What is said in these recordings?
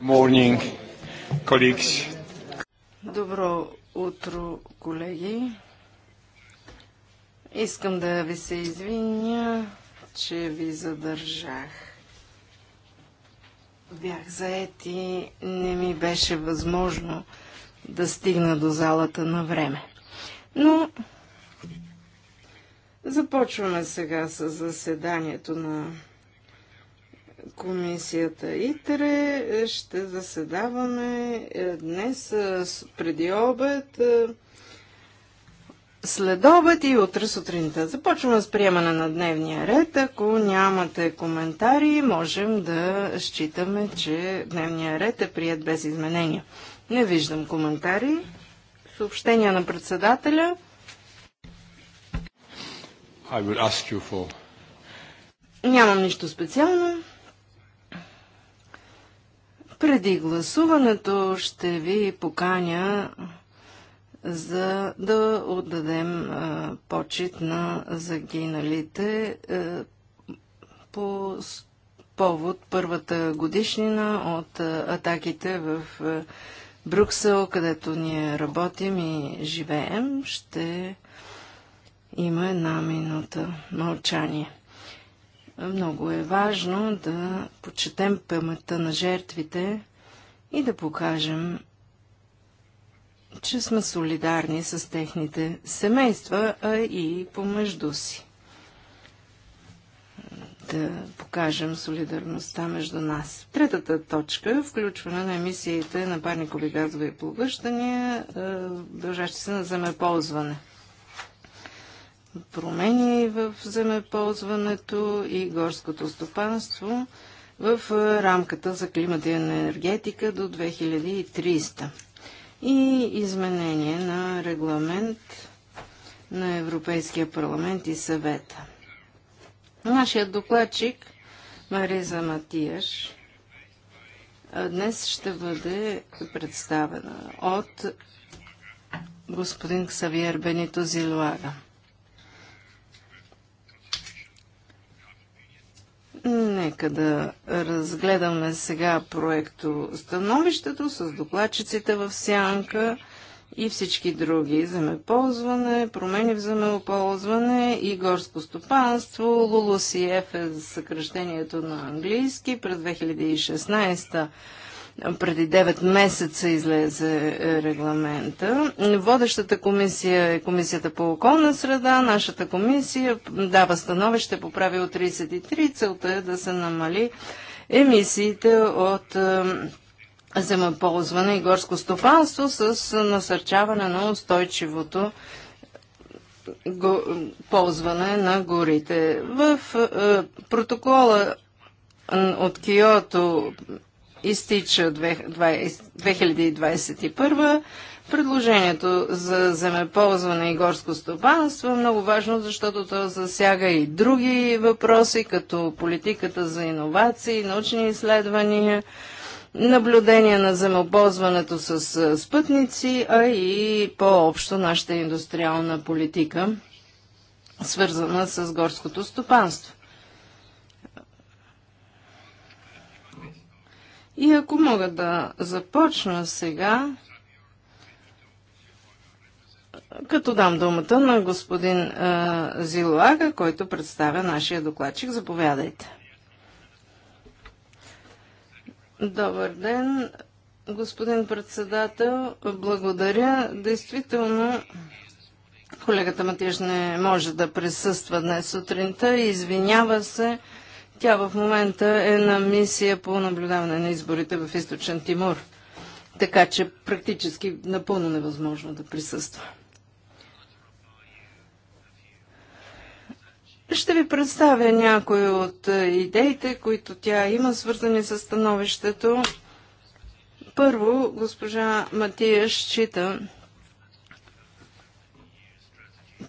morning, colleagues. Добро утро, колеги. Искам да ви се извиня, че ви задържах. Бях заед и не ми беше възможно да стигна до залата на време. Но започваме сега с заседанието на комисията ИТРЕ е, ще заседаваме е, днес е, преди обед, след обед и утре сутринта. Започваме с приемане на дневния ред. Ако нямате коментари, можем да считаме, че дневния ред е прият без изменения. Не виждам коментари. Съобщения на председателя. I would ask you for... Нямам нищо специално. Преди гласуването ще ви поканя за да отдадем а, почет на загиналите а, по повод първата годишнина от а, атаките в Брюксел, където ние работим и живеем. Ще има една минута мълчание. Много е важно да почетем памета на жертвите и да покажем, че сме солидарни с техните семейства, а и помежду си. Да покажем солидарността между нас. Третата точка – включване на емисиите на парникови газове и поглъщания, дължащи се на земеползване – промени в земеползването и горското стопанство в рамката за климата и енергетика до 2300 и изменение на регламент на Европейския парламент и съвета. Нашият докладчик Мариза Матияш днес ще бъде представена от господин Ксавиер Бенито Зилуага. Нека да разгледаме сега проекто становището с докладчиците в сянка и всички други. Земеползване, промени в земеползване и горско стопанство. Лулусиеф е съкръщението на английски през 2016 преди 9 месеца излезе е, регламента. Водещата комисия е Комисията по околна среда. Нашата комисия дава становище по правило 33. Целта е да се намали емисиите от е, земеползване и горско стопанство с насърчаване на устойчивото го, ползване на горите. В е, протокола от Киото изтича 2021. Предложението за земеползване и горско стопанство е много важно, защото то засяга и други въпроси, като политиката за иновации, научни изследвания, наблюдение на земеползването с спътници, а и по-общо нашата индустриална политика, свързана с горското стопанство. И ако мога да започна сега, като дам думата на господин е, който представя нашия докладчик. Заповядайте. Добър ден, господин председател. Благодаря. Действително, колегата Матиш не може да присъства днес сутринта. Извинява се тя в момента е на мисия по наблюдаване на изборите в Източен Тимур, така че практически напълно невъзможно да присъства. Ще ви представя някои от е, идеите, които тя има, свързани с становището. Първо, госпожа Матия счита,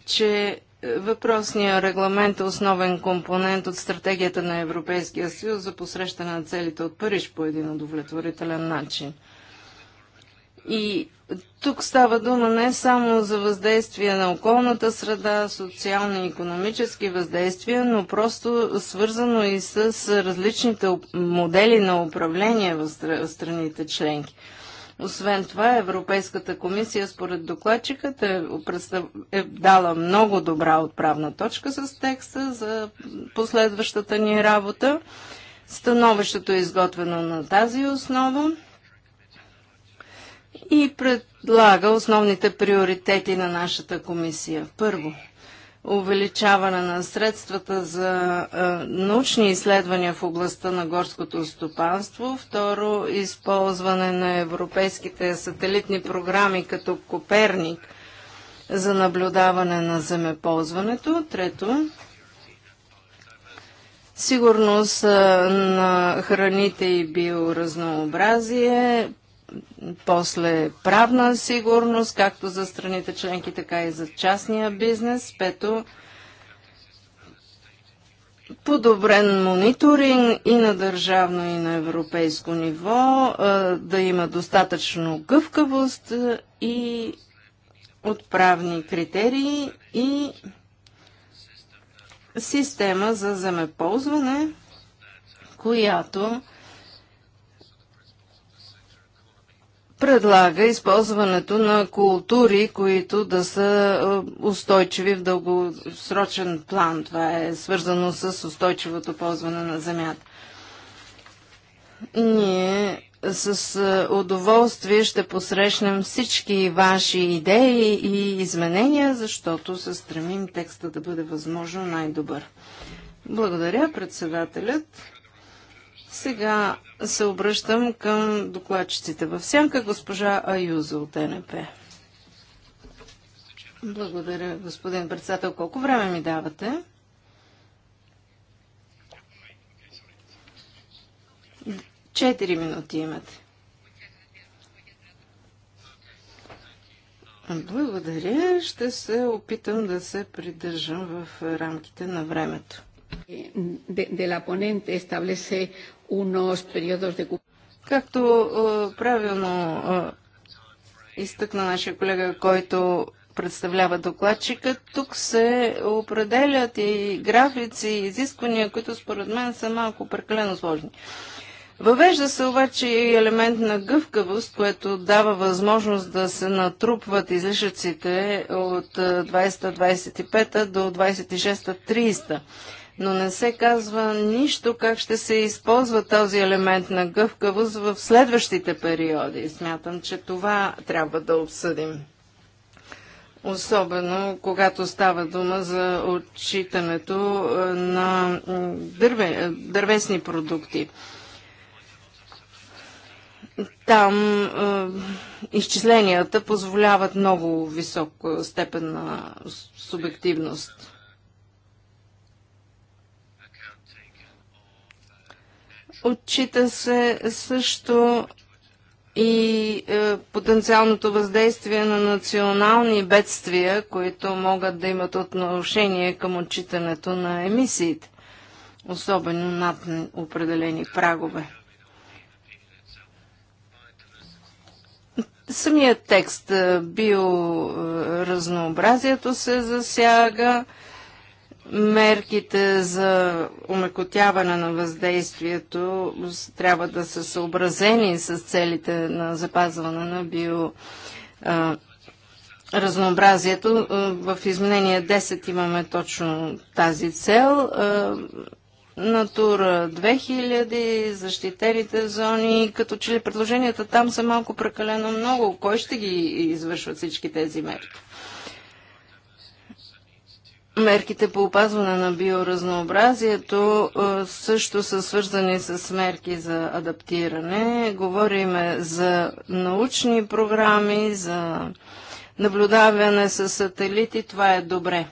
че Въпросният регламент е основен компонент от стратегията на Европейския съюз за посрещане на целите от Париж по един удовлетворителен начин. И тук става дума не само за въздействие на околната среда, социални и економически въздействия, но просто свързано и с различните модели на управление в страните членки. Освен това, Европейската комисия, според докладчиката, е, е дала много добра отправна точка с текста за последващата ни работа. Становището е изготвено на тази основа и предлага основните приоритети на нашата комисия. Първо – увеличаване на средствата за е, научни изследвания в областта на горското стопанство, второ използване на европейските сателитни програми като Коперник за наблюдаване на земеползването, трето сигурност е, на храните и биоразнообразие, после правна сигурност, както за страните членки, така и за частния бизнес. Пето, подобрен мониторинг и на държавно, и на европейско ниво, да има достатъчно гъвкавост и отправни критерии и система за земеползване, която предлага използването на култури, които да са е, устойчиви в дългосрочен план. Това е свързано с устойчивото ползване на земята. Ние с е, удоволствие ще посрещнем всички ваши идеи и изменения, защото се стремим текста да бъде възможно най-добър. Благодаря, председателят. Сега се обръщам към докладчиците в сянка, госпожа Аюза от НП. Благодаря, господин председател. Колко време ми давате? Четири минути имате. Благодаря. Ще се опитам да се придържам в рамките на времето. Както е, правилно е, изтъкна нашия колега, който представлява докладчика, тук се определят и графици, и изисквания, които според мен са малко прекалено сложни. Въвежда се обаче и елемент на гъвкавост, което дава възможност да се натрупват излишъците от 20-25 е, до 26-30 но не се казва нищо как ще се използва този елемент на гъвкавост в следващите периоди. Смятам, че това трябва да обсъдим. Особено когато става дума за отчитането е, на дърве, е, дървесни продукти. Там е, изчисленията позволяват много висок е, степен на субективност. Отчита се също и е, потенциалното въздействие на национални бедствия, които могат да имат отношение към отчитането на емисиите, особено над определени прагове. Самият текст е, биоразнообразието се засяга, мерките за умекотяване на въздействието трябва да са съобразени с целите на запазване на био разнообразието. В изменение 10 имаме точно тази цел. натура 2000, защитените зони, като че ли предложенията там са малко прекалено много. Кой ще ги извършва всички тези мерки? Мерките по опазване на биоразнообразието също са свързани с мерки за адаптиране. Говориме за научни програми, за наблюдаване с сателити. Това е добре.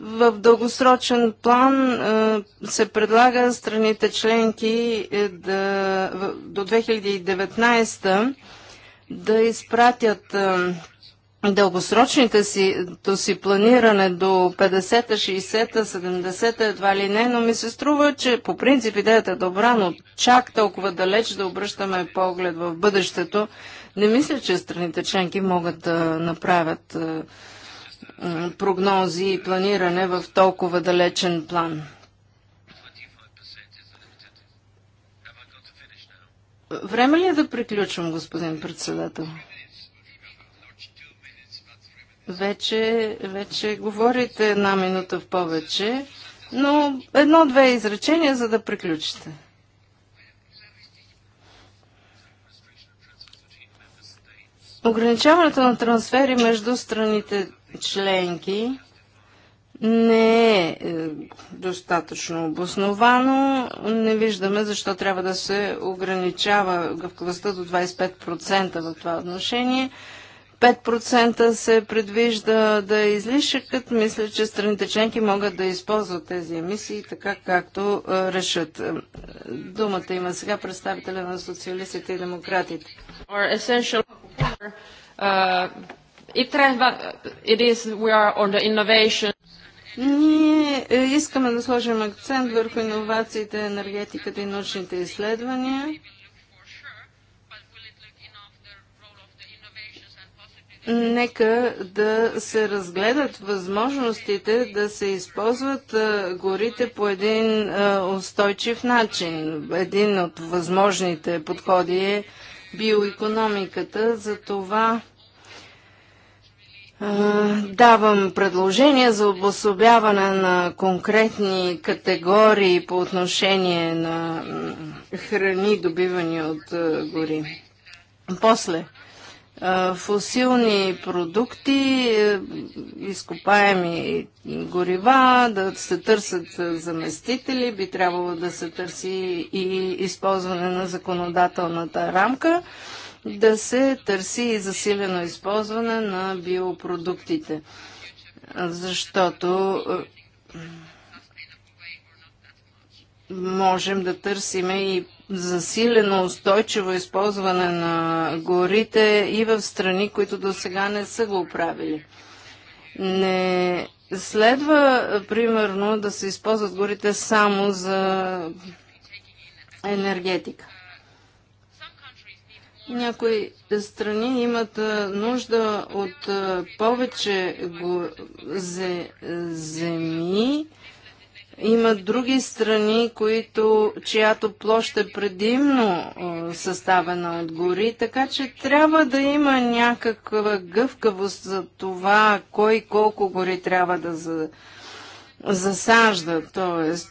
В дългосрочен план се предлага страните членки е, да, до 2019 да изпратят дългосрочните си, то си планиране до 50-та, 60-та, 70-та едва ли не, но ми се струва, че по принцип идеята е добра, но чак толкова далеч да обръщаме поглед в бъдещето, не мисля, че страните членки могат да направят е, прогнози и планиране в толкова далечен план. Време ли е да приключвам, господин председател? Вече, вече говорите една минута в повече, но едно-две изречения, за да приключите. Ограничаването на трансфери между страните членки не е, е достатъчно обосновано. Не виждаме защо трябва да се ограничава гъвкавостта до 25% в това отношение. 5% се предвижда да е излишъкът. Мисля, че страните членки могат да използват тези емисии така, както е, решат. Е, думата има сега представителя на социалистите и демократите. Uh, Ние е, искаме да сложим акцент върху иновациите, енергетиката и научните изследвания. Нека да се разгледат възможностите да се използват горите по един устойчив начин. Един от възможните подходи е биоекономиката. За това Давам предложение за обособяване на конкретни категории по отношение на храни, добивани от гори. После, фосилни продукти, е, изкопаеми горива, да се търсят е, заместители, би трябвало да се търси и използване на законодателната рамка, да се търси и засилено използване на биопродуктите. Защото е, можем да търсим и засилено устойчиво използване на горите и в страни, които до сега не са го правили. Не следва, примерно, да се използват горите само за енергетика. Някои страни имат нужда от повече земи, има други страни, които, чиято площ е предимно е, съставена от гори, така че трябва да има някаква гъвкавост за това, кой колко гори трябва да за, засажда. Тоест,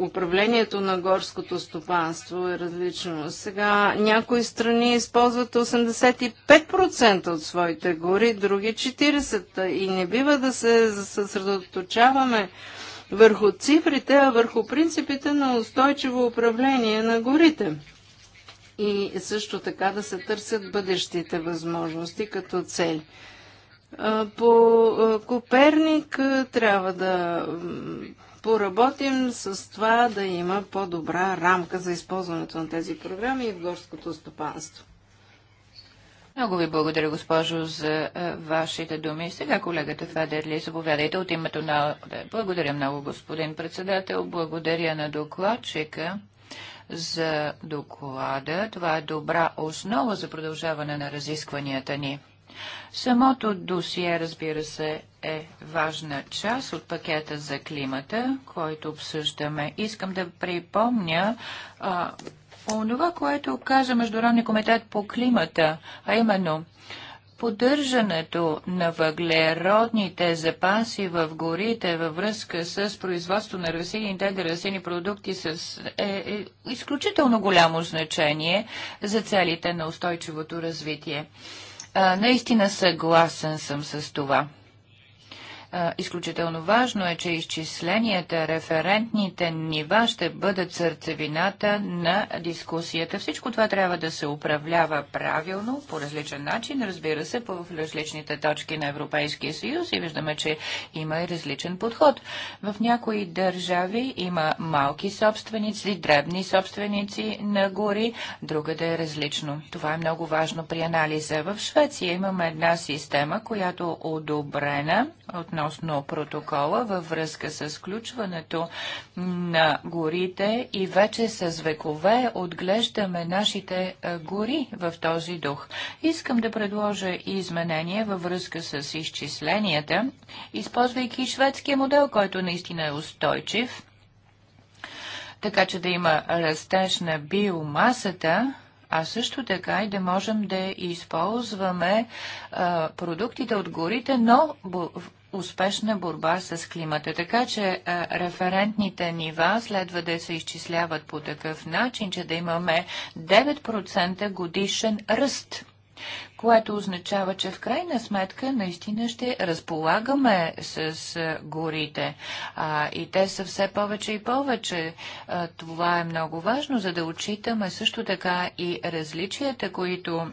управлението на горското стопанство е различно. Сега някои страни използват 85% от своите гори, други 40%. И не бива да се съсредоточаваме върху цифрите, а върху принципите на устойчиво управление на горите. И също така да се търсят бъдещите възможности като цели. По Коперник трябва да поработим с това да има по-добра рамка за използването на тези програми и в горското стопанство. Много ви благодаря, госпожо, за е, вашите думи. Сега колегата Федерли, заповядайте от името на... Благодаря много, господин председател. Благодаря на докладчика за доклада. Това е добра основа за продължаване на разискванията ни. Самото досие, разбира се, е важна част от пакета за климата, който обсъждаме. Искам да припомня а, онова, което каза Международния комитет по климата, а именно поддържането на въглеродните запаси в горите във връзка с производство на растения и дървесени продукти с, е, е изключително голямо значение за целите на устойчивото развитие. А, наистина съгласен съм с това. Изключително важно е, че изчисленията, референтните нива ще бъдат сърцевината на дискусията. Всичко това трябва да се управлява правилно, по различен начин, разбира се, по различните точки на Европейския съюз и виждаме, че има и различен подход. В някои държави има малки собственици, дребни собственици на гори, да е различно. Това е много важно при анализа. В Швеция имаме една система, която е одобрена отново относно протокола във връзка с включването на горите и вече с векове отглеждаме нашите е, гори в този дух. Искам да предложа и изменение във връзка с изчисленията, използвайки шведския модел, който наистина е устойчив, така че да има растеж на биомасата, а също така и да можем да използваме а, е, продуктите от горите, но успешна борба с климата. Така че е, референтните нива следва да се изчисляват по такъв начин, че да имаме 9% годишен ръст което означава, че в крайна сметка наистина ще разполагаме с е, горите. А, и те са все повече и повече. А, е, това е много важно, за да отчитаме също така и различията, които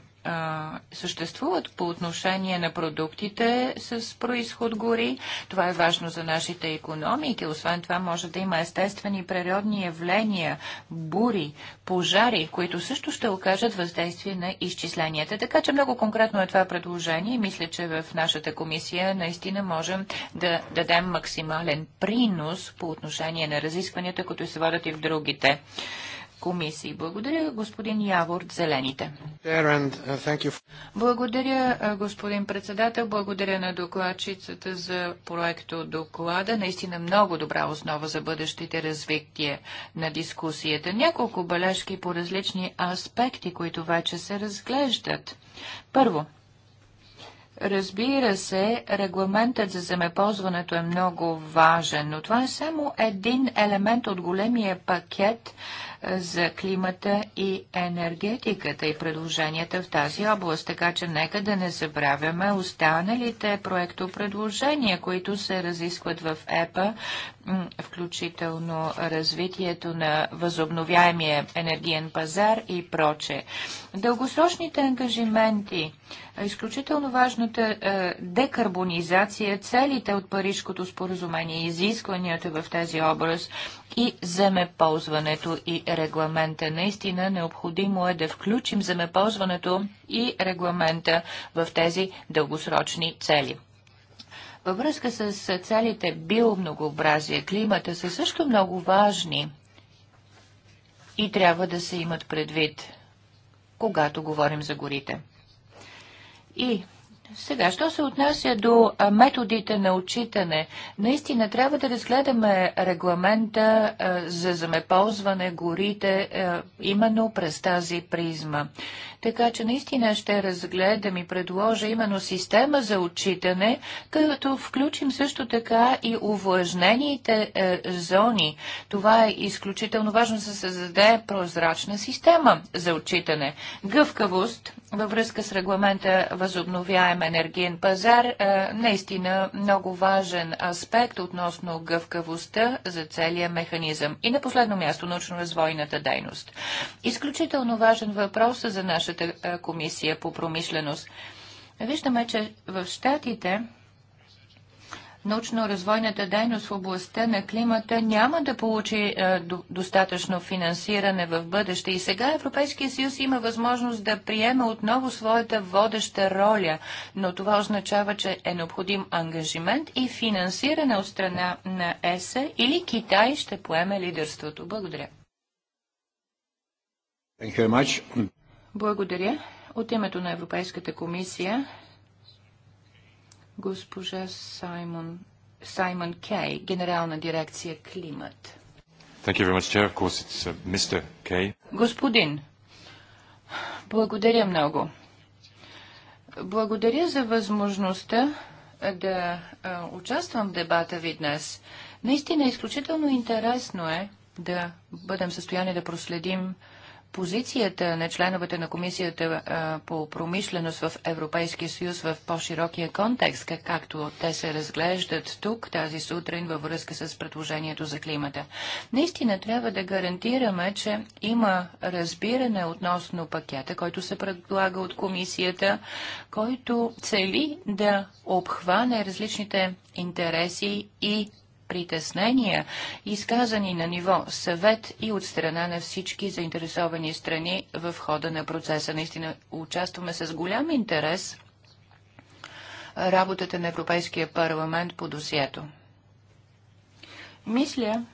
съществуват по отношение на продуктите с происход гори. Това е важно за нашите економики. Освен това може да има естествени природни явления, бури, пожари, които също ще окажат въздействие на изчисленията. Така че много конкретно е това предложение и мисля, че в нашата комисия наистина можем да дадем максимален принос по отношение на разискванията, които се водят и в другите комисии. Благодаря, господин Явор, зелените. Uh, Благодаря, господин председател. Благодаря на докладчицата за проекто доклада. Наистина много добра основа за бъдещите развитие на дискусията. Няколко бележки по различни аспекти, които вече се разглеждат. Първо, Разбира се, регламентът за земеползването е много важен, но това е само един елемент от големия пакет за климата и енергетиката и предложенията в тази област, така че нека да не забравяме останалите проектопредложения, които се разискват в ЕПА, включително развитието на възобновяемия енергиен пазар и проче. Дългосрочните ангажименти, изключително важната е, декарбонизация, целите от Парижското споразумение, изискванията в тази област, и земеползването и регламента. Наистина необходимо е да включим земеползването и регламента в тези дългосрочни цели. Във връзка с целите биомногообразие, климата са също много важни и трябва да се имат предвид, когато говорим за горите. И сега, що се отнася до методите на отчитане, наистина трябва да разгледаме регламента за замеползване горите именно през тази призма. Така че наистина ще разгледам и предложа именно система за отчитане, като включим също така и увлажнените е, зони. Това е изключително важно да се създаде прозрачна система за отчитане. Гъвкавост във връзка с регламента Възобновяем енергиен пазар, е, наистина много важен аспект относно гъвкавостта за целия механизъм. И на последно място научно-развойната дейност. Изключително важен въпрос за нашата е, комисия по промишленост. Виждаме, че в щатите научно-развойната дейност в областта на климата няма да получи е, до, достатъчно финансиране в бъдеще. И сега Европейския съюз има възможност да приеме отново своята водеща роля, но това означава, че е необходим ангажимент и финансиране от страна на ЕСА или Китай ще поеме лидерството. Благодаря. Благодаря. От името на Европейската комисия госпожа Саймон, Саймон Кей, генерална дирекция Климат. Much, uh, Господин, благодаря много. Благодаря за възможността да участвам в дебата ви днес. Наистина, изключително интересно е да бъдем в състояние да проследим позицията на членовете на комисията по промишленост в Европейския съюз в по-широкия контекст, както те се разглеждат тук тази сутрин във връзка с предложението за климата. Наистина трябва да гарантираме, че има разбиране относно пакета, който се предлага от комисията, който цели да обхване различните интереси и притеснения, изказани на ниво съвет и от страна на всички заинтересовани страни в хода на процеса. Наистина участваме с голям интерес работата на Европейския парламент по досието. Мисля,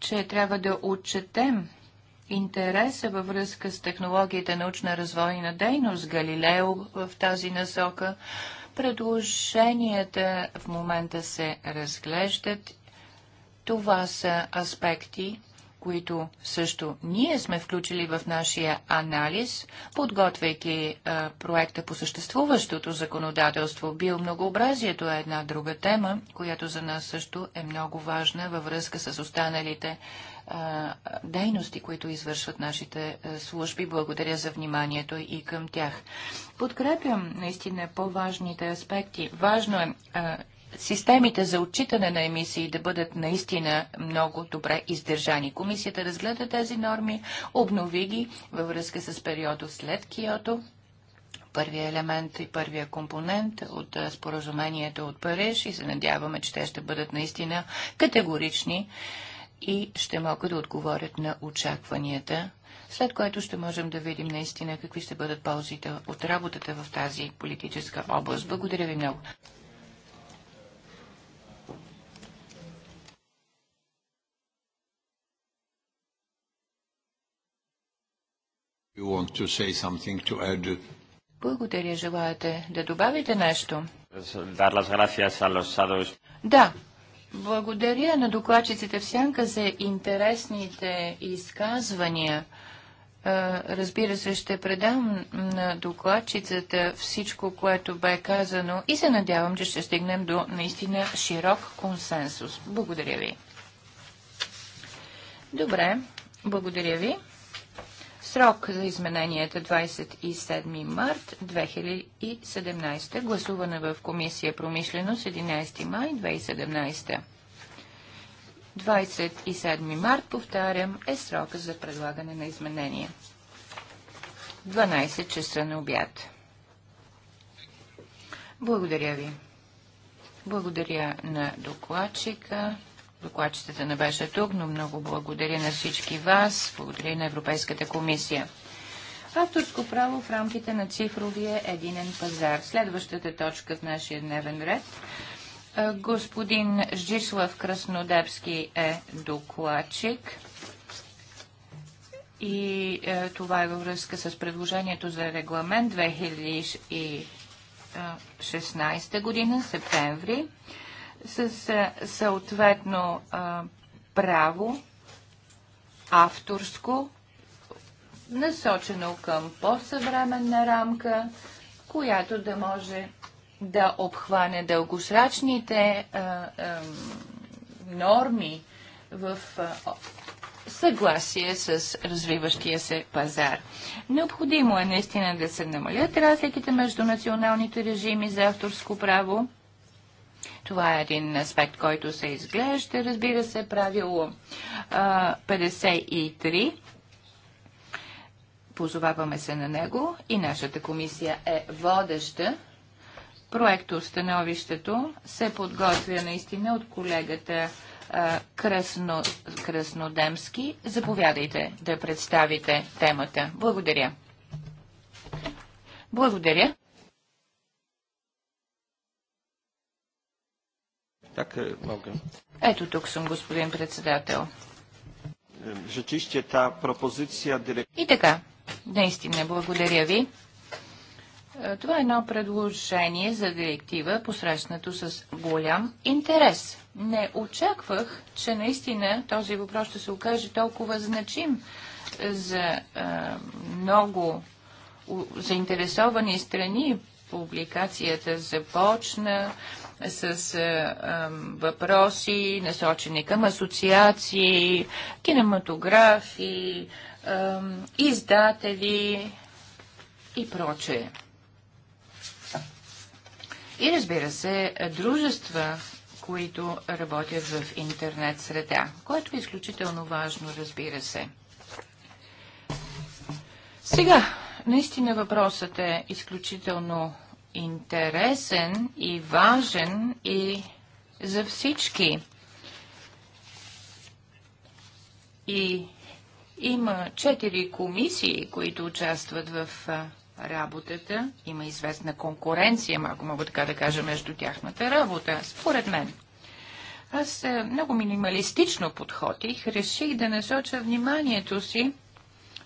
че трябва да отчетем интереса във връзка с технологията научна развойна дейност, Галилео в тази насока, Предложенията в момента се разглеждат. Това са аспекти, които също ние сме включили в нашия анализ, подготвяйки а, е, проекта по съществуващото законодателство. Биомногообразието е една друга тема, която за нас също е много важна във връзка с останалите дейности, които извършват нашите служби. Благодаря за вниманието и към тях. Подкрепям наистина по-важните аспекти. Важно е системите за отчитане на емисии да бъдат наистина много добре издържани. Комисията разгледа тези норми, обнови ги във връзка с периода след Киото първия елемент и първия компонент от споразумението от Париж и се надяваме, че те ще бъдат наистина категорични и ще могат да отговорят на очакванията, след което ще можем да видим наистина какви ще бъдат ползите от работата в тази политическа област. Благодаря ви много. To... Благодаря. Желаете да добавите нещо? Да. Благодаря на докладчиците в Сянка за интересните изказвания. Разбира се, ще предам на докладчицата всичко, което бе казано и се надявам, че ще стигнем до наистина широк консенсус. Благодаря ви. Добре, благодаря ви. Срок за измененията 27 е март 2017. Гласуване в Комисия промишленост 11 май 2017. 27 март, повтарям, е срока за предлагане на изменения. 12 часа на обяд. Благодаря ви. Благодаря на докладчика Докладчицата не беше тук, но много благодаря на всички вас, благодаря на Европейската комисия. Авторско право в рамките на цифровия единен пазар. Следващата точка в нашия дневен ред. Господин Жислав Краснодепски е докладчик. И е, това е във връзка с предложението за регламент 2016 година, септември с съответно право, авторско, насочено към по-съвременна рамка, която да може да обхване дългосрачните норми в съгласие с развиващия се пазар. Необходимо е наистина да се намалят разликите между националните режими за авторско право това е един аспект, който се изглежда. Разбира се, правило 53 позоваваме се на него и нашата комисия е водеща. Проектостановището се подготвя наистина от колегата Кръсно, Кръснодемски. Заповядайте да представите темата. Благодаря. Благодаря. Tak, мога. E, Ето тук съм, господин председател. И така, наистина, благодаря ви. Е, това е едно предложение за директива, посрещнато с голям интерес. Не очаквах, че наистина този въпрос ще се окаже толкова значим за а, е, много заинтересовани страни. Публикацията започна, с е, а, въпроси, насочени към асоциации, кинематографи, а, издатели и прочее. И разбира се, дружества, които работят в интернет среда, което е изключително важно, разбира се. Сега, наистина въпросът е изключително интересен и важен и за всички. И има четири комисии, които участват в работата. Има известна конкуренция, ако мога така да кажа, между тяхната работа, според мен. Аз много минималистично подходих, реших да насоча вниманието си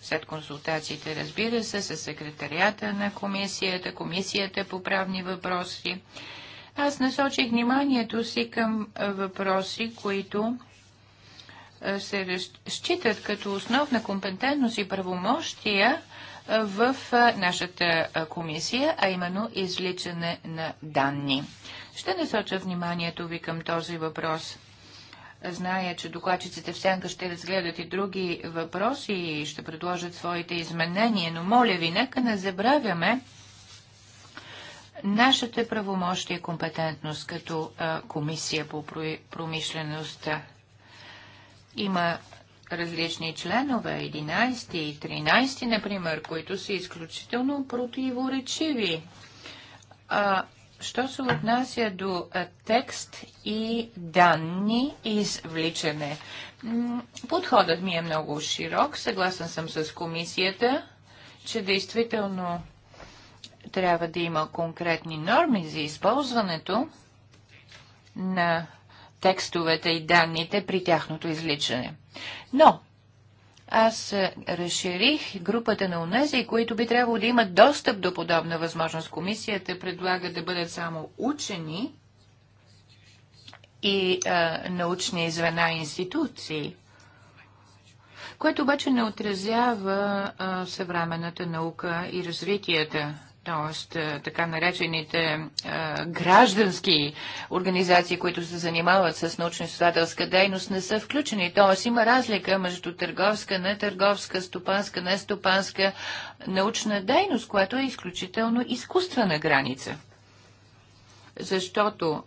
след консултациите, разбира се, с секретарията на комисията, комисията по правни въпроси. Аз насочих вниманието си към въпроси, които се считат като основна компетентност и правомощия в нашата комисия, а именно изличане на данни. Ще насоча вниманието ви към този въпрос – Зная, че докладчиците в сянка ще разгледат и други въпроси и ще предложат своите изменения, но моля ви, нека не забравяме нашите правомощия и компетентност като а, комисия по промишлеността. Има различни членове, 11 и 13, например, които са изключително противоречиви. А, Що се отнася до текст и данни извличане? Подходът ми е много широк. Съгласен съм с комисията, че действително трябва да има конкретни норми за използването на текстовете и данните при тяхното изличане. Но аз е, разширих групата на унези, които би трябвало да имат достъп до подобна възможност. Комисията предлага да бъдат само учени и а, е, научни звена и институции, което обаче не отразява а, е, съвременната наука и развитията т.е. така наречените е, граждански организации, които се занимават с научно-изследователска дейност, не са включени. Т.е. има разлика между търговска, нетърговска, стопанска, нестопанска научна дейност, която е изключително изкуствена граница защото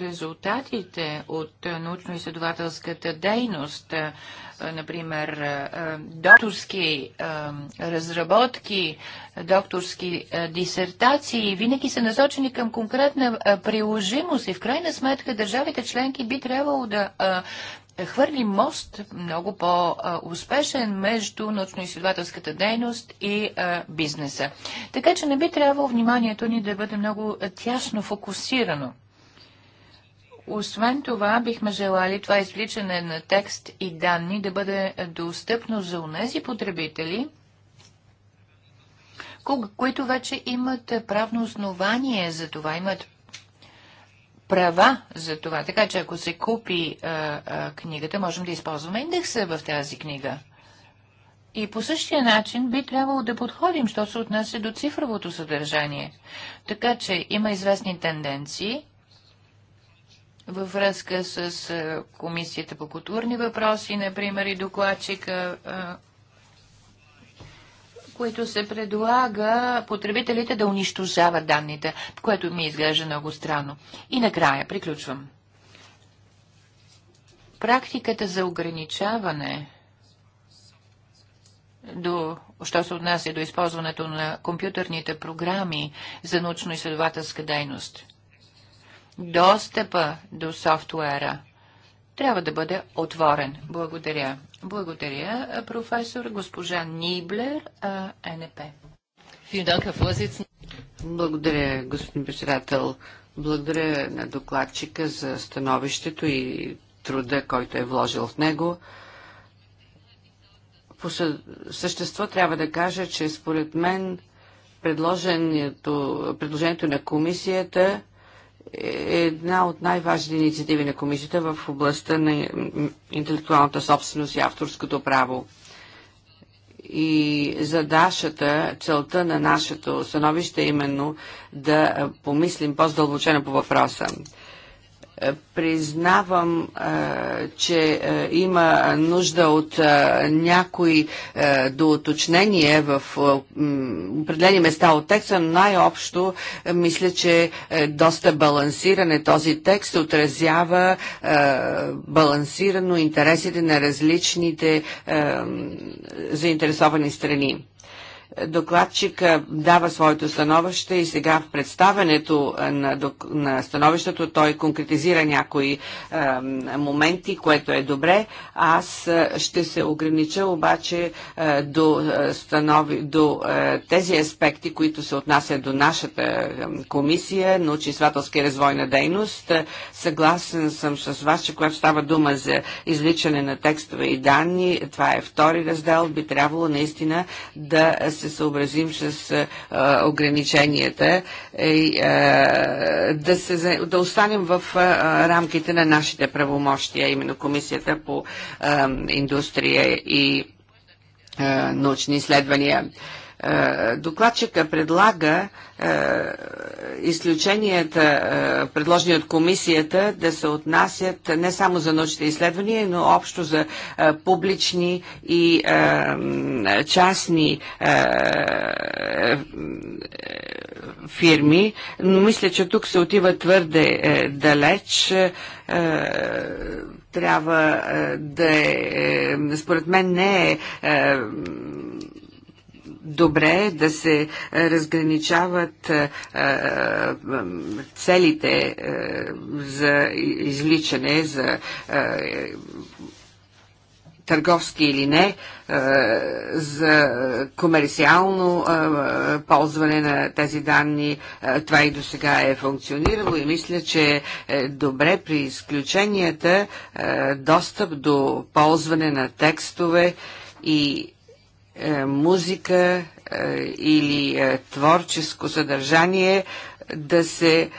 резултатите от научно-изследователската дейност, например, докторски разработки, докторски дисертации, винаги са насочени към конкретна приложимост и в крайна сметка държавите членки би трябвало да хвърли мост много по-успешен между научно-изследователската дейност и бизнеса. Така че не би трябвало вниманието ни да бъде много тясно фокусирано. Освен това, бихме желали това извличане на текст и данни да бъде достъпно за унези потребители, които вече имат правно основание за това, имат права за това. Така че ако се купи а, а, книгата, можем да използваме индекса в тази книга. И по същия начин би трябвало да подходим, що се отнася до цифровото съдържание. Така че има известни тенденции във връзка с Комисията по културни въпроси, например, и докладчика а, които се предлага потребителите да унищожават данните, което ми изглежда много странно. И накрая, приключвам. Практиката за ограничаване до, що се отнася до използването на компютърните програми за научно-изследователска дейност. Достъпа до софтуера трябва да бъде отворен. Благодаря. Благодаря, професор. Госпожа Ниблер, НП. Благодаря, господин председател. Благодаря на докладчика за становището и труда, който е вложил в него. По същество трябва да кажа, че според мен предложението, предложението на комисията една от най-важни инициативи на комисията в областта на интелектуалната собственост и авторското право. И задачата, целта на нашето становище е именно да помислим по-здълбочено по въпроса признавам, е, че е, има нужда от е, някои доуточнения в определени места от текста, но най-общо мисля, че доста балансиране този текст отразява балансирано интересите на различните заинтересовани страни докладчика дава своето становище и сега в представенето на, на становището той конкретизира някои е, моменти, което е добре. Аз ще се огранича обаче е, до, станови, до е, тези аспекти, които се отнасят до нашата комисия, научно-изследователска и развойна дейност. Съгласен съм с вас, че когато става дума за изличане на текстове и данни, това е втори раздел, би трябвало наистина да се се съобразим с а, ограниченията и а, да, се, да останем в а, рамките на нашите правомощия, именно Комисията по а, индустрия и а, научни изследвания. Е, докладчика предлага е, изключенията, е, предложени от комисията, да се отнасят не само за научните изследвания, но общо за публични и частни фирми, но мисля, че тук се отива твърде далеч. трябва да е, според мен не е добре е да се е, разграничават е, е, целите за изличане, за търговски или не, за комерциално ползване на тези данни. Това и до сега е функционирало и мисля, че е добре при изключенията достъп до ползване на текстове и е, музика е, или е, творческо съдържание да се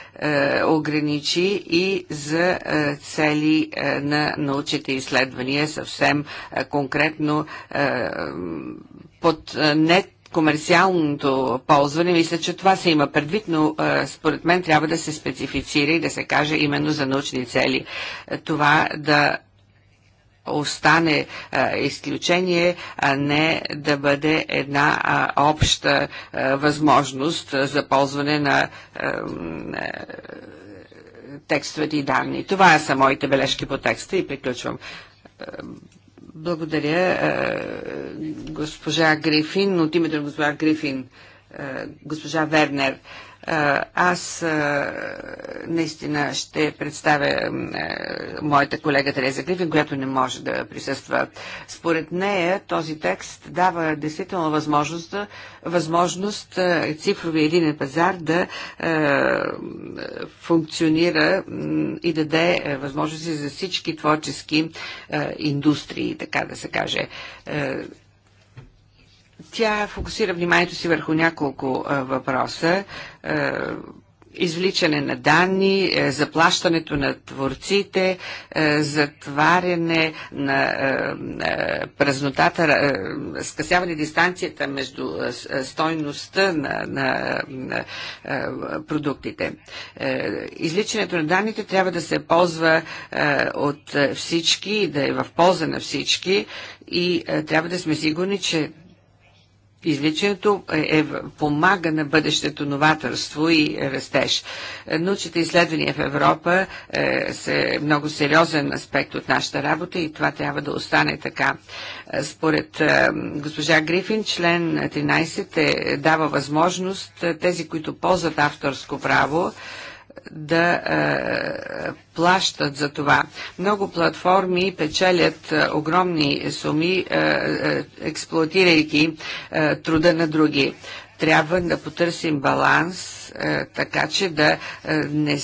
ограничи и за цели на научните изследвания, съвсем конкретно под е, не комерциалното ползване. Мисля, че това се има предвид, но според мен трябва да се специфицира и да се каже именно за научни цели. това да остане а, е, изключение, а не да бъде една а, обща а, е, възможност а, за ползване на а, е, текстовете и данни. Това са моите бележки по текста и приключвам. Благодаря, госпожа Грифин. От името на госпожа Грифин, госпожа Вернер. Аз наистина ще представя моята колега Тереза Гривен, която не може да присъства. Според нея този текст дава действително възможност, възможност цифрови единен пазар да функционира и да даде възможности за всички творчески индустрии, така да се каже тя фокусира вниманието си върху няколко а, въпроса. А, извличане на данни, е, заплащането на творците, е, затваряне на е, празнотата, скъсяване дистанцията между стойността на, на, на продуктите. Извличането на данните трябва да се ползва от всички, да е в полза на всички и трябва да сме сигурни, че Извличането е, е помага на бъдещето новаторство и растеж. Научните изследвания в Европа е, са много сериозен аспект от нашата работа и това трябва да остане така. Според е, госпожа Грифин, член 13 е, дава възможност е, тези, които ползват авторско право, да е, плащат за това. Много платформи печелят е, огромни суми, е, е, експлуатирайки е, труда на други. Трябва да потърсим баланс е, така че да е, не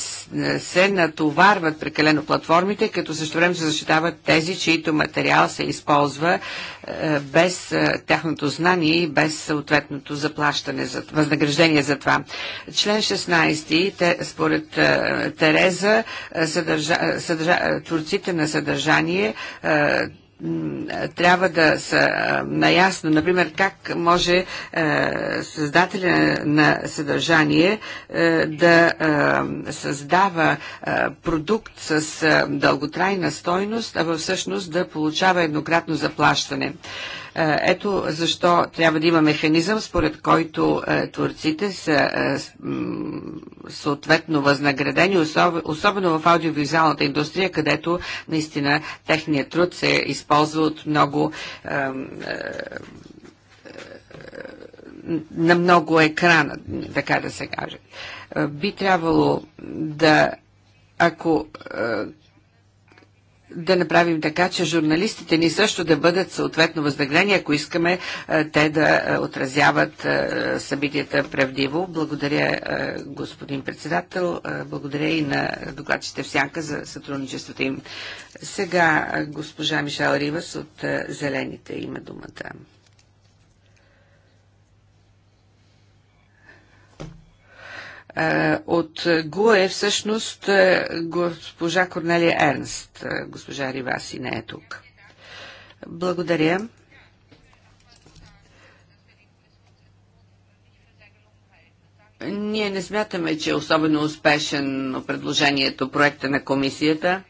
се натоварват прекалено платформите, като също време се защитават тези, чието материал се използва е, без тяхното знание и без съответното заплащане, за, възнаграждение за това. Член 16, според Тереза, съдържа, съдържа, творците на съдържание трябва да са наясно, например, как може създателя на съдържание да създава продукт с дълготрайна стойност, а всъщност да получава еднократно заплащане. Е, ето защо трябва да има механизъм, според който е, творците са е, съответно възнаградени, особено в аудиовизуалната индустрия, където наистина техният труд се използва от много на много екрана, така да се каже. Би трябвало да ако да направим така, че журналистите ни също да бъдат съответно възнаграни, ако искаме е, те да е, отразяват е, събитията правдиво. Благодаря, господин председател. Благодаря и на докладчите в Сянка за сътрудничеството им. Сега госпожа Мишел Ривас от Зелените има думата. Е, от ГУЕ всъщност е, госпожа Корнелия Ернст, е, госпожа Риваси не е тук. Благодаря. Ние не смятаме, че е особено успешен предложението, проекта на комисията.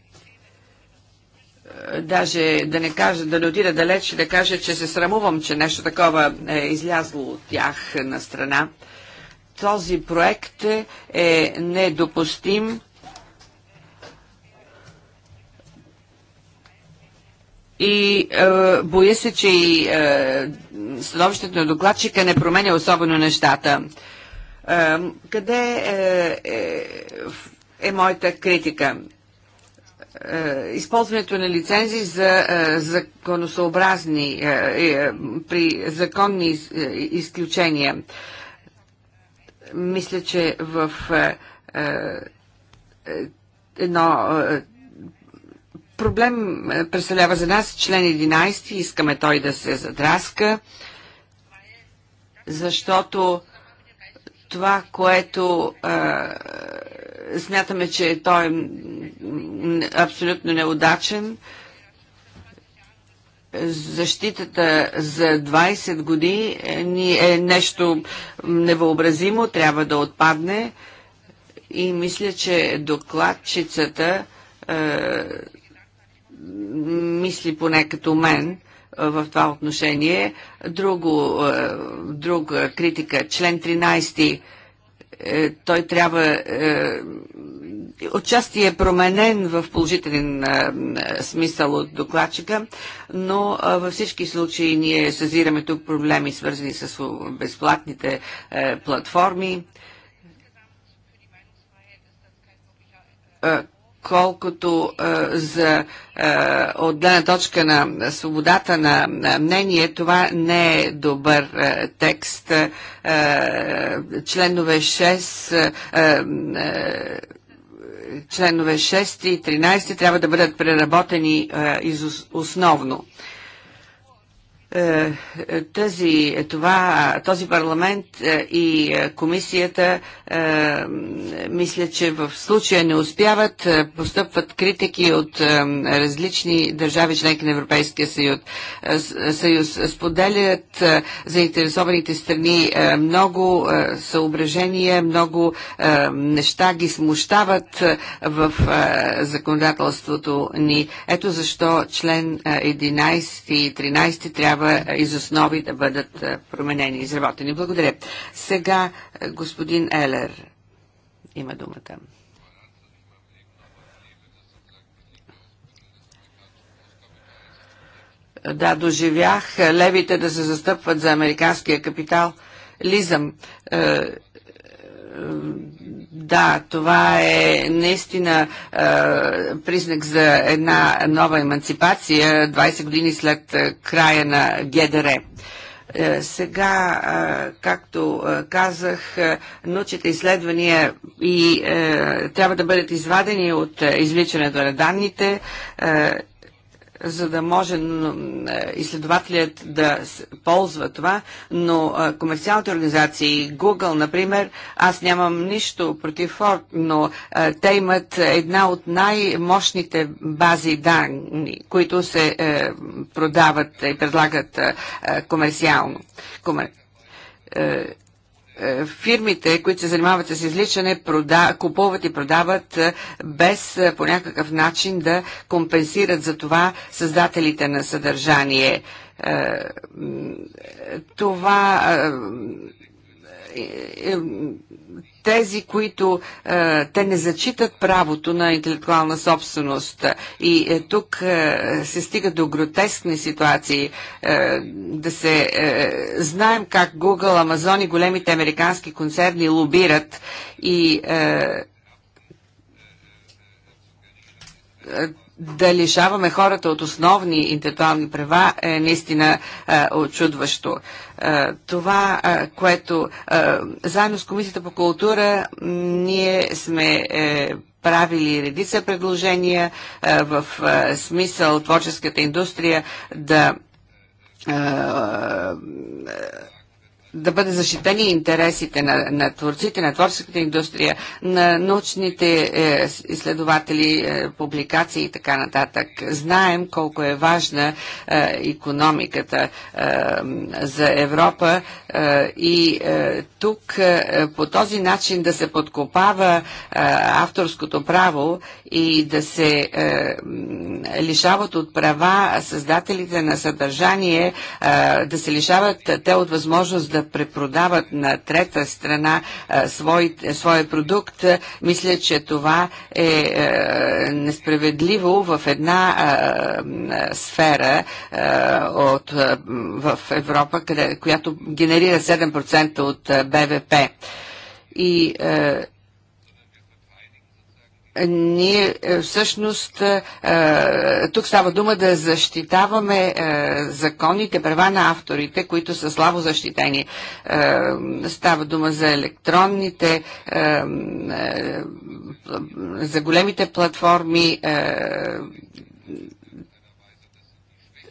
Даже да не кажа, да не отида далеч и да кажа, че се срамувам, че нещо такова е излязло от тях на страна. Този проект е, е недопустим. И е, боя се, че и е, становището на докладчика не променя особено нещата. Е, къде е, е, е моята критика? Е, използването на лицензии за е, законосъобразни, при законни изключения. Мисля, че в е, е, едно е, проблем представлява за нас член 11, искаме той да се задраска, защото това, което е, смятаме, че той е абсолютно неудачен, е, защитата за 20 години е нещо невъобразимо, трябва да отпадне и мисля, че докладчицата е, мисли поне като мен е, в това отношение. Друго, е, друга критика, член 13, е, той трябва е, отчасти е променен в положителен смисъл от докладчика, но във всички случаи ние съзираме тук проблеми, свързани с безплатните платформи. колкото е, за отдана точка на свободата на, мнение, това не е добър текст. Е, членове 6 членове 6 и 13 трябва да бъдат преработени е, из, основно. Е, тази, това, този парламент е, и е, комисията мисля, че в случая не успяват. Постъпват критики от различни държави, членки на Европейския съюз. съюз. Споделят заинтересованите страни много съображения, много неща ги смущават в законодателството ни. Ето защо член 11 и 13 трябва трябва е, из основи да бъдат е, променени, изработени. Благодаря. Сега е, господин Елер има думата. Да, доживях левите да се застъпват за американския капитал. Лизам, да, това е наистина е, признак за една нова емансипация 20 години след края на ГДР. сега, както казах, научните изследвания и трябва да бъдат извадени от извличането на данните за да може е, изследователят да ползва това, но комерциалните организации, Google, например, аз нямам нищо против Ford, но те имат една от най-мощните бази данни, които се е, продават и предлагат комерциално е, е, фирмите, които се занимават с изличане, прода, купуват и продават е, без е, по някакъв начин да компенсират за това създателите на съдържание. Това тези, които е, те не зачитат правото на интелектуална собственост. И е, тук е, се стига до гротескни ситуации. Е, да се е, знаем как Google, Amazon и големите американски концерни лобират и е, е да лишаваме хората от основни интелектуални права е наистина е, очудващо. Е, това, е, което е, заедно с Комисията по култура ние сме е, правили редица предложения е, в е, смисъл творческата индустрия да е, е да бъде защитени интересите на, на творците, на творческата индустрия, на научните е, изследователи, е, публикации и така нататък. Знаем колко е важна е, економиката е, за Европа е, и е, тук е, по този начин да се подкопава е, авторското право и да се е, лишават от права създателите на съдържание, е, да се лишават те от възможност да препродават на трета страна свой, своя продукт, мисля, че това е, е несправедливо в една сфера от, в Европа, къде, която генерира 7% от БВП. И е, ние е, всъщност е, е, тук става дума да защитаваме законните права на авторите, които са слабо защитени. Става дума за електронните, за големите платформи,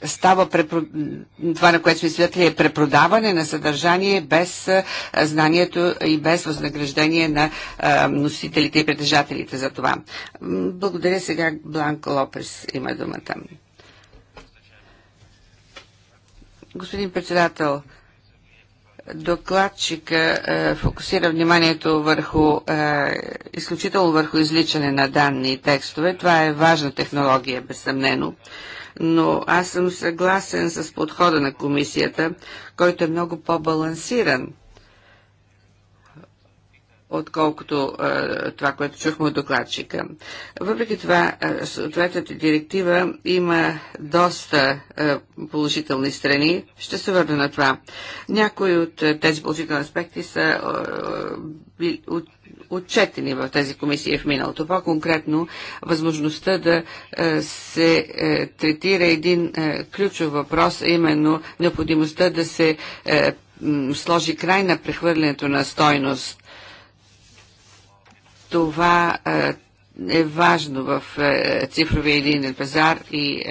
става препро... това, на което сме свидетели, е препродаване на съдържание без знанието и без възнаграждение на носителите и притежателите за това. Благодаря сега Бланко Лопес има думата. Господин председател, докладчика е, фокусира вниманието върху, е, изключително върху изличане на данни и текстове. Това е важна технология, безсъмнено но аз съм съгласен с подхода на комисията, който е много по-балансиран отколкото а, това, което чухме от докладчика. Въпреки това, съответната директива има доста а, положителни страни. Ще се върна на това. Някои от а, тези положителни аспекти са би, от, отчетени в тези комисии в миналото. По-конкретно, възможността да е, се е, третира един е, ключов въпрос, именно необходимостта да се сложи край на прехвърлянето на стойност. Това е важно в цифровия единен пазар и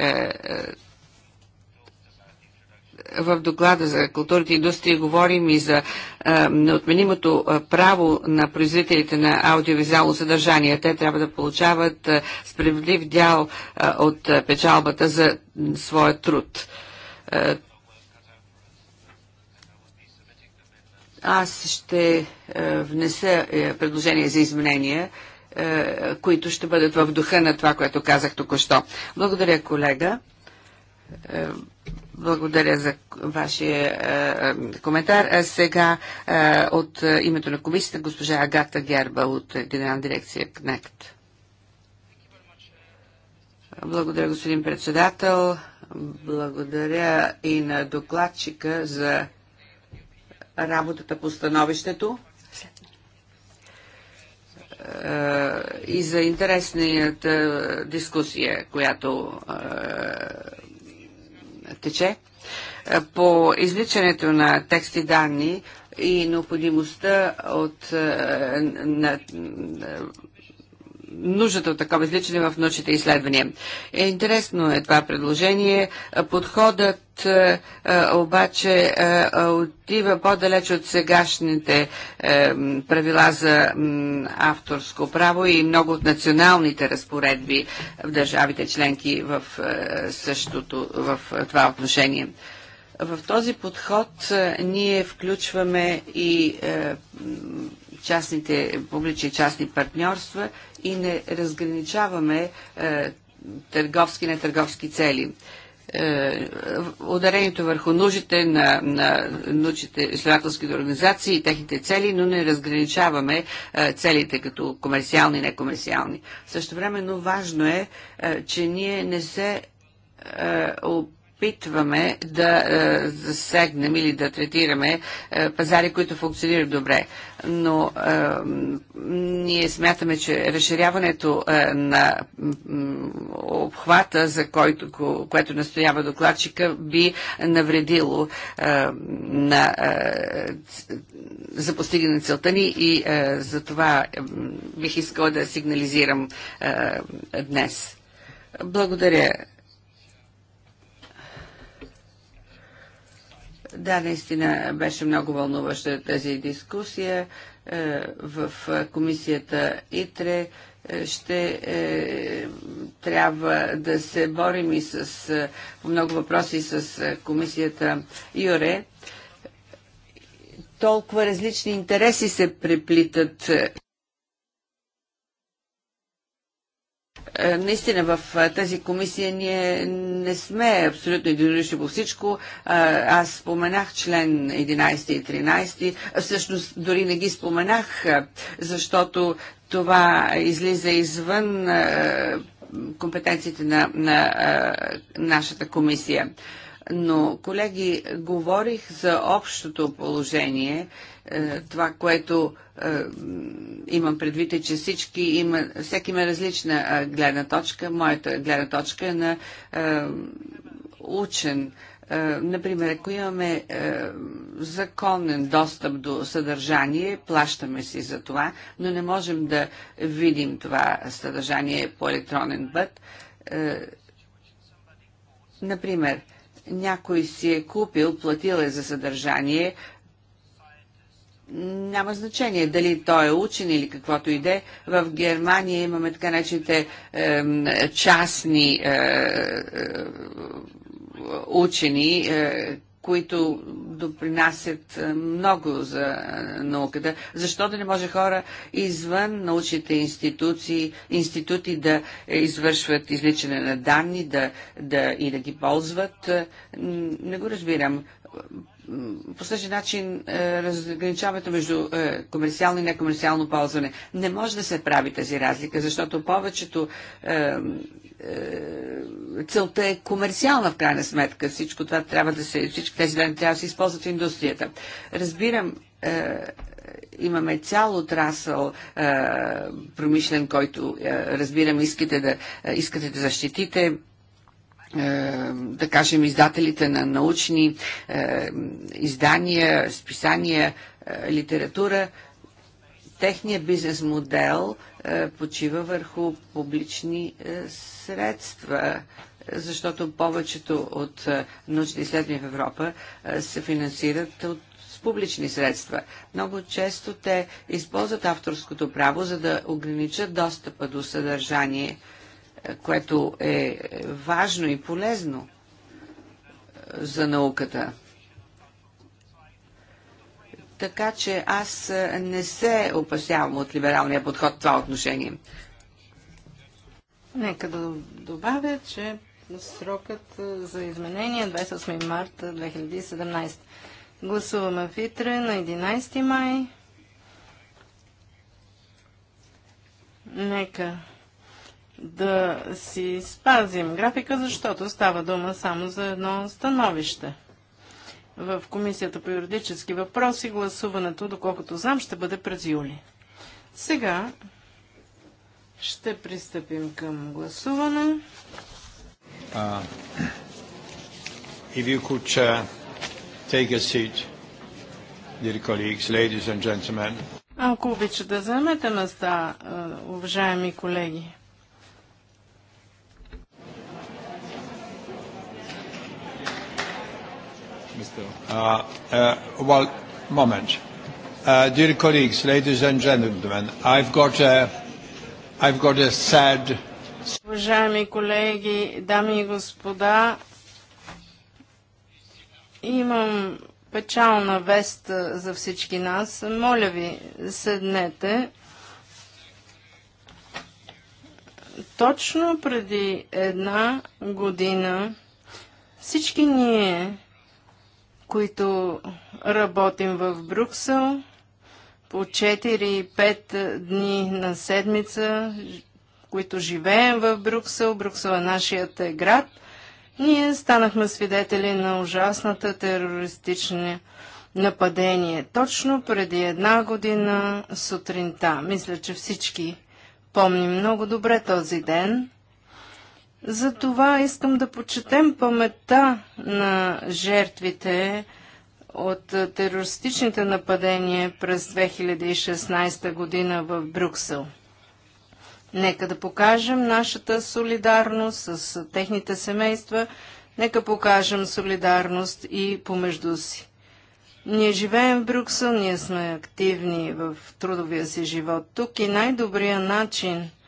в доклада за културата и индустрия говорим и за а, неотменимото право на производителите на аудиовизуално съдържание. Те трябва да получават а, справедлив дял а, от а, печалбата за своя труд. А, аз ще а, внеса а, е, предложение за изменения които ще бъдат в духа на това, което казах току-що. Благодаря, колега. Благодаря за вашия е, е, коментар. А сега е, от е, името на комисията госпожа Агата Герба от Генерална дирекция КНЕКТ. Благодаря, господин председател. Благодаря и на докладчика за работата по становището е, и за интересната дискусия, която тече е, по изличането на тексти данни и необходимостта от е, на, на, нуждата от такова изличане в научните изследвания. Е, интересно е това предложение. Подходът е, е, обаче е, отива по-далеч от сегашните правила за авторско право и много от националните разпоредби в държавите членки в същото, в това отношение. В този подход ние включваме и частните, публични частни партньорства и не разграничаваме е, търговски и нетърговски цели. Е, ударението върху нуждите на, на научните изследователските организации и техните цели, но не разграничаваме е, целите като комерциални и некомерциални. Също времено важно е, е, че ние не се е, опитваме да е, засегнем или да третираме е, пазари, които функционират добре. Но е, ние смятаме, че разширяването на обхвата, за който, което настоява докладчика, би навредило на, за постигане целта ни и за това бих искала да сигнализирам днес. Благодаря, Да, наистина беше много вълнуваща тази дискусия е, в е, комисията ИТРЕ е, ще е, трябва да се борим и с по много въпроси с комисията Юре. Толкова различни интереси се преплитат. Е, наистина в е, тази комисия ние не сме абсолютно единодушни по всичко. Е, аз споменах член 11 и 13. Всъщност дори не ги споменах, защото това излиза извън компетенциите на, на, на нашата комисия. Но, колеги, говорих за общото положение. Е, това, което е, имам предвид е, че всички има, всеки има различна е, гледна точка. Моята гледна точка е на учен например, ако имаме законен достъп до съдържание, плащаме си за това, но не можем да видим това съдържание по електронен път. например, някой си е купил, платил е за съдържание, няма значение дали той е учен или каквото иде. В Германия имаме така наречените частни е, е, учени, е, които допринасят е, много за е, науката. Защо да не може хора извън научните институции, институти да извършват изличане на данни да, да, и да ги ползват? Е, не го разбирам по същия начин разграничаването между комерциално и некомерциално ползване. Не може да се прави тази разлика, защото повечето е, целта е комерциална в крайна сметка. Всичко това трябва да се, всички тези данни трябва да се използват в индустрията. Разбирам, е, имаме цял отрасъл е, промишлен, който разбирам искате да, искате да защитите да кажем, издателите на научни издания, списания, литература, техният бизнес модел е, почива върху публични е, средства, защото повечето от е, научни изследвания в Европа се финансират от публични средства. Много често те използват авторското право, за да ограничат достъпа до съдържание, което е важно и полезно за науката така че аз е, не се опасявам от либералния подход в това отношение. Нека да добавя, че срокът е, за изменение 28 марта 2017. Гласуваме в ИТРЕ на 11 май. Нека да си спазим графика, защото става дума само за едно становище в Комисията по юридически въпроси. Гласуването, доколкото знам, ще бъде през юли. Сега ще пристъпим към гласуване. Uh, if you could uh, take a seat, dear colleagues, ladies and gentlemen. Ако обичате, да заемете места, uh, уважаеми колеги. Uh, uh, well, moment. Uh, dear colleagues, ladies and gentlemen, I've got a, I've got a sad... Уважаеми колеги, дами и господа, имам печална вест за всички нас. Моля ви, седнете. Точно преди една година всички ние които работим в Брюксел по 4-5 дни на седмица, които живеем в Брюксел. Брюксел е нашият е град. Ние станахме свидетели на ужасната терористична нападение точно преди една година сутринта. Мисля, че всички помним много добре този ден. Затова искам да почетем паметта на жертвите от терористичните нападения през 2016 година в Брюксел. Нека да покажем нашата солидарност с техните семейства, нека покажем солидарност и помежду си. Ние живеем в Брюксел, ние сме активни в трудовия си живот тук и най-добрият начин –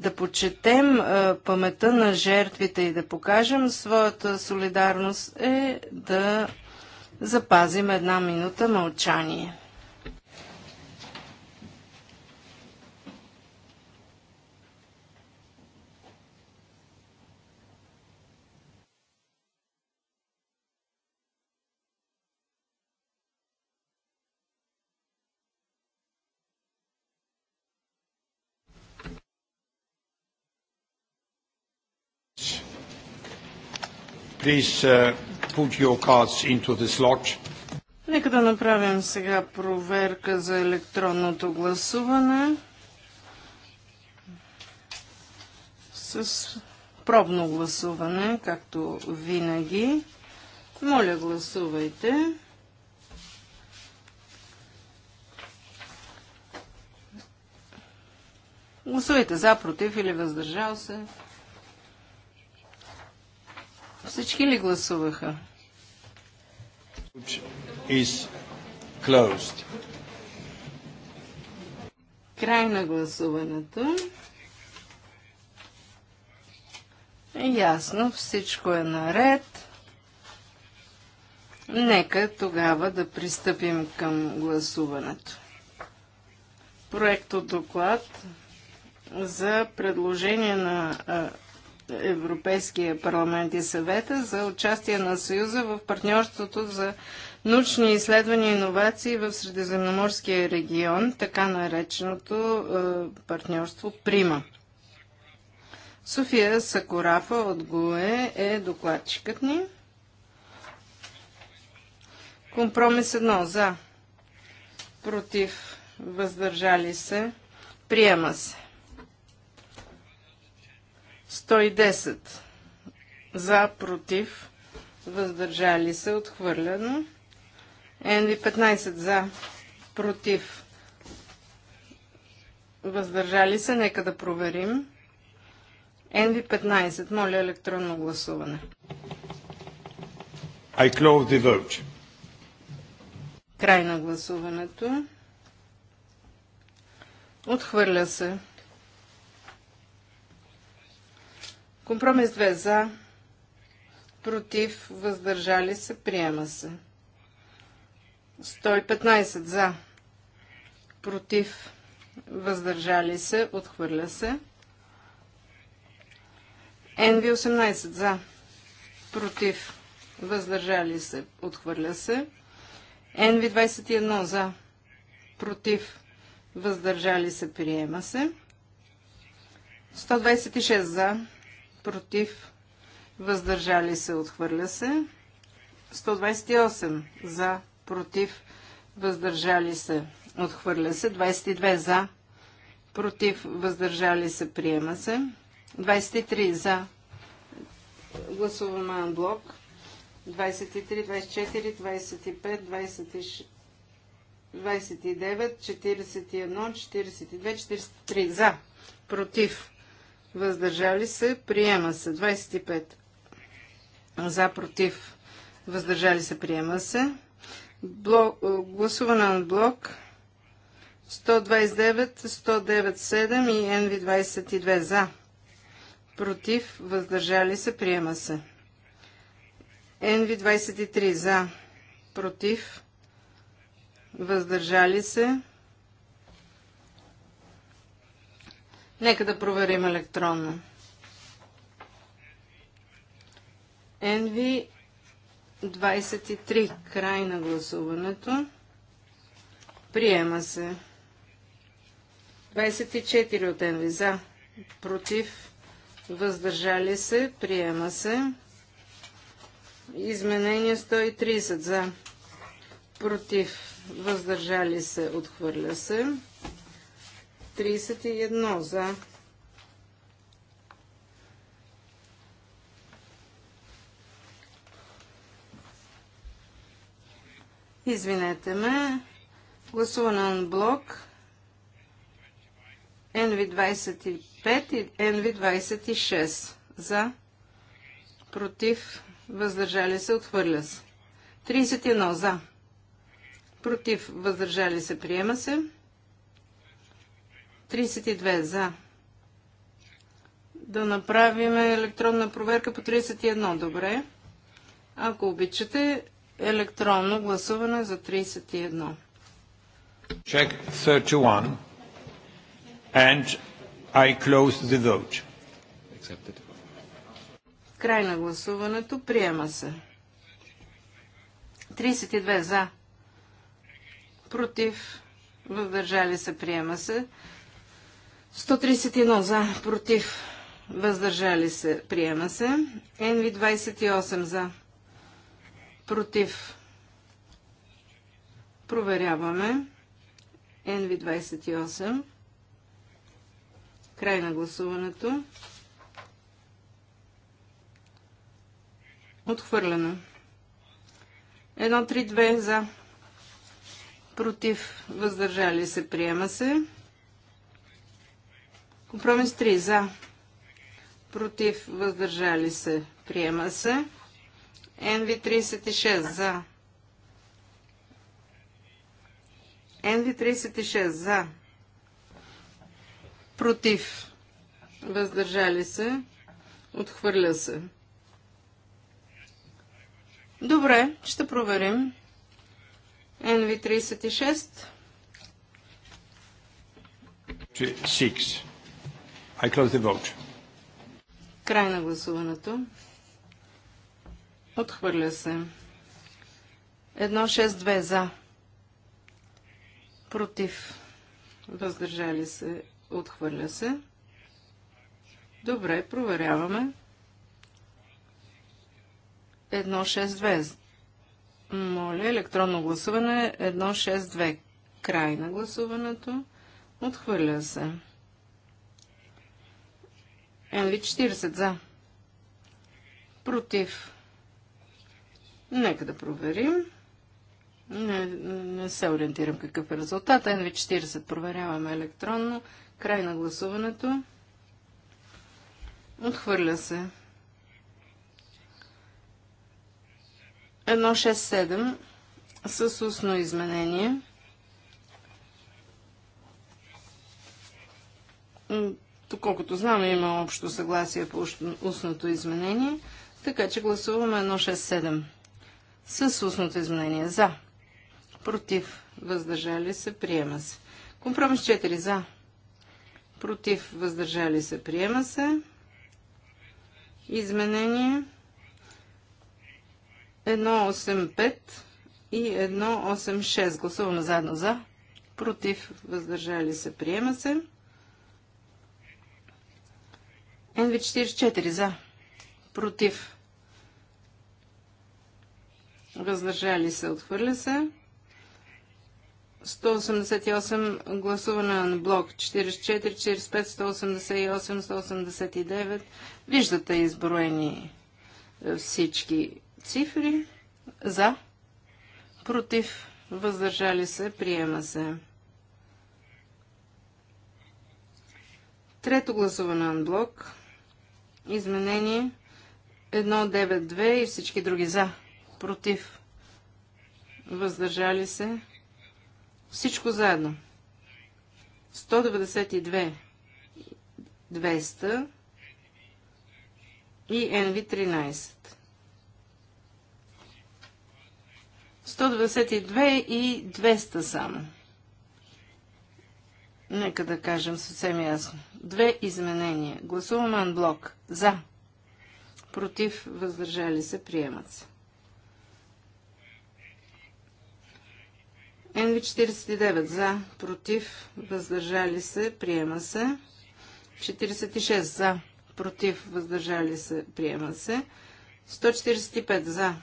да почетем е, памета на жертвите и да покажем своята солидарност е да запазим една минута мълчание. Please uh, put your cards into the slot. Нека да направим сега проверка за електронното гласуване с пробно гласуване, както винаги. Моля, гласувайте. Гласувайте за, против или въздържал се. Всички ли гласуваха? Is closed. Край на гласуването. Е, ясно, всичко е наред. Нека тогава да пристъпим към гласуването. Проекто доклад за предложение на Европейския парламент и съвета за участие на Съюза в партньорството за научни изследвания и иновации в Средиземноморския регион, така нареченото е, партньорство Прима. София Сакорафа от ГУЕ е докладчикът ни. Компромис 1 за, против, въздържали се, приема се. 110 за, против, въздържали се, отхвърлено. NV15 за, против, въздържали се, нека да проверим. NV15, моля електронно гласуване. I close the vote. Край на гласуването. Отхвърля се. Компромис 2 за, против, въздържали се, приема се. 115 за, против, въздържали се, отхвърля се. NV18 за, против, въздържали се, отхвърля се. NV21 за, против, въздържали се, приема се. 126 за, против, въздържали се, отхвърля се. 128 за, против, въздържали се, отхвърля се. 22 за, против, въздържали се, приема се. 23 за, гласуваме блок. 23, 24, 25, 26. 29, 41, 42, 43 за, против, въздържали се, приема се. 25 за, против, въздържали се, приема се. Блок, е, гласуване на блок 129, 197 и NV22 за. Против, въздържали се, приема се. NV23 за. Против, въздържали се, Нека да проверим електронно. NV 23. Край на гласуването. Приема се. 24 от NV за. Против. Въздържали се. Приема се. Изменение 130 за. Против. Въздържали се. Отхвърля се. 31 за. Извинете ме. Гласуване на блок NV25 и NV26 за. Против. Въздържали се. Отхвърля се. 31 за. Против. Въздържали се. Приема се. 32 за. Да направим електронна проверка по 31. Добре. Ако обичате, електронно гласуване за 31. Check 31 and I close the vote. Accepted. Край на гласуването. Приема се. 32 за. Против. Въздържали се. Приема се. 131 за, против, въздържали се, приема се. NV 28 за, против, проверяваме. NV 28, край на гласуването. Отхвърлено. 1-3-2 за. Против. Въздържали се. Приема се. Компромис 3 за. Против. Въздържали се. Приема се. NV36 за. NV36 за. Против. Въздържали се. Отхвърля се. Добре, ще проверим. NV36. 6. I close the vote. Край на гласуването. Отхвърля се. 1-6-2 за. Против. Въздържали се. Отхвърля се. Добре, проверяваме. 1-6-2. Моля, електронно гласуване 1-6-2. Край на гласуването. Отхвърля се. Нали 40 за. Против. Нека да проверим. Не, не се ориентирам какъв е резултат. нв 40 проверяваме електронно. Край на гласуването. Отхвърля се. 167 с устно изменение. Доколкото знам, има общо съгласие по устното изменение, така че гласуваме 167. С устното изменение за. Против. Въздържали се. Приема се. Компромис 4 за. Против. Въздържали се. Приема се. Изменение 185 и 186. Гласуваме заедно за. Против. Въздържали се. Приема се. НВ44 за. Против. Въздържали се. Отхвърля се. 188 гласуване на блок 44, 45, 188, 189. Виждате изброени е, всички цифри. За. Против. Въздържали се. Приема се. Трето гласуване на блок Изменение 192 и всички други за. Против. Въздържали се. Всичко заедно. 192. 200 и NV13. 192 и 200 само. Нека да кажем съвсем ясно. Две изменения. Гласуваме анблок. За. Против. Въздържали се. Приемат се. НВ-49. За. Против. Въздържали се. Приема се. 46. За. Против. Въздържали се. Приема се. 145. За.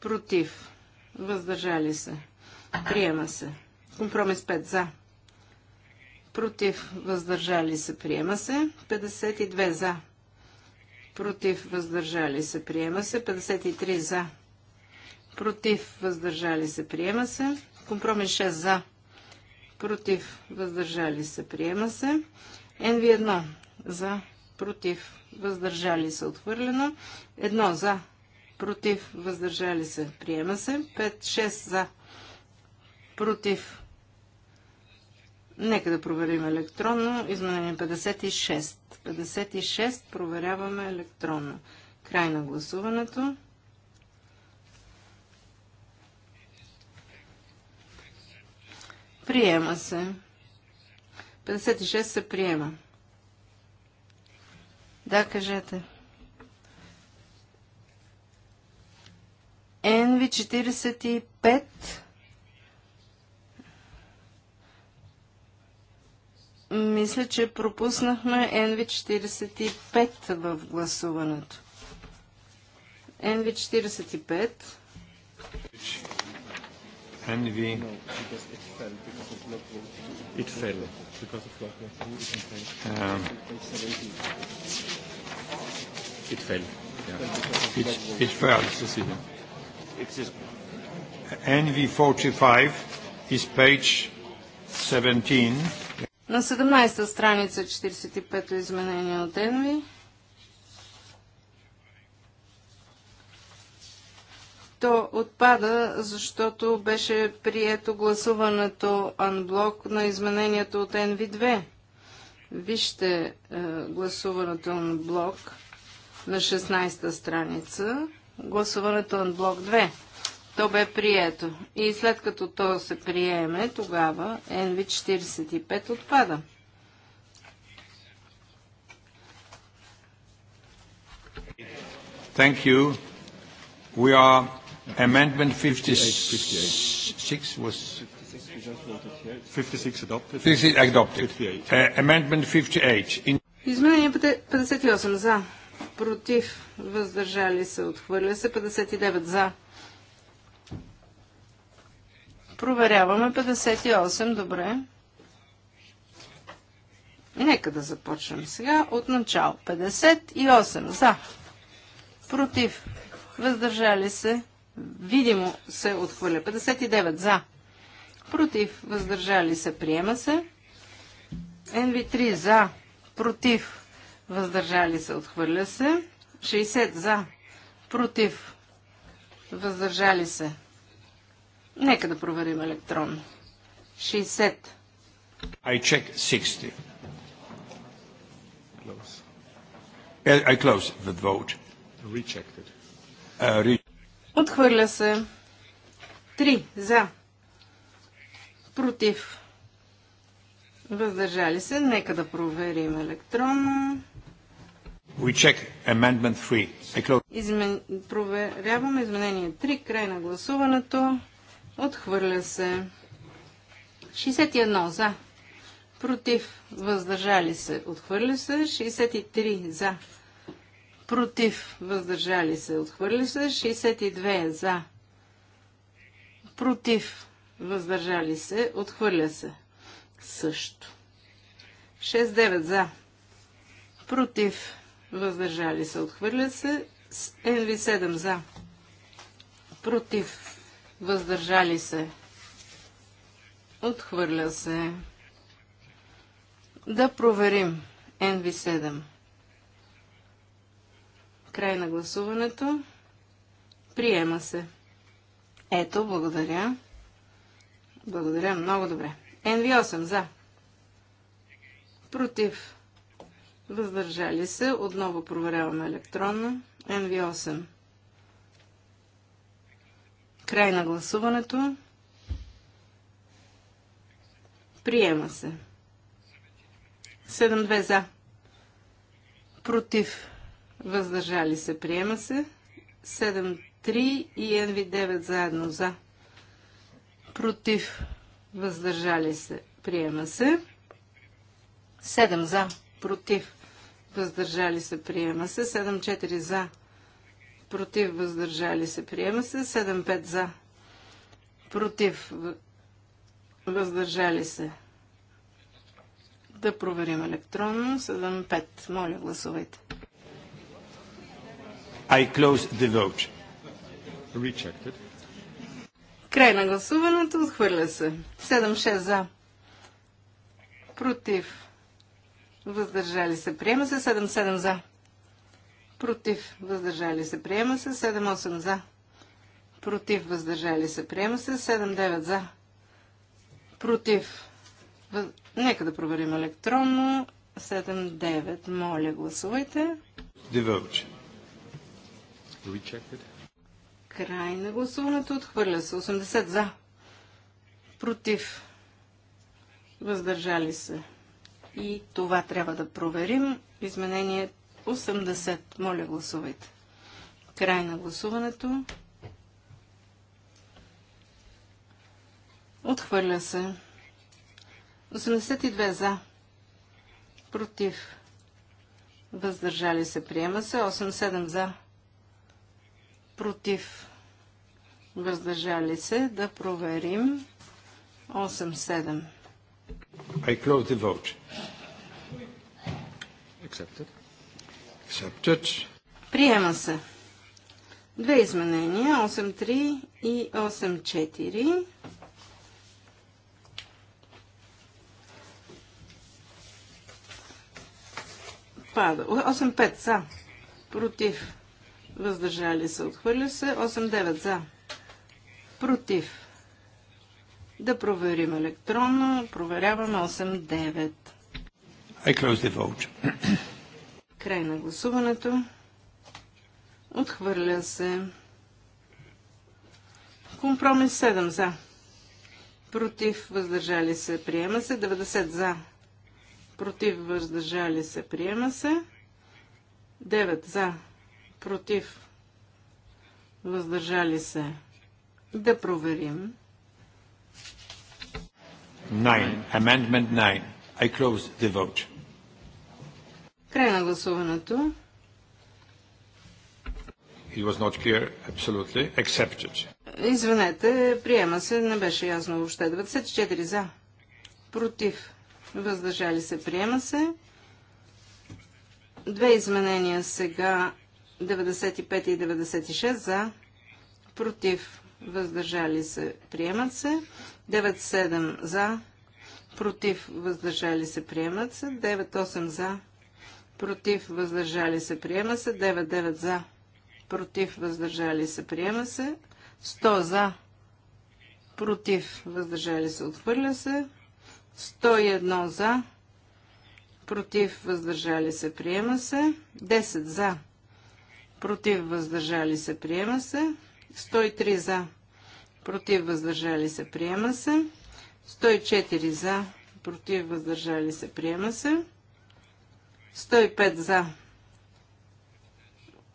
Против. Въздържали се. Приема се. Компромис 5. За против, въздържали се, приема се. 52 за, против, въздържали се, приема се. 53 за, против, въздържали се, приема се. Компромис 6 за, против, въздържали се, приема се. NV1 за, против, въздържали се, отвърлено. 1 за, против, въздържали се, приема се. 5-6 за, против, Нека да проверим електронно. Изменение 56. 56 проверяваме електронно. Край на гласуването. Приема се. 56 се приема. Да, кажете. NV45 Мисля, че пропуснахме NV45 в гласуването. NV45. NV. It fell. Um, it fell. Yeah. It, it fell, Cecilia. NV45 is page 17. На 17-та страница 45-то изменение от Енви. То отпада, защото беше прието гласуването анблок на изменението от NV2. Вижте е, гласуването анблок на 16-та страница, гласуването анблок 2. То бе прието. И след като то се приеме, тогава NV45 отпада. Thank you. We are amendment 56 was 56 adopted. 56 adopted. Uh, amendment 58. In... Изменение 58 за. Против. Въздържали се. Отхвърля се. 59 за Проверяваме 58, добре. Нека да започнем сега от начало. 58 за, против, въздържали се, видимо се отхвърля. 59 за, против, въздържали се, приема се. NV3 за, против, въздържали се, отхвърля се. 60 за, против, въздържали се, Нека да проверим електронно. 60. I check 60. Close. Е, I close the vote. Rejected. Uh, re... Отхвърля се. 3 за. Против. Въздържали се. Нека да проверим електронно. We check amendment 3. I close. Измен... Проверяваме изменение 3. Край на гласуването. Отхвърля се. 61 за. Против. Въздържали се. Отхвърля се. 63 за. Против. Въздържали се. Отхвърля се. 62 за. Против. Въздържали се. Отхвърля се. Също. 69 за. Против. Въздържали се. Отхвърля се. НВ7 за. Против въздържали се, отхвърля се. Да проверим NV7. Край на гласуването. Приема се. Ето, благодаря. Благодаря, много добре. NV8 за. Против. Въздържали се. Отново проверяваме електронно. NV8. Край на гласуването. Приема се. 7-2 за. Против. Въздържали се. Приема се. 7-3 и NV9 заедно за. Против. Въздържали се. Приема се. 7 за. Против. Въздържали се. Приема се. 7-4 за против, въздържали се, приема се. 7-5 за, против, въздържали се. Да проверим електронно. 7-5. Моля, гласувайте. I close the vote. Rejected. Край на гласуването. Отхвърля се. 7-6 за. Против. Въздържали се. Приема се. 7-7 за против, въздържали се, приема се, 7-8 за, против, въздържали се, приема се, 7-9 за, против, въз... нека да проверим електронно, 7-9, моля гласувайте. Девълче. Край на гласуването, отхвърля се, 80 за, против, въздържали се. И това трябва да проверим. Изменение 80. Моля, гласувайте. Край на гласуването. Отхвърля се. 82 за. Против. Въздържали се. Приема се. 87 за. Против. Въздържали се. Да проверим. 87. I close the vote. Accepted. Accepted. Приема се. Две изменения, 8.3 и 8.4. Пада. 8.5 за. Против. Въздържали се. Отхвърля се. 8.9 за. Против. Да проверим електронно. Проверяваме 8.9. I close the vote. Край на гласуването. Отхвърля се. Компромис 7 за. Против въздържали се. Приема се. 90 за. Против въздържали се. Приема се. 9 за. Против въздържали се. Да проверим. 9. Amendment 9. I close the vote. Край на гласуването. It was not clear, absolutely, accepted. Извинете, приема се, не беше ясно въобще. 24 за. Против. Въздържали се, приема се. Две изменения сега. 95 и 96 за. Против. Въздържали се, приемат се. 97 за. Против. Въздържали се, приемат се. 98 за против, въздържали се, приема се, 9 9 за, против, въздържали се, приема се, 100 за, против, въздържали се, отхвърля се, 101 за, против, въздържали се, приема се, 10 за, против, въздържали се, приема се, 103 за, против, въздържали се, приема се, 104 за, против, въздържали се, приема се, 105 за.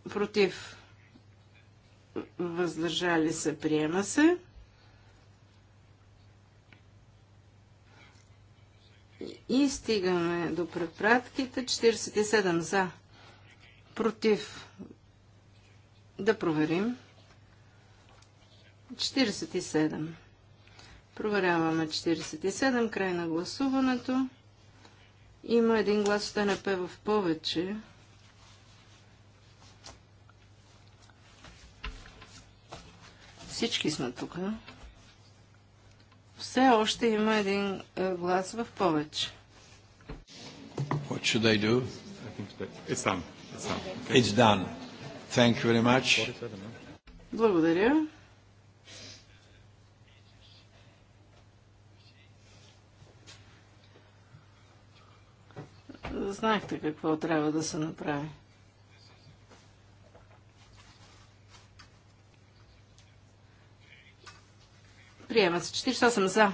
Против. Въздържали се. Приема се. И стигаме до препратките. 47 за. Против. Да проверим. 47. Проверяваме 47. Край на гласуването. Има един глас от НП в повече. Всички сме тук. Все още има един е, глас в повече. What should I do? It's done. It's done. Okay. It's done. Thank you very much. Благодаря. знаехте какво трябва да се направи. Приема се 48 за.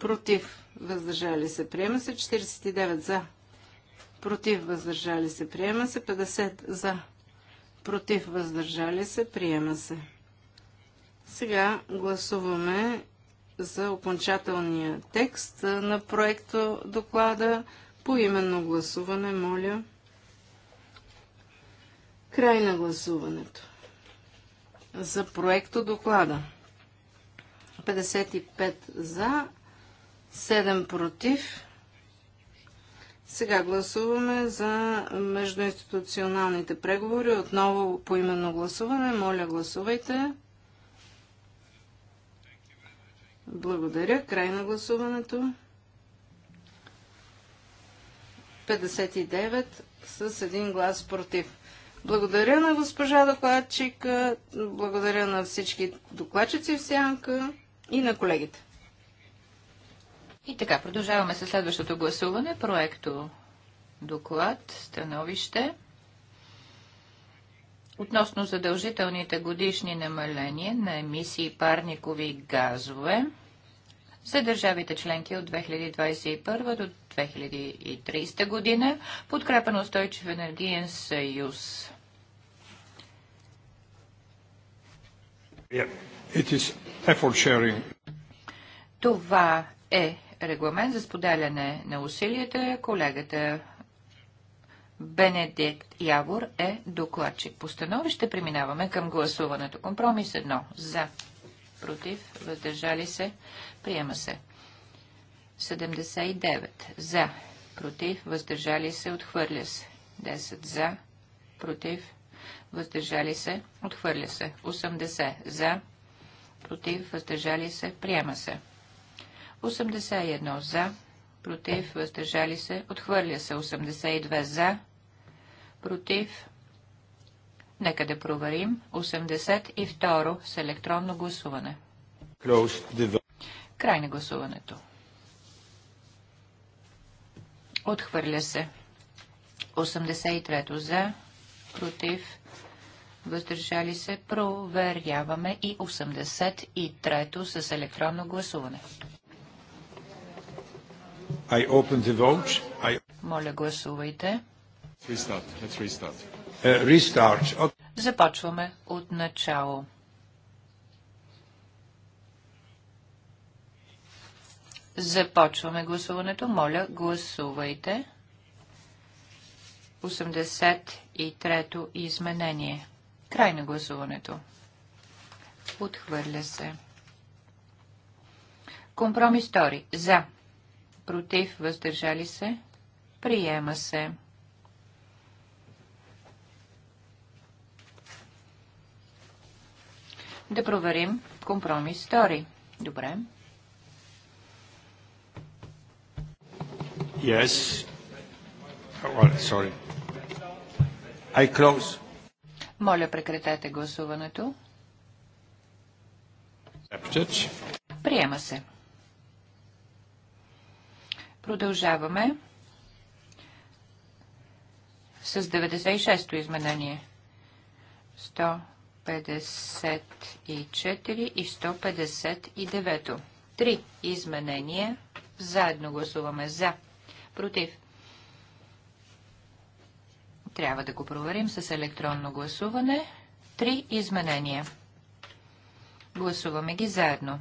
Против. Въздържали се. Приема се 49 за. Против. Въздържали се. Приема се 50 за. Против. Въздържали се. Приема се. Сега гласуваме за окончателния текст на проекто доклада по именно гласуване, моля. Край на гласуването. За проекто доклада. 55 за, 7 против. Сега гласуваме за междуинституционалните преговори. Отново по именно гласуване. Моля, гласувайте. Благодаря. Край на гласуването. 59 с един глас против. Благодаря на госпожа докладчика, благодаря на всички докладчици в сянка и на колегите. И така, продължаваме с следващото гласуване. Проекто доклад, становище относно задължителните годишни намаления на емисии парникови газове за държавите членки от 2021 до 2030 година, подкрепа на устойчив енергиен съюз. Yeah. Това е регламент за споделяне на усилията. Колегата Бенедикт Явор е докладчик. По становище преминаваме към гласуването. Компромис Едно За против, въздържали се, приема се. 79 за, против, въздържали се, отхвърля се. 10 за, против, въздържали се, отхвърля се. 80 за, против, въздържали се, приема се. 81 за, против, въздържали се, отхвърля се. 82 за, против, Нека да проверим. 82 с електронно гласуване. Край на гласуването. Отхвърля се. 83 за, против, въздържали се. Проверяваме и 83 с електронно гласуване. I open the vote. I... Моля, гласувайте. Let's restart. Let's restart. Uh, restart. Започваме от начало. Започваме гласуването. Моля, гласувайте. 83-то изменение. Край на гласуването. Отхвърля се. Компромис 2. За. Против. Въздържали се. Приема се. Да проверим компромис втори. Добре. Yes. Oh, sorry. I close. Моля, прекратете гласуването. Приема се. Продължаваме с 96-то изменение. 100. 154 и 159. Три изменения. Заедно гласуваме за. Против. Трябва да го проверим с електронно гласуване. Три изменения. Гласуваме ги заедно.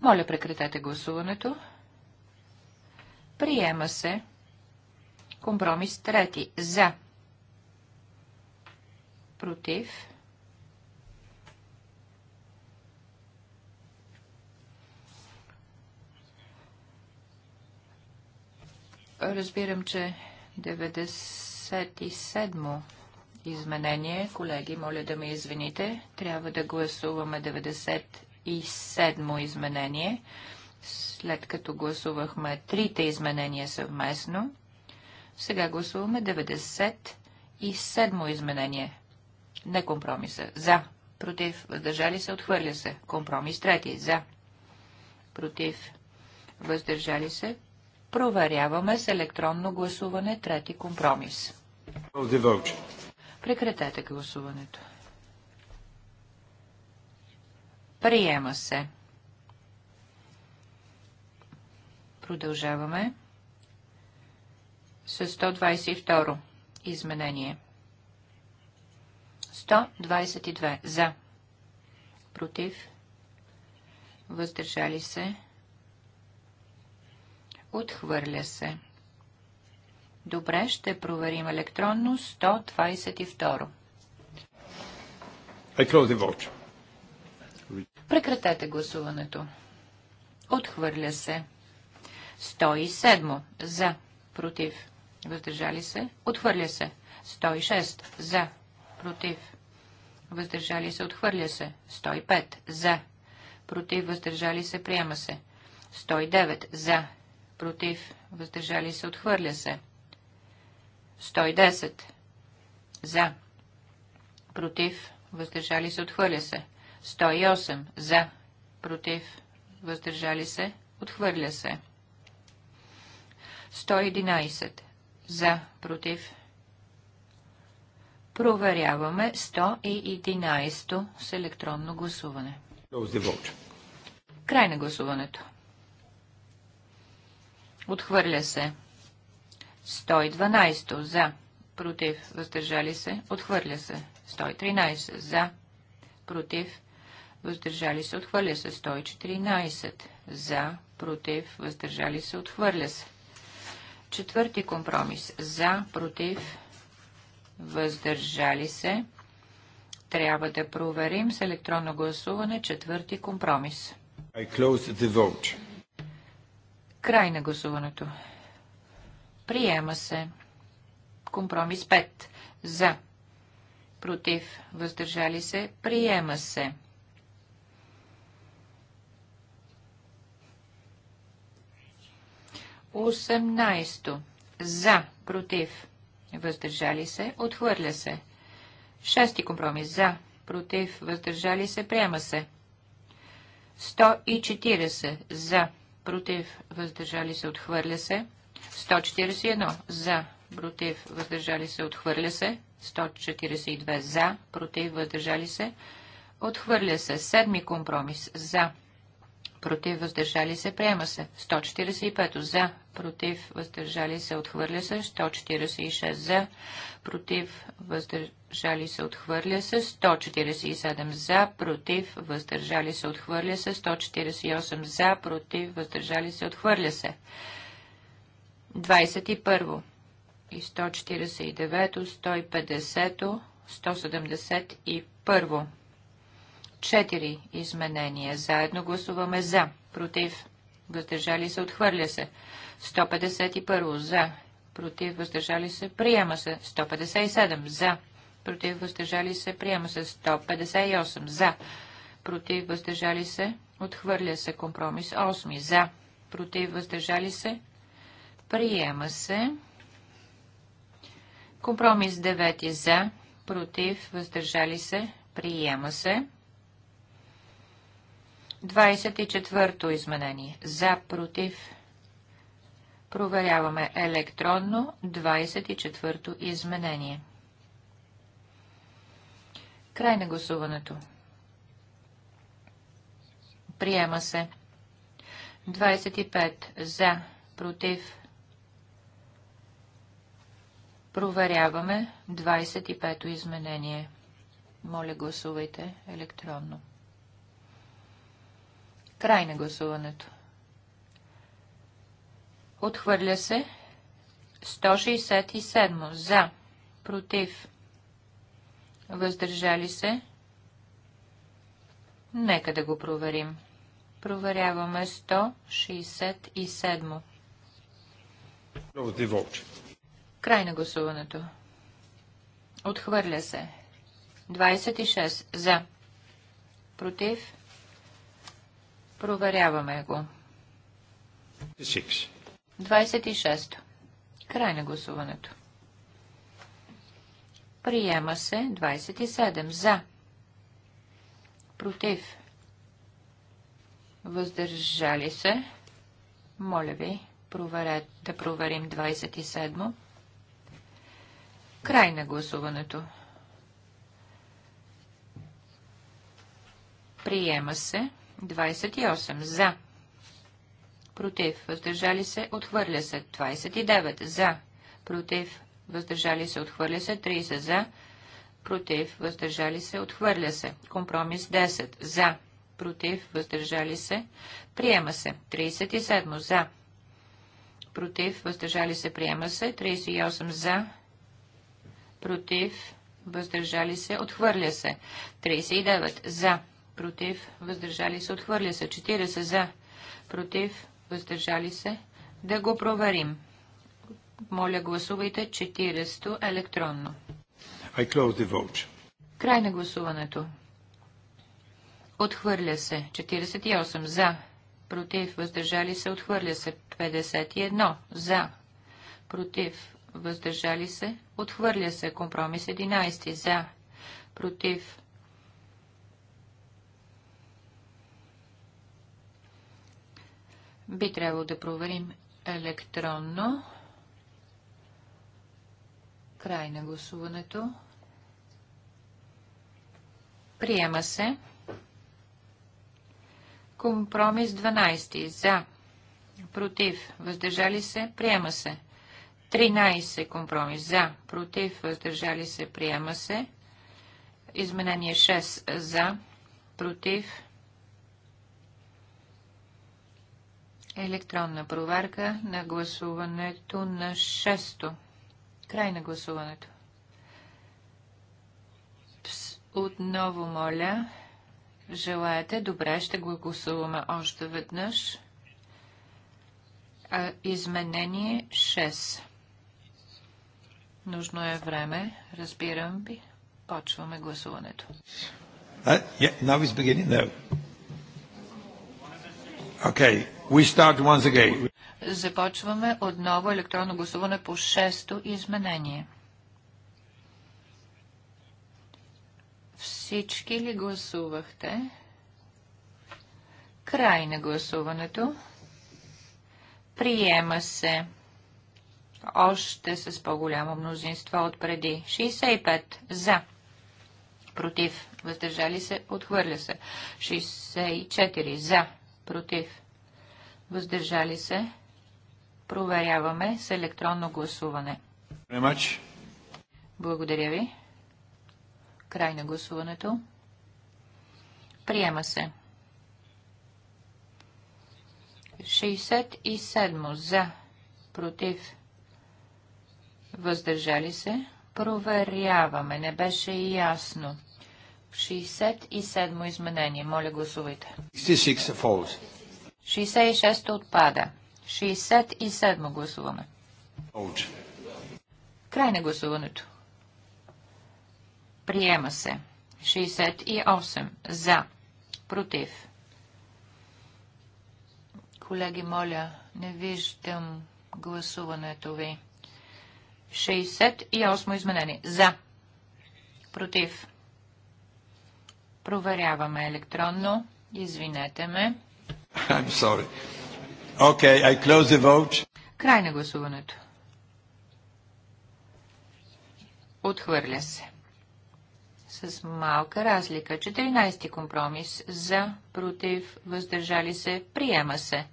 Моля, прекратете гласуването. Приема се Компромис трети. За. Против. Разбирам, че 97-мо изменение, колеги, моля да ме извините, трябва да гласуваме 97-мо изменение, след като гласувахме трите изменения съвместно. Сега гласуваме 97-мо изменение. Не компромиса. За. Против. Въздържали се. Отхвърля се. Компромис трети. За. Против. Въздържали се. Проверяваме с електронно гласуване трети компромис. Прекратете гласуването. Приема се. Продължаваме с 122 изменение. 122 за. Против. Въздържали се. Отхвърля се. Добре, ще проверим електронно 122. Прекратете гласуването. Отхвърля се. 107 за. Против въздържали се, отхвърля се. 106 за, против, въздържали се, отхвърля се. 105 за, против, въздържали се, приема се. 109 за, против, въздържали се, отхвърля се. 110 за, против, въздържали се, отхвърля се. 108 за, против, въздържали се, отхвърля се. 111 за, против. Проверяваме 111 с електронно гласуване. Край на гласуването. Отхвърля се. 112 за, против, въздържали се, отхвърля се. 113 за, против, въздържали се, отхвърля се. 114 за, против, въздържали се, отхвърля се. Четвърти компромис. За, против, въздържали се. Трябва да проверим с електронно гласуване четвърти компромис. I close the vote. Край на гласуването. Приема се. Компромис 5. За. Против. Въздържали се. Приема се. 18. За, против, въздържали се, отхвърля се. Шести компромис. За, против, въздържали се, приема се. 140. За, против, въздържали се, отхвърля се. 141. За, против, въздържали се, отхвърля се. 142. За, против, въздържали се, отхвърля се. Седми компромис. За, против, въздържали се, приема се. 145 за, против, въздържали се, отхвърля се. 146 за, против, въздържали се, отхвърля се. 147 за, против, въздържали се, отхвърля се. 148 за, против, въздържали се, отхвърля се. 21 и 149, 150, 171. 4 изменения. Заедно гласуваме за, против, въздържали се, отхвърля се. 151 за, против, въздържали се, приема се. 157 за, против, въздържали се, приема се. 158 за, против, въздържали се, отхвърля се. Компромис 8 за, против, въздържали се, приема се. Компромис 9 за, против, въздържали се, приема се. 24-то изменение. За, против. Проверяваме електронно 24-то изменение. Край на гласуването. Приема се. 25 за, против. Проверяваме 25-то изменение. Моля, гласувайте електронно. Край на гласуването. Отхвърля се 167 за, против, въздържали се. Нека да го проверим. Проверяваме 167. Край на гласуването. Отхвърля се. 26 за. Против. Проверяваме го. 26. Край на гласуването. Приема се 27. За. Против. Въздържали се. Моля ви, проверят, да проверим 27. Край на гласуването. Приема се 28. За. Против. Въздържали се. Отхвърля се. 29. За. Против. Въздържали се. Отхвърля се. 30. За. Против. Въздържали се. Отхвърля се. Компромис 10. За. Против. Въздържали се. Приема се. 37. За. Против. Въздържали се. Приема се. 38. За. Против. Въздържали се. Отхвърля се. 39. За против, въздържали се, отхвърля се. 40 за, против, въздържали се. Да го проверим. Моля, гласувайте 40 електронно. I close the vote. Край на гласуването. Отхвърля се. 48 за. Против. Въздържали се. Отхвърля се. 51 за. Против. Въздържали се. Отхвърля се. Компромис 11 за. Против. Би трябвало да проверим електронно. Край на гласуването. Приема се. Компромис 12. За. Против. Въздържали се. Приема се. 13. Компромис. За. Против. Въздържали се. Приема се. Изменение 6. За. Против. Електронна проверка на гласуването на 6 Край на гласуването. Пс, отново моля. Желаете? Добре, ще го гласуваме още веднъж. А, изменение 6. Нужно е време, разбирам би. Почваме гласуването. Uh, yeah, now beginning though. Okay, We start once again. Започваме отново електронно гласуване по шесто изменение. Всички ли гласувахте? Край на гласуването. Приема се. Още с по-голямо мнозинство от преди. 65 за. Против. Въздържали се. Отхвърля се. 64 за. Против въздържали се, проверяваме с електронно гласуване. Благодаря ви. Край на гласуването. Приема се. 67 за, против, въздържали се. Проверяваме, не беше ясно. 67 изменение. Моля, гласувайте. 66 66 отпада. 67 гласуваме. Край на гласуването. Приема се. 68 за. Против. Колеги, моля, не виждам гласуването ви. 68 изменение. За. Против. Проверяваме електронно. Извинете ме. I'm sorry. Okay, I close the vote. Край на гласуването. Отхвърля се. С малка разлика. 14 ти компромис. За, против, въздържали се, приема се.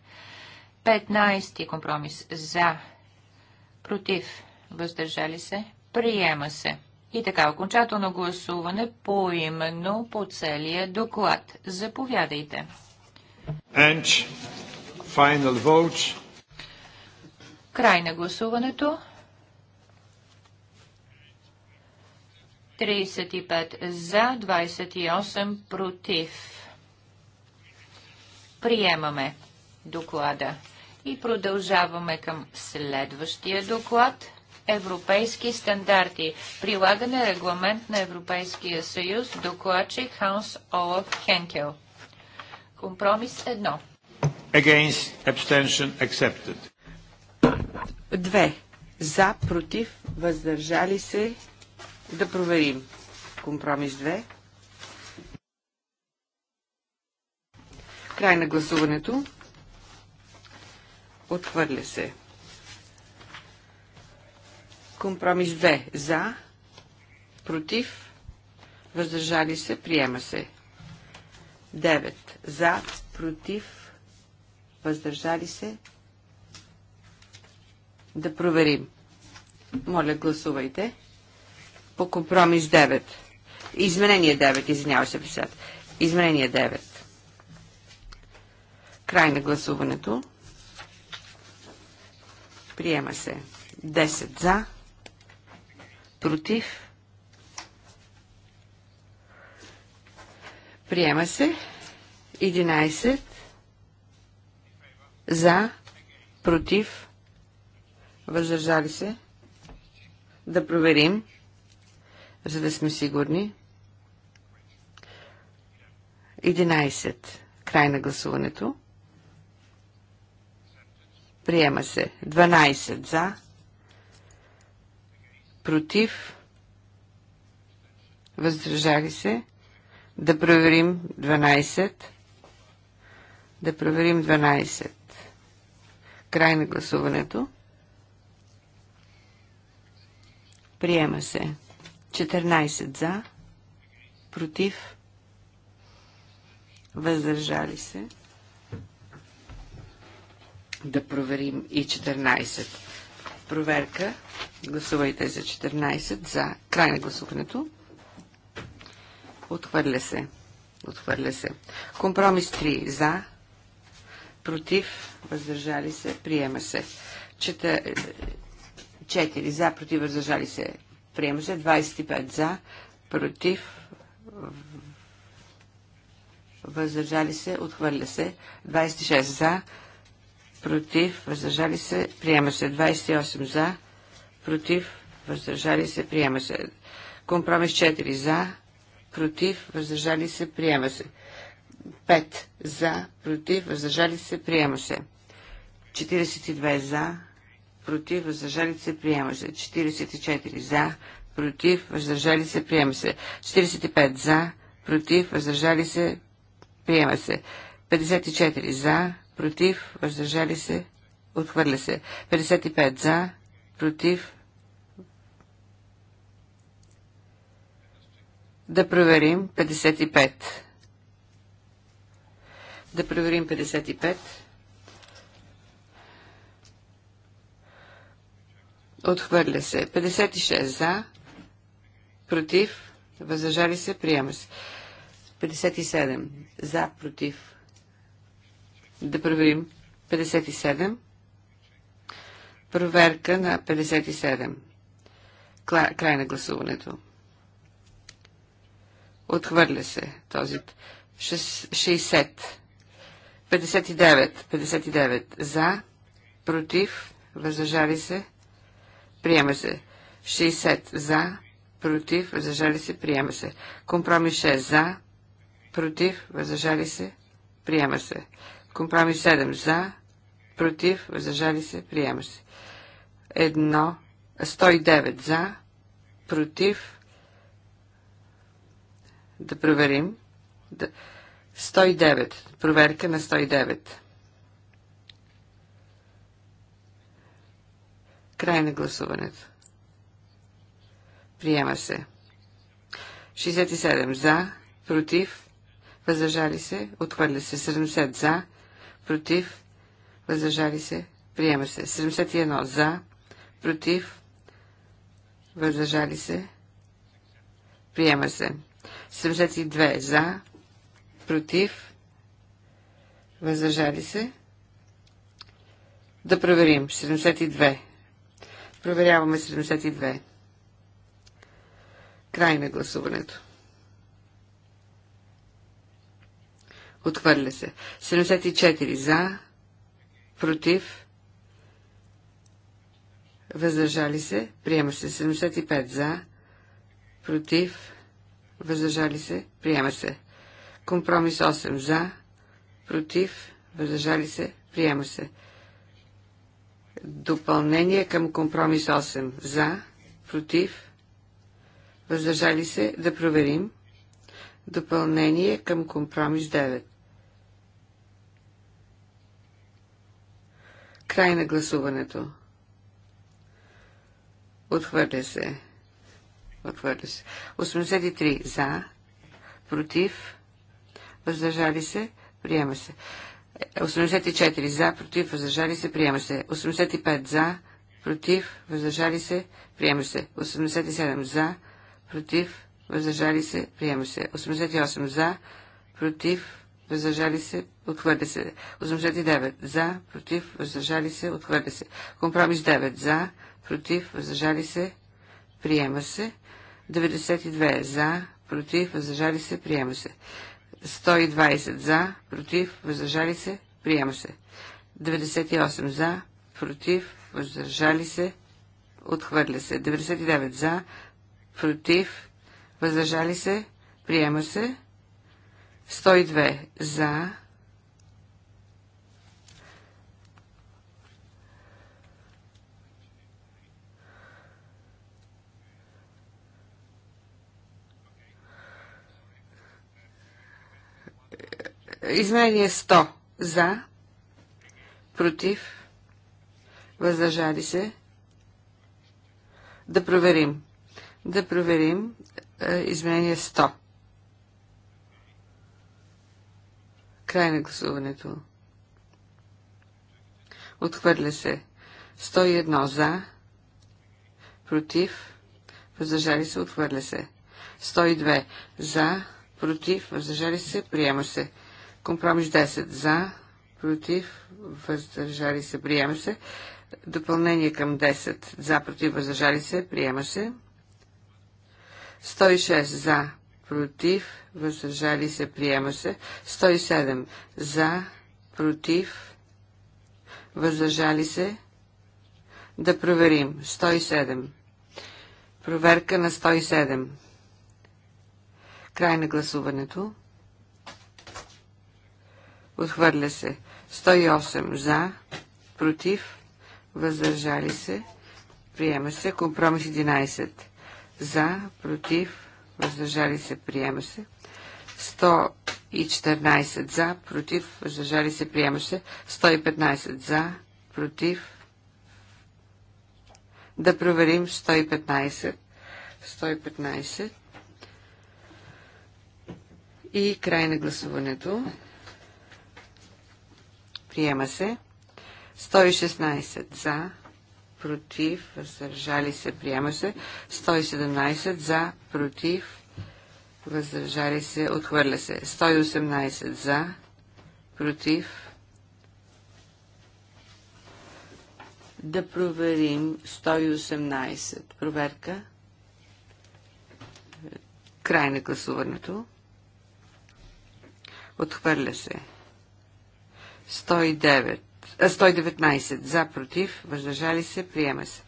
15 ти компромис. За, против, въздържали се, приема се. И така, окончателно гласуване по именно по целия доклад. Заповядайте. And final vote. Край на гласуването. 35 за, 28 против. Приемаме доклада и продължаваме към следващия доклад. Европейски стандарти. Прилагане регламент на Европейския съюз. Докладчик Ханс Олаф Хенкел. Компромис 1. Against, abstention, accepted. 2. За, против, въздържали се. Да проверим. Компромис 2. Край на гласуването. Отхвърля се. Компромис 2. За, против, въздържали се, приема се. 9. За, против, въздържали се. Да проверим. Моля, гласувайте. По компромис 9. Изменение 9, извинява се, писат. Изменение 9. Край на гласуването. Приема се. 10 за, против, Приема се. 11 за, против, въздържали се. Да проверим, за да сме сигурни. 11. Край на гласуването. Приема се. 12 за, против, въздържали се. Да проверим 12. Да проверим 12. Край на гласуването. Приема се. 14 за. Против. Въздържали се. Да проверим и 14. Проверка. Гласувайте за 14. За край на гласуването. Отхвърля се. Отхвърля се. Компромис 3. За. Против. Въздържали се. Приема се. Чета... 4. За. Против. Въздържали се. Приема се. 25. За. Против. Въздържали се. Отхвърля се. 26. За. Против. Въздържали се. Приема се. 28. За. Против. Въздържали се. Приема се. Компромис 4. За против, въздържали се, приема се. 5 за, против, въздържали се, приема се. 42 за, против, въздържали се, приема се. 44 за, против, въздържали се, приема се. 45 за, против, въздържали се, приема се. 54 за, против, въздържали се, отхвърля се. 55 за, против, Да проверим 55. Да проверим 55. Отхвърля се. 56 за, против, въздържали се, приема се. 57 за, против. Да проверим 57. Проверка на 57. Край на гласуването. Отхвърля се този. 60. 59. 59. За. Против. Въздържали се. Приема се. 60. За. Против. Въздържали се. Приема се. Компромис 6. За. Против. Въздържали се. Приема се. Компромис 7. За. Против. Въздържали се. Приема се. Едно 109. За. Против да проверим. 109. Проверка на 109. Край на гласуването. Приема се. 67 за, против, въздържали се, отхвърля се. 70 за, против, въздържали се, приема се. 71 за, против, въздържали се, приема се. 72 за, против, въздържали се. Да проверим. 72. Проверяваме 72. Край на гласуването. Отхвърля се. 74 за, против, въздържали се, приема се. 75 за, против, въздържали се, приема се. Компромис 8 за, против, въздържали се, приема се. Допълнение към компромис 8 за, против, въздържали се, да проверим. Допълнение към компромис 9. Край на гласуването. Отхвърля се. Отхвърля се. 83 за. Против. Въздържали се. Приема се. 84 за. Против. Въздържали се. Приема се. 85 за. Против. Въздържали се. Приема се. 87 за. Против. Въздържали се. Приема се. 88 за. Против. Въздържали се. Отхвърля се. 89 за. Против. Въздържали се. Отхвърля се. Компромис 9 за. Против. Въздържали се. Приема се. 92 за, против, въздържали се, приема се. 120 за, против, въздържали се, приема се. 98 за, против, въздържали се, отхвърля се. 99 за, против, въздържали се, приема се. 102 за, Изменение 100 за, против, въздържали се. Да проверим. Да проверим е, изменение 100. Край на гласуването. Отхвърля се. 101 за, против, въздържали се, отхвърля се. 102 за, против, въздържали се, приема се. Компромис 10 за, против, въздържали се, приема се. Допълнение към 10 за, против, въздържали се, приема се. 106 за, против, въздържали се, приема се. 107 за, против, въздържали се. Да проверим. 107. Проверка на 107. Край на гласуването. Отхвърля се. 108 за, против, въздържали се. Приема се. Компромис 11 за, против, въздържали се. Приема се. 114 за, против, въздържали се. Приема се. 115 за, против. Да проверим 115. 115. И край на гласуването. Приема се. 116 за, против, въздържали се, приема се. 117 за, против, въздържали се, отхвърля се. 118 за, против. Да проверим 118. Проверка. Край на гласуването. Отхвърля се. 109, 119 за, против, въздържали се, приема се.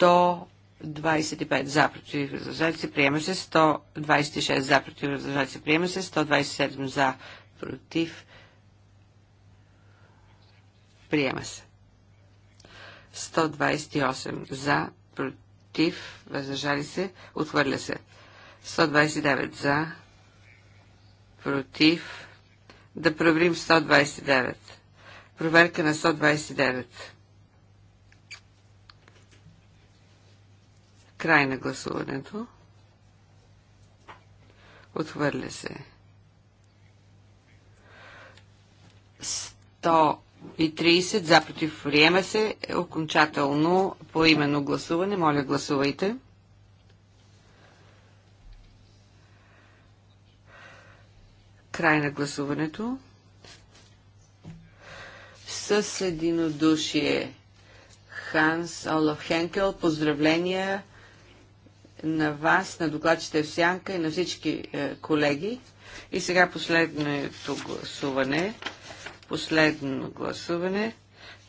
125 за, против, въздържали се, приема се. 126 за, против, въздържали се, приема се. 127 за, против, приема се. 128 за, против, въздържали се, отхвърля се. 129 за, против, да проверим 129. Проверка на 129. Край на гласуването. Отхвърля се. 130 за против приема се. Окончателно по именно гласуване. Моля гласувайте. Край на гласуването. С единодушие Ханс Олаф Хенкел, поздравления на вас, на докладчите в Сянка и на всички е, колеги. И сега последното гласуване. Последно гласуване.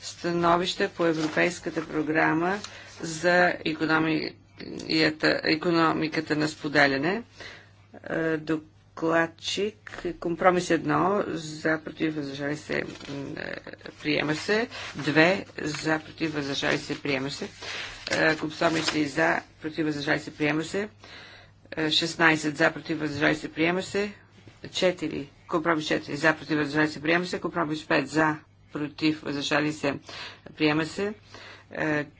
Становище по Европейската програма за економиката, на споделяне. Е, докладчик. Компромис 1 за против възражали е, се приема се. 2 е, за против възражали е, се приема се. Компромис 3 за против възражали се приема се. 16 за против възражали се приема се. 4 компромис 4 за против възражали се приема се. Компромис 5 за против възражали се приема се.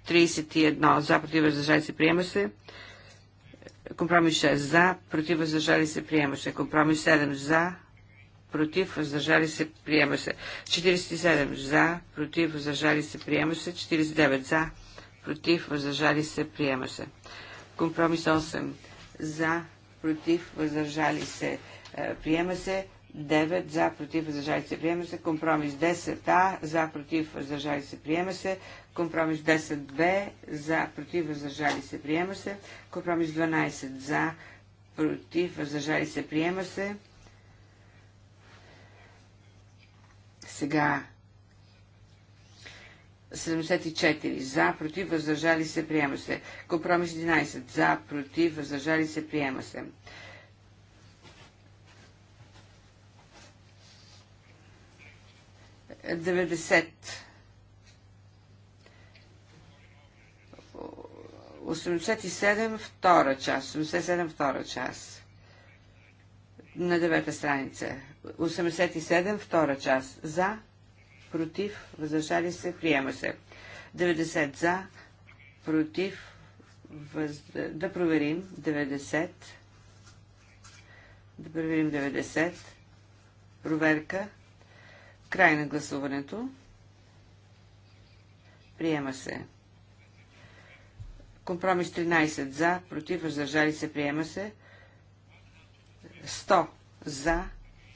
31 за против възражали се приема се. Компромис 6 за, против, въздържали се, приема се. Компромис 7 за, против, въздържали се, приема се. 47 за, против, въздържали се, приема се. 49 за, против, въздържали се, приема се. Компромис 8 за, против, въздържали се, е, приема се. 9 за, против, въздържали се, приема се. Компромис 10а за, против, въздържали се, приема се. Компромис 10б за, против, въздържали се, приема се. Компромис 12 за, против, въздържали се, приема се. Сега 74 за, против, въздържали се, приема се. Компромис 11 за, против, въздържали се, приема се. 90. втора част. 87 втора част. На девета страница. 87 втора част. За, против, въздържали се, приема се. 90 за, против, въз... да проверим 90. Да проверим 90. Проверка. 90. Край на гласуването. Приема се. Компромис 13 за, против, въздържали се, приема се. 100 за,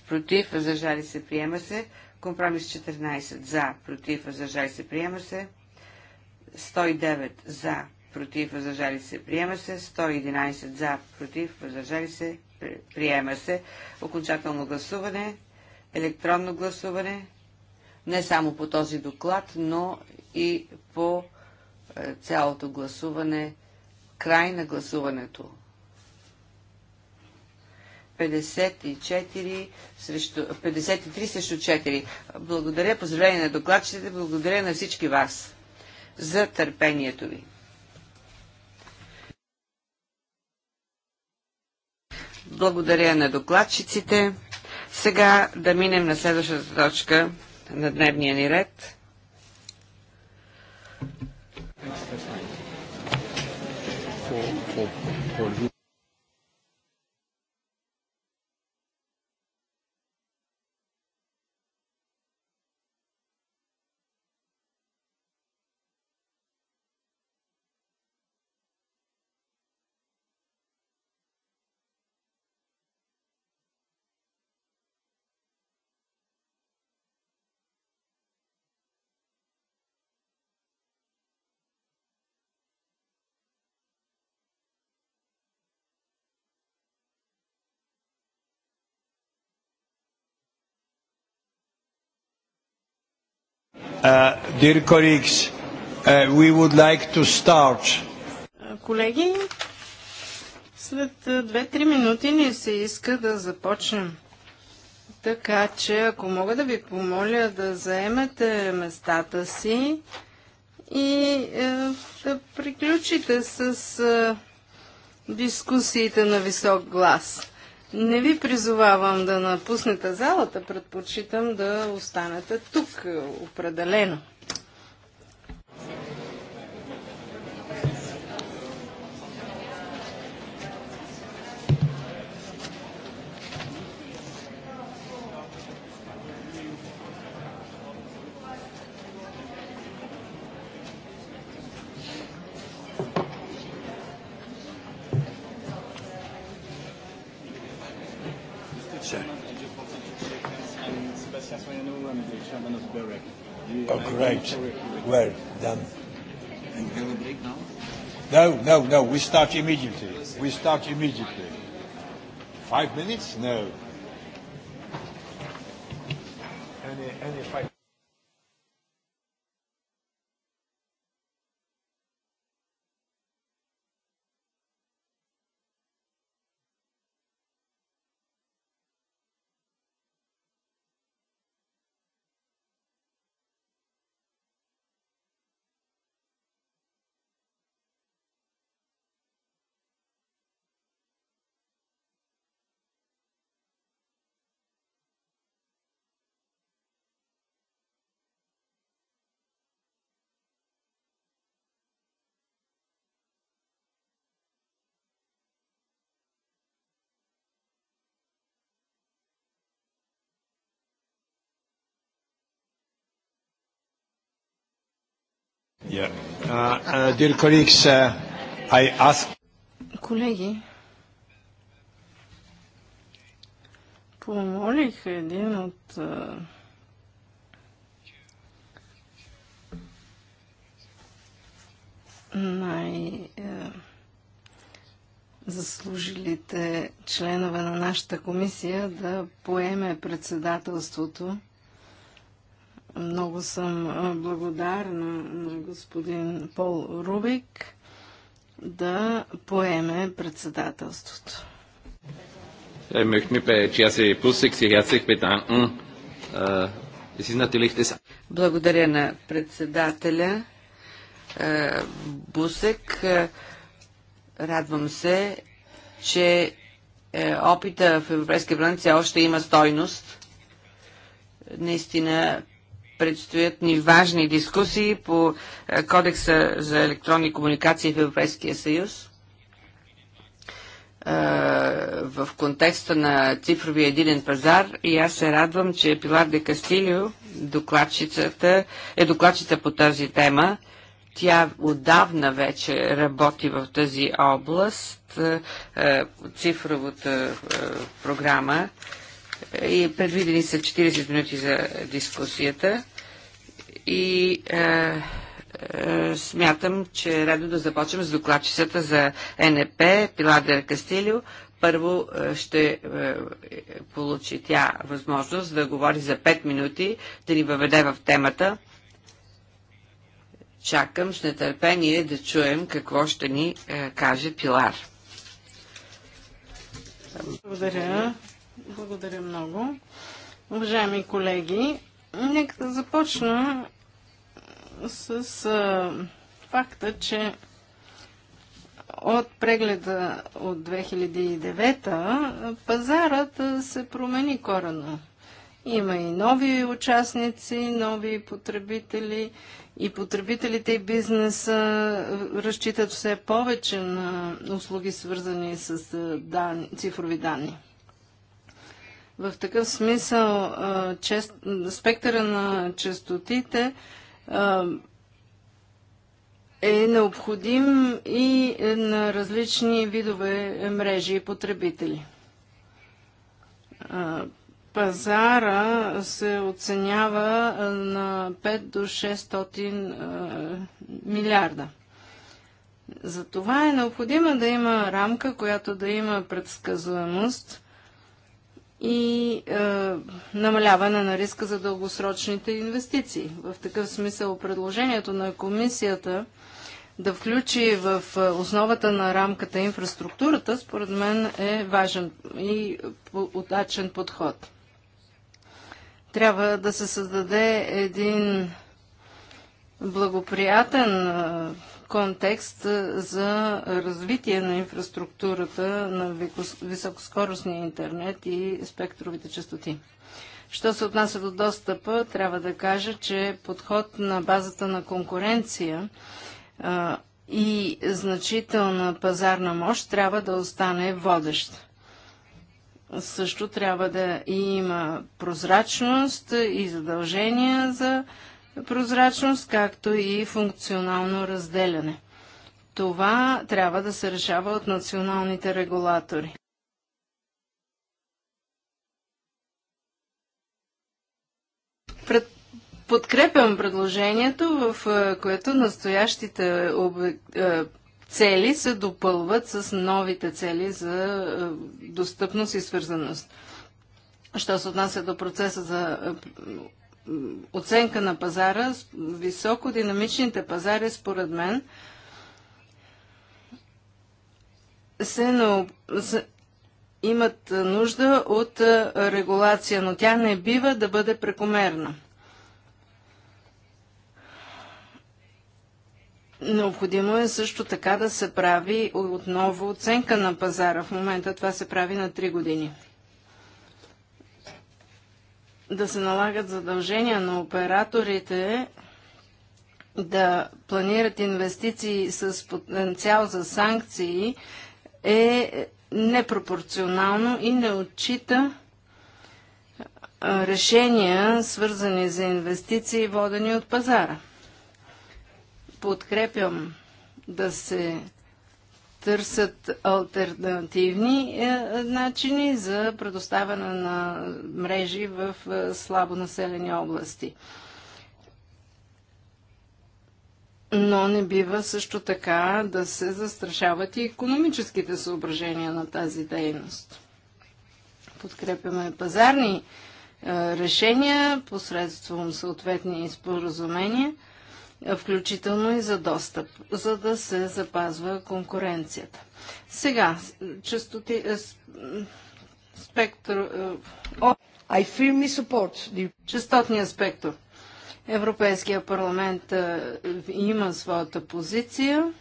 против, въздържали се, приема се. Компромис 14 за, против, въздържали се, приема се. 109 за, против, въздържали се, приема се. 111 за, против, въздържали се, приема се. Окончателно гласуване електронно гласуване, не само по този доклад, но и по е, цялото гласуване, край на гласуването. 54 срещу, 53 срещу 4. Благодаря, поздравление на докладчите, благодаря на всички вас за търпението ви. Благодаря на докладчиците. Сега да минем на следващата точка на дневния ни ред. Uh, dear colleagues, uh, we would like to start. Колеги, след 2-3 е, минути ни се иска да започнем. Така че, ако мога да ви помоля да заемете местата си и е, да приключите с е, дискусиите на висок глас. Не ви призовавам да напуснете залата, предпочитам да останете тук определено. No, no, We start immediately. We start immediately. Five minutes? No. Any, any five. Uh, uh, uh, Колеги, помолих един от най- заслужилите членове на нашата комисия да поеме председателството много съм благодарна на господин Пол Рубик да поеме председателството. Äh, Благодаря на председателя Бусек. Радвам се, че е, опита в Европейския парламент все още има стойност. Наистина Предстоят ни важни дискусии по е, Кодекса за електронни комуникации в Европейския съюз е, в контекста на цифровия единен пазар и аз се радвам, че Пилар де Кастилио, докладчицата, е докладчица по тази тема. Тя отдавна вече работи в тази област, е, цифровата програма и предвидени са 40 минути за дискусията и е, е, смятам, че е редно да започнем с докладчицата за НП Пиладер Кастилио. Първо ще е, получи тя възможност да говори за 5 минути, да ни въведе в темата. Чакам с нетърпение да чуем какво ще ни е, каже Пилар. Благодаря. Благодаря много. Уважаеми колеги, нека да започна с а, факта, че от прегледа от 2009 пазарът се промени корено. Има и нови участници, нови потребители и потребителите и бизнеса разчитат все повече на услуги, свързани с дан... цифрови данни. В такъв смисъл чест, спектъра на частотите е необходим и на различни видове мрежи и потребители. Пазара се оценява на 5 до 600 милиарда. Затова е необходимо да има рамка, която да има предсказуемост – и е, намаляване на риска за дългосрочните инвестиции. В такъв смисъл предложението на комисията да включи в е, основата на рамката инфраструктурата, според мен е важен и удачен подход. Трябва да се създаде един благоприятен е, контекст за развитие на инфраструктурата на високоскоростния интернет и спектровите частоти. Що се отнася до достъпа, трябва да кажа, че подход на базата на конкуренция и значителна пазарна мощ трябва да остане водещ. Също трябва да има прозрачност и задължения за прозрачност, както и функционално разделяне. Това трябва да се решава от националните регулатори. Пред Подкрепям предложението, в е, което настоящите е, цели се допълват с новите цели за е, достъпност и свързаност. Що се отнася до процеса за оценка на пазара, високо динамичните пазари, според мен, се, на, се имат нужда от регулация, но тя не бива да бъде прекомерна. Необходимо е също така да се прави отново оценка на пазара. В момента това се прави на 3 години да се налагат задължения на операторите да планират инвестиции с потенциал за санкции е непропорционално и не отчита решения, свързани за инвестиции, водени от пазара. Подкрепям да се търсят альтернативни е, начини за предоставяне на мрежи в е, слабо населени области. Но не бива също така да се застрашават и економическите съображения на тази дейност. Подкрепяме пазарни е, решения посредством съответни споразумения – включително и за достъп, за да се запазва конкуренцията. Сега, частоти, е, спектр. Е, I firmly support the... Частотния спектр. Европейския парламент е, има своята позиция.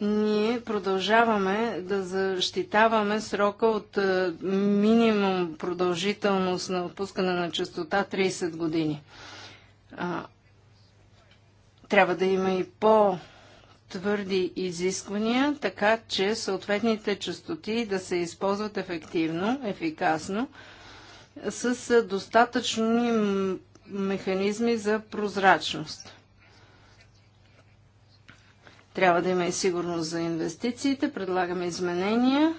Ние продължаваме да защитаваме срока от минимум продължителност на отпускане на частота 30 години. Трябва да има и по- твърди изисквания, така че съответните частоти да се използват ефективно, ефикасно, с достатъчни механизми за прозрачност. Трябва да има и сигурност за инвестициите. Предлагаме изменения,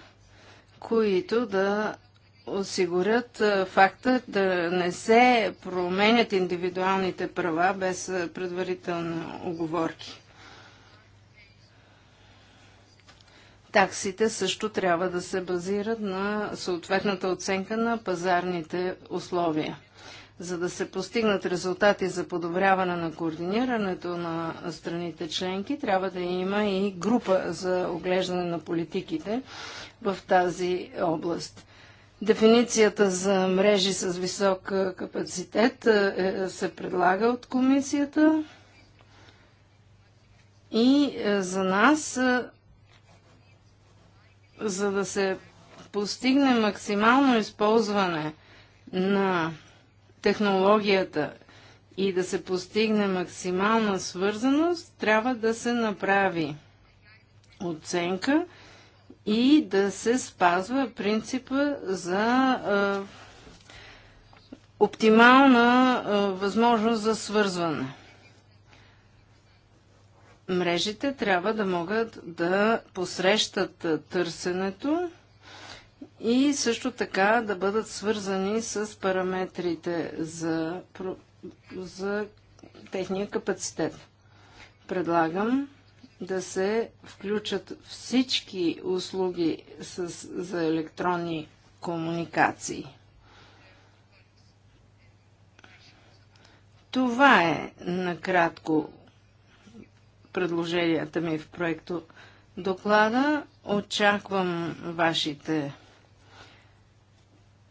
които да осигурят е, факта да не се променят индивидуалните права без е, предварителни оговорки. Таксите също трябва да се базират на съответната оценка на пазарните условия. За да се постигнат резултати за подобряване на координирането на страните членки, трябва да има и група за оглеждане на политиките в тази област. Дефиницията за мрежи с висок капацитет е, се предлага от комисията. И е, за нас, е, за да се постигне максимално използване на технологията и да се постигне максимална свързаност, трябва да се направи оценка и да се спазва принципа за оптимална възможност за свързване. Мрежите трябва да могат да посрещат търсенето и също така да бъдат свързани с параметрите за, за техния капацитет. Предлагам да се включат всички услуги с, за електронни комуникации. Това е накратко предложенията ми в проекто доклада. Очаквам вашите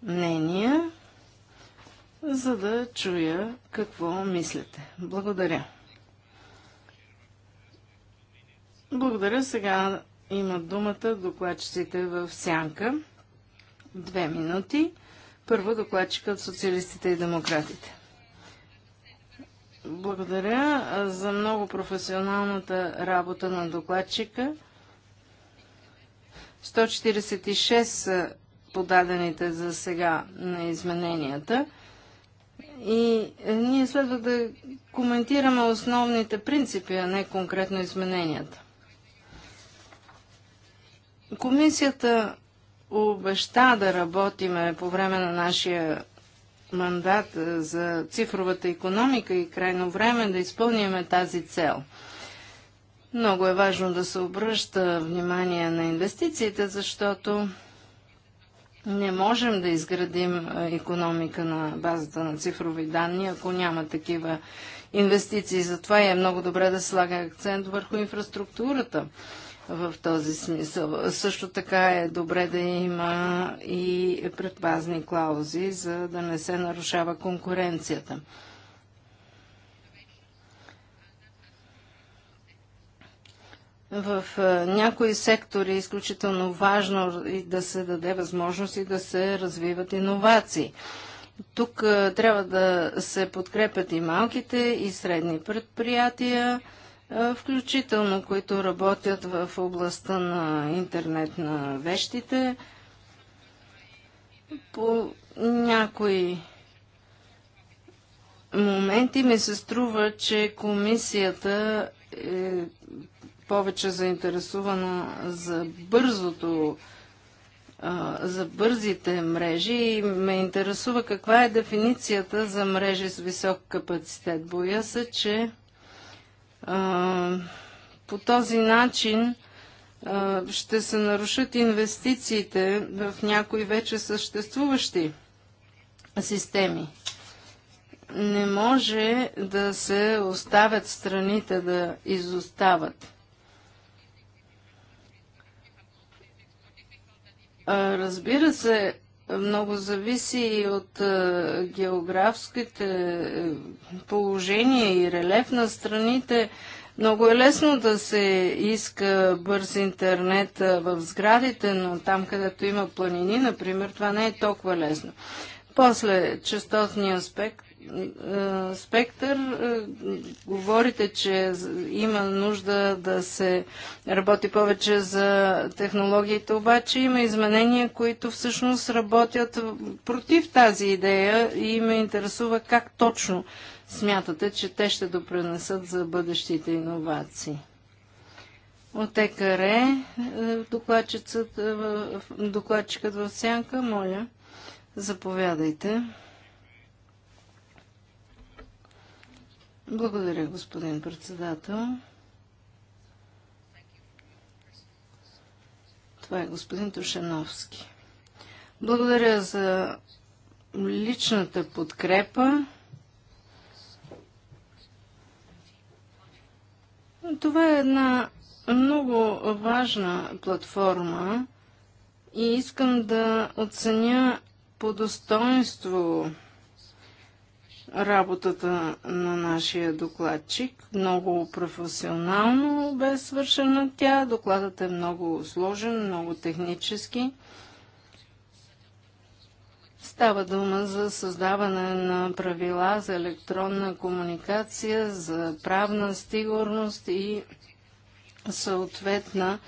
мнения, за да чуя какво мислите. Благодаря. Благодаря. Сега имат думата докладчиците в сянка. Две минути. Първо докладчика от социалистите и демократите. Благодаря за много професионалната работа на докладчика. 146 са подадените за сега на измененията. И е, ние следва да коментираме основните принципи, а не конкретно измененията. Комисията обеща да работиме по време на нашия мандат е, за цифровата економика и крайно време да изпълним тази цел. Много е важно да се обръща внимание на инвестициите, защото не можем да изградим е, економика на базата на цифрови данни, ако няма такива инвестиции. Затова е много добре да слага акцент върху инфраструктурата в този смисъл. Също така е добре да има и предпазни клаузи, за да не се нарушава конкуренцията. В е, някои сектори е изключително важно и да се даде възможност и да се развиват иновации. Тук е, трябва да се подкрепят и малките и средни предприятия е, включително които работят в областта на интернет на вещите. По някои моменти ми се струва, че комисията е повече заинтересувана за бързото е, за бързите мрежи и ме интересува каква е дефиницията за мрежи с висок капацитет. Боя се, че по този начин ще се нарушат инвестициите в някои вече съществуващи системи. Не може да се оставят страните да изостават. Разбира се, много зависи и от е, географските е, положения и релеф на страните. Много е лесно да се иска бърз интернет е, в сградите, но там, където има планини, например, това не е толкова лесно. После частотния аспект е, спектър. Е, говорите, че има нужда да се работи повече за технологиите, обаче има изменения, които всъщност работят против тази идея и ме интересува как точно смятате, че те ще допренесат за бъдещите иновации. От ЕКР, е, докладчикът в сянка, моля, заповядайте. Благодаря, господин председател. Това е господин Тушеновски. Благодаря за личната подкрепа. Това е една много важна платформа и искам да оценя по достоинство работата на нашия докладчик. Много професионално бе свършена тя. Докладът е много сложен, много технически. Става дума за създаване на правила за електронна комуникация, за правна сигурност и съответна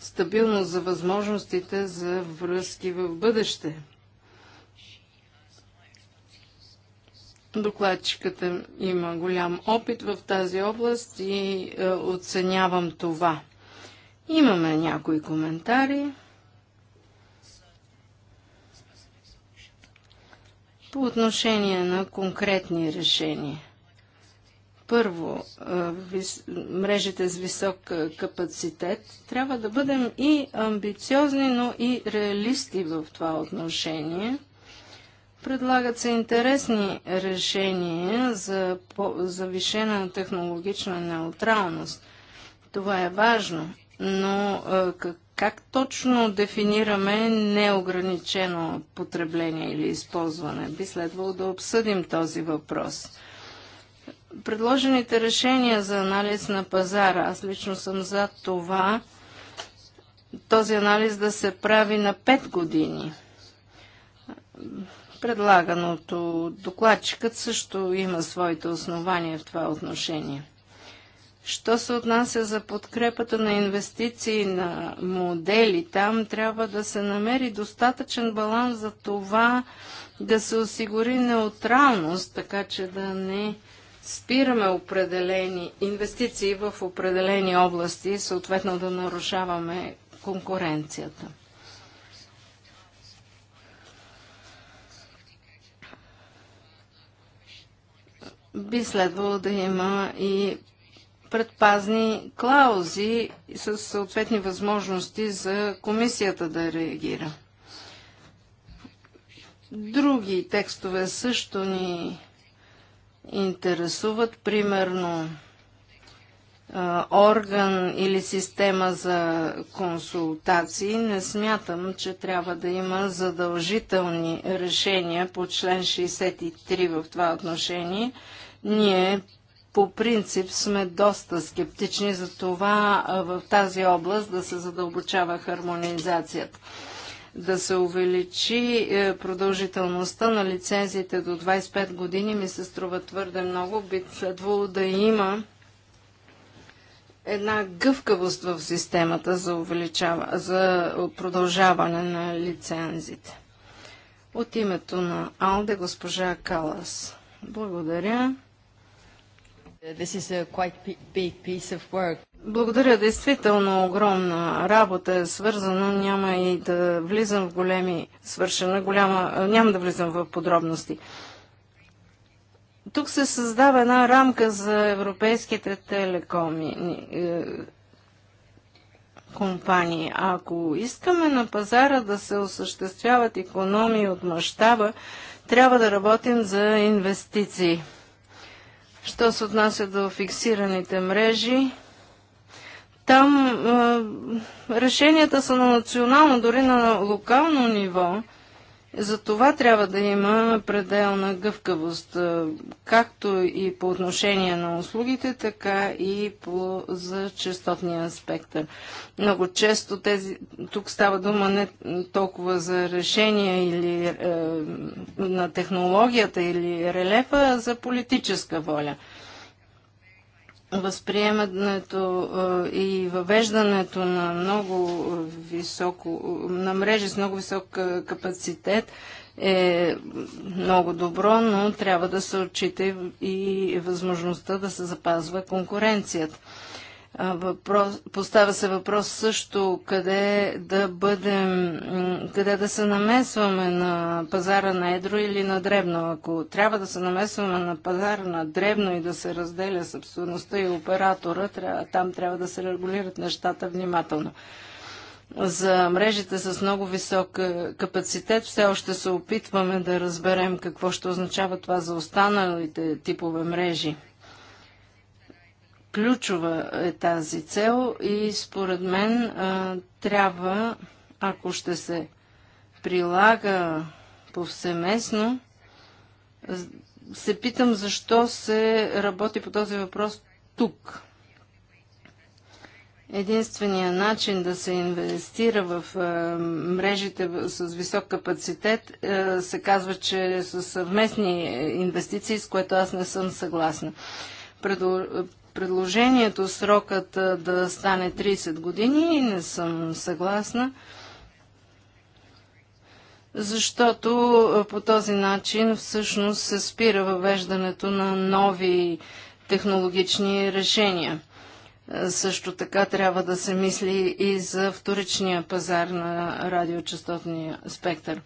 стабилност за възможностите за връзки в бъдеще. Докладчиката има голям опит в тази област и е, оценявам това. Имаме някои коментари. По отношение на конкретни решения. Първо, е, мрежите с висок е, капацитет. Трябва да бъдем и амбициозни, но и реалисти в това отношение – Предлагат се интересни решения за завишена технологична неутралност. Това е важно, но как, как точно дефинираме неограничено потребление или използване? Би следвало да обсъдим този въпрос. Предложените решения за анализ на пазара, аз лично съм за това, този анализ да се прави на 5 години Предлаганото докладчикът също има своите основания в това отношение. Що се отнася за подкрепата на инвестиции на модели, там трябва да се намери достатъчен баланс за това да се осигури неутралност, така че да не спираме определени инвестиции в определени области и съответно да нарушаваме конкуренцията. би следвало да има и предпазни клаузи с съответни възможности за комисията да реагира. Други текстове също ни интересуват, примерно орган или система за консултации, не смятам, че трябва да има задължителни решения по член 63 в това отношение. Ние по принцип сме доста скептични за това в тази област да се задълбочава хармонизацията да се увеличи е, продължителността на лицензиите до 25 години ми се струва твърде много. Би следвало да има една гъвкавост в системата за, увеличава, за продължаване на лицензите. От името на Алде госпожа Калас. Благодаря. This is a quite big piece of work. Благодаря. Действително огромна работа е свързана. Няма и да влизам в големи свършена. Голяма, няма да влизам в подробности. Тук се създава една рамка за европейските телекоми е, компании. А ако искаме на пазара да се осъществяват економии от мащаба, трябва да работим за инвестиции. Що се отнася до фиксираните мрежи, там е, решенията са на национално, дори на локално ниво – за това трябва да има пределна гъвкавост, както и по отношение на услугите, така и по, за частотния спектър. Много често тези, тук става дума не толкова за решение или е, на технологията или релефа, а за политическа воля възприемането и въвеждането на много високо, на мрежи с много висок капацитет е много добро, но трябва да се отчита и възможността да се запазва конкуренцията. Въпрос, поставя се въпрос също къде да бъдем, къде да се намесваме на пазара на едро или на дребно. Ако трябва да се намесваме на пазара на дребно и да се разделя събствеността и оператора, трябва, там трябва да се регулират нещата внимателно. За мрежите с много висок е, капацитет все още се опитваме да разберем какво ще означава това за останалите типове мрежи Ключова е тази цел и според мен а, трябва, ако ще се прилага повсеместно, се питам защо се работи по този въпрос тук. Единственият начин да се инвестира в а, мрежите с висок капацитет а, се казва, че са съвместни инвестиции, с което аз не съм съгласна. Предо предложението срокът да стане 30 години, не съм съгласна, защото по този начин всъщност се спира въвеждането на нови технологични решения. Също така трябва да се мисли и за вторичния пазар на радиочастотния спектър.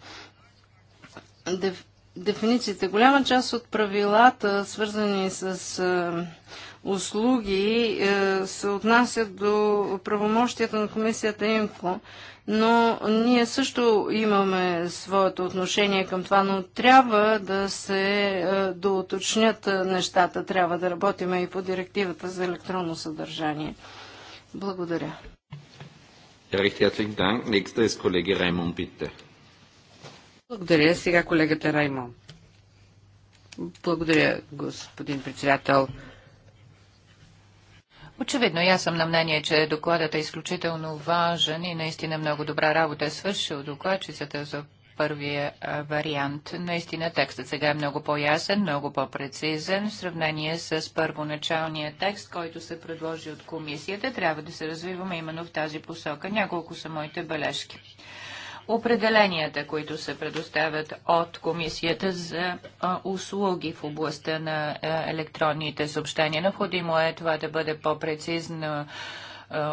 Деф... Дефинициите. Голяма част от правилата, свързани с услуги е, се отнасят до правомощията на комисията ИМКО, но ние също имаме своето отношение към това, но трябва да се е, доуточнят нещата. Трябва да работиме и по директивата за електронно съдържание. Благодаря. Благодаря. Сега колегата Раймон. Благодаря, господин председател. Очевидно, и аз съм на мнение, че докладът е изключително важен и наистина много добра работа е свършил докладчицата за първия вариант. Наистина текстът сега е много по-ясен, много по-прецизен в сравнение с първоначалния текст, който се предложи от комисията. Трябва да се развиваме именно в тази посока. Няколко са моите бележки определенията, които се предоставят от Комисията за а, услуги в областта на а, електронните съобщения. Необходимо е това да бъде по-прецизно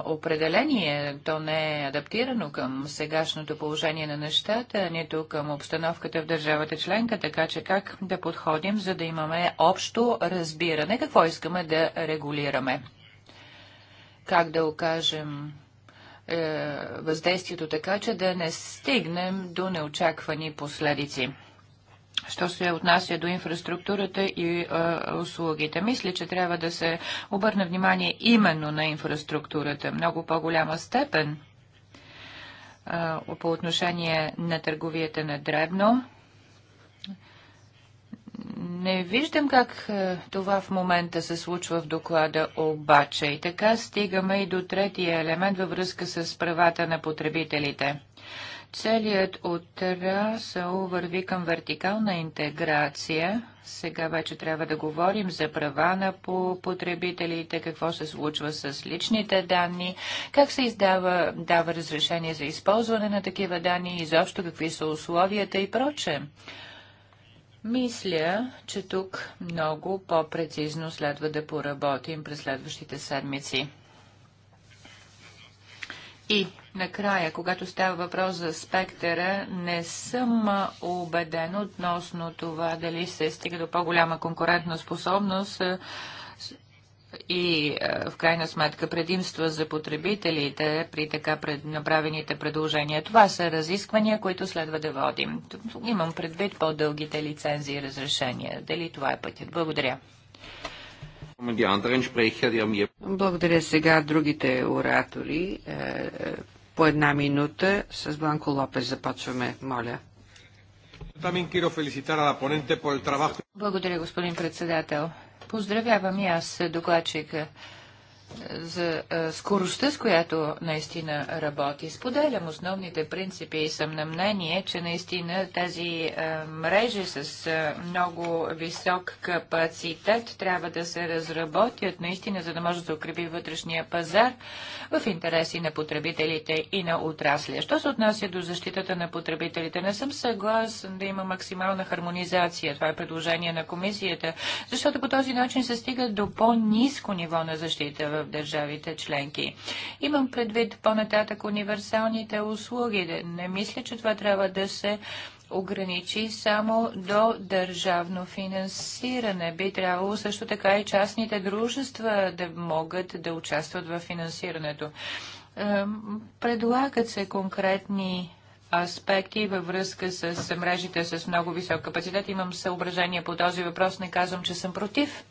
определение, то не е адаптирано към сегашното положение на нещата, нито към обстановката в държавата членка, така че как да подходим, за да имаме общо разбиране какво искаме да регулираме. Как да окажем е, въздействието така, че да не стигнем до неочаквани последици. Що се отнася до инфраструктурата и а, е, услугите, мисля, че трябва да се обърне внимание именно на инфраструктурата. Много по-голяма степен а, е, по отношение на търговията на дребно не виждам как е, това в момента се случва в доклада обаче. И така стигаме и до третия елемент във връзка с правата на потребителите. Целият отрасъл върви към вертикална интеграция. Сега вече трябва да говорим за права на потребителите, какво се случва с личните данни, как се издава, дава разрешение за използване на такива данни, изобщо какви са условията и прочее. Мисля, че тук много по-прецизно следва да поработим през следващите седмици. И накрая, когато става въпрос за спектъра, не съм убеден относно това дали се стига до по-голяма конкурентна способност и е, в крайна сметка предимства за потребителите при така пред направените предложения. Това са разисквания, които следва да водим. Имам предвид по-дългите лицензии и разрешения. Дали това е пътят? Благодаря. Благодаря сега другите оратори. Е, е, по една минута с Бланко Лопес започваме, моля. Благодаря, господин председател. Поздравявам и аз докладчика за скоростта, с която наистина работи. Споделям основните принципи и съм на мнение, че наистина тези мрежи с много висок капацитет трябва да се разработят наистина, за да може да укрепи вътрешния пазар в интереси на потребителите и на отрасли. Що се отнася до защитата на потребителите? Не съм съгласен да има максимална хармонизация. Това е предложение на комисията, защото по този начин се стига до по-низко ниво на защита държавите членки. Имам предвид по-нататък универсалните услуги. Не мисля, че това трябва да се ограничи само до държавно финансиране. Би трябвало също така и частните дружества да могат да участват в финансирането. Предлагат се конкретни аспекти във връзка с мрежите с много висок капацитет. Имам съображение по този въпрос. Не казвам, че съм против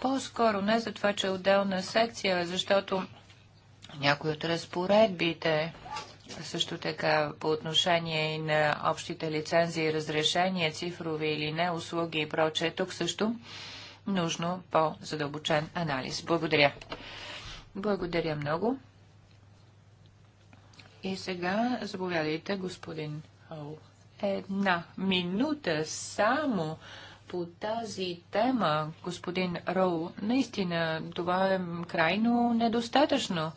по-скоро не за това, че е отделна секция, защото някои от разпоредбите също така по отношение и на общите лицензии, разрешения, цифрови или не, услуги и прочее. Тук също нужно по-задълбочен анализ. Благодаря. Благодаря много. И сега заповядайте, господин Хол. Една минута само по тази тема, господин Роу, наистина това е крайно недостатъчно,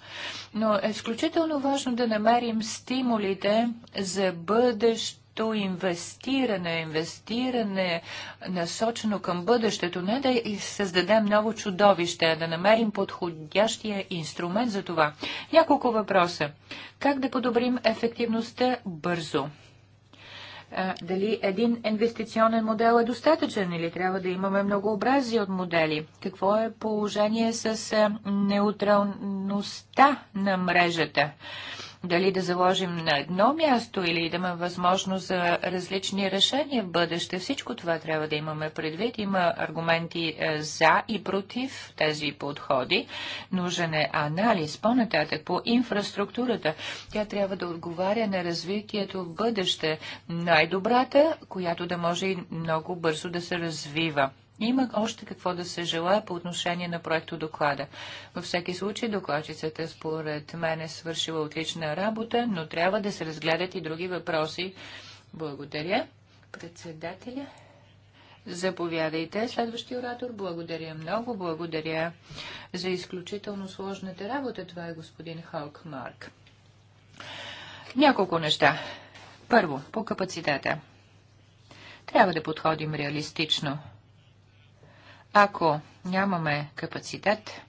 но е изключително важно да намерим стимулите за бъдещето то инвестиране, инвестиране насочено към бъдещето, не да създадем ново чудовище, а да намерим подходящия инструмент за това. Няколко въпроса. Как да подобрим ефективността бързо? дали един инвестиционен модел е достатъчен или трябва да имаме многообразие от модели. Какво е положение с неутралността на мрежата? дали да заложим на едно място или да имаме възможност за различни решения в бъдеще. Всичко това трябва да имаме предвид. Има аргументи е, за и против тези подходи. Нужен е анализ по-нататък по инфраструктурата. Тя трябва да отговаря на развитието в бъдеще. Най-добрата, която да може и много бързо да се развива. Има още какво да се желая по отношение на проекто доклада. Във всеки случай докладчицата според мен е свършила отлична работа, но трябва да се разгледат и други въпроси. Благодаря. Председателя. Заповядайте. Следващия оратор. Благодаря много. Благодаря за изключително сложната работа. Това е господин Халк Марк. Няколко неща. Първо, по капацитета. Трябва да подходим реалистично ако нямаме капацитет,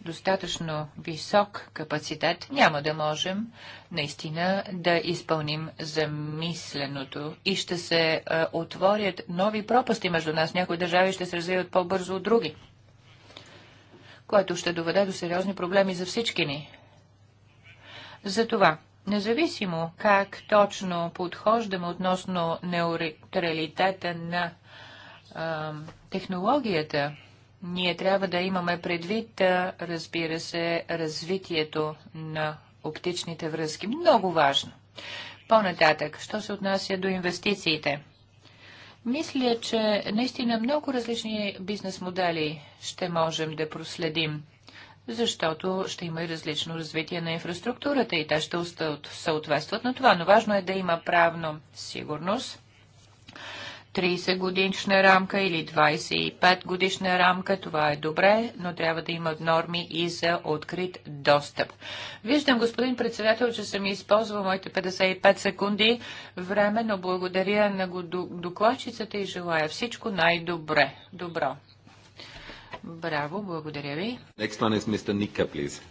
достатъчно висок капацитет, няма да можем наистина да изпълним замисленото и ще се а, отворят нови пропасти между нас. Някои държави ще се развиват по-бързо от други, което ще доведе до сериозни проблеми за всички ни. Затова, независимо как точно подхождаме относно неутралитета на технологията, ние трябва да имаме предвид, разбира се, развитието на оптичните връзки. Много важно. По-нататък, що се отнася до инвестициите? Мисля, че наистина много различни бизнес модели ще можем да проследим, защото ще има и различно развитие на инфраструктурата и те ще съответстват на това. Но важно е да има правно сигурност – 30 годишна рамка или 25 годишна рамка, това е добре, но трябва да имат норми и за открит достъп. Виждам, господин председател, че съм използвал моите 55 секунди време, но благодаря на докладчицата и желая всичко най-добре. Добро. Браво, благодаря ви. Next one is Mr. Nika, please.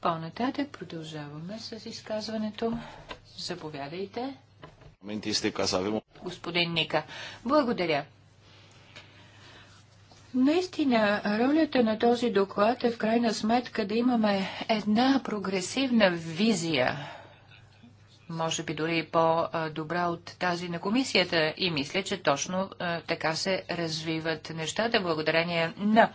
По-нататък продължаваме с изказването. Заповядайте. Господин Ника, благодаря. Наистина, ролята на този доклад е в крайна сметка да имаме една прогресивна визия може би дори по-добра от тази на комисията. И мисля, че точно така се развиват нещата, благодарение на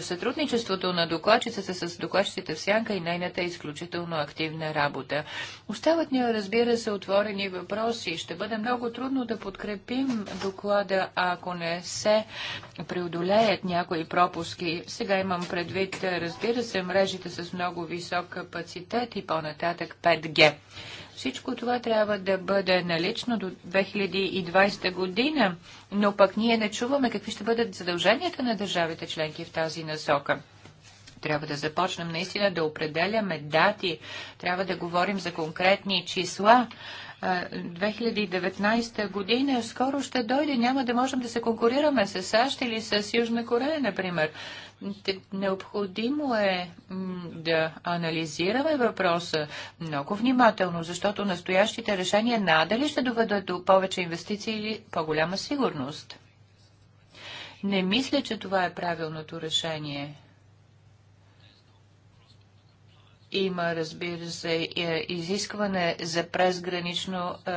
сътрудничеството на докладчицата с докладчиците в Сянка и нейната изключително активна работа. Остават ни, разбира се, отворени въпроси. Ще бъде много трудно да подкрепим доклада, ако не се преодолеят някои пропуски. Сега имам предвид, разбира се, мрежите с много висок капацитет и по-нататък 5G. Всичко това трябва да бъде налично до 2020 година, но пък ние не чуваме какви ще бъдат задълженията на държавите членки в тази насока. Трябва да започнем наистина да определяме дати, трябва да говорим за конкретни числа. 2019 година скоро ще дойде, няма да можем да се конкурираме с САЩ или с Южна Корея, например. Необходимо е да анализираме въпроса много внимателно, защото настоящите решения надали ще доведат до повече инвестиции или по-голяма сигурност. Не мисля, че това е правилното решение. Има, разбира се, е, изискване за презгранично е,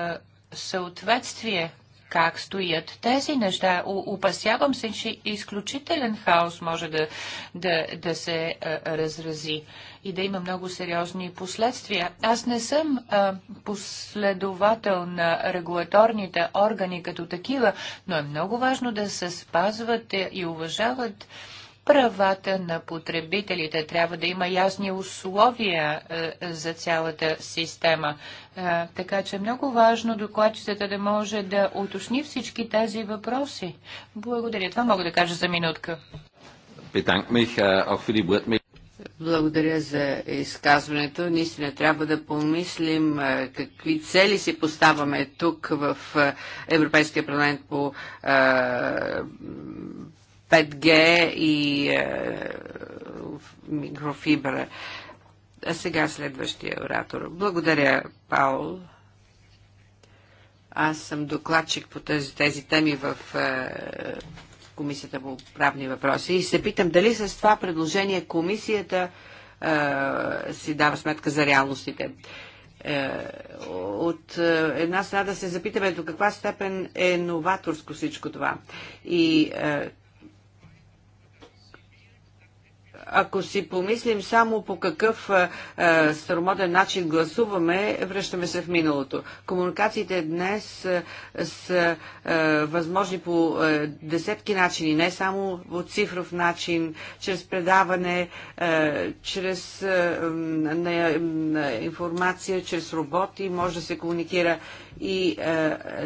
съответствие как стоят тези неща. Опасявам се, че изключителен хаос може да, да, да се а, разрази и да има много сериозни последствия. Аз не съм а, последовател на регулаторните органи като такива, но е много важно да се спазват и уважават а, правата на потребителите. Трябва да има ясни условия е, за цялата система. Е, така че е много важно докладчицата да може да уточни всички тези въпроси. Благодаря. Това мога да кажа за минутка. Е, Благодаря за изказването. Наистина трябва да помислим какви цели си поставаме тук в Европейския парламент по 5G и е, микрофибра. А сега следващия оратор. Благодаря, Паул. Аз съм докладчик по тези, тези теми в е, Комисията по правни въпроси и се питам дали с това предложение Комисията е, си дава сметка за реалностите. Е, от е, една страна да се запитаме до каква степен е новаторско всичко това и е, ако си помислим само по какъв старомоден начин гласуваме, връщаме се в миналото. Комуникациите днес са възможни по десетки начини, не само по цифров начин, чрез предаване, чрез информация, чрез роботи, може да се комуникира. И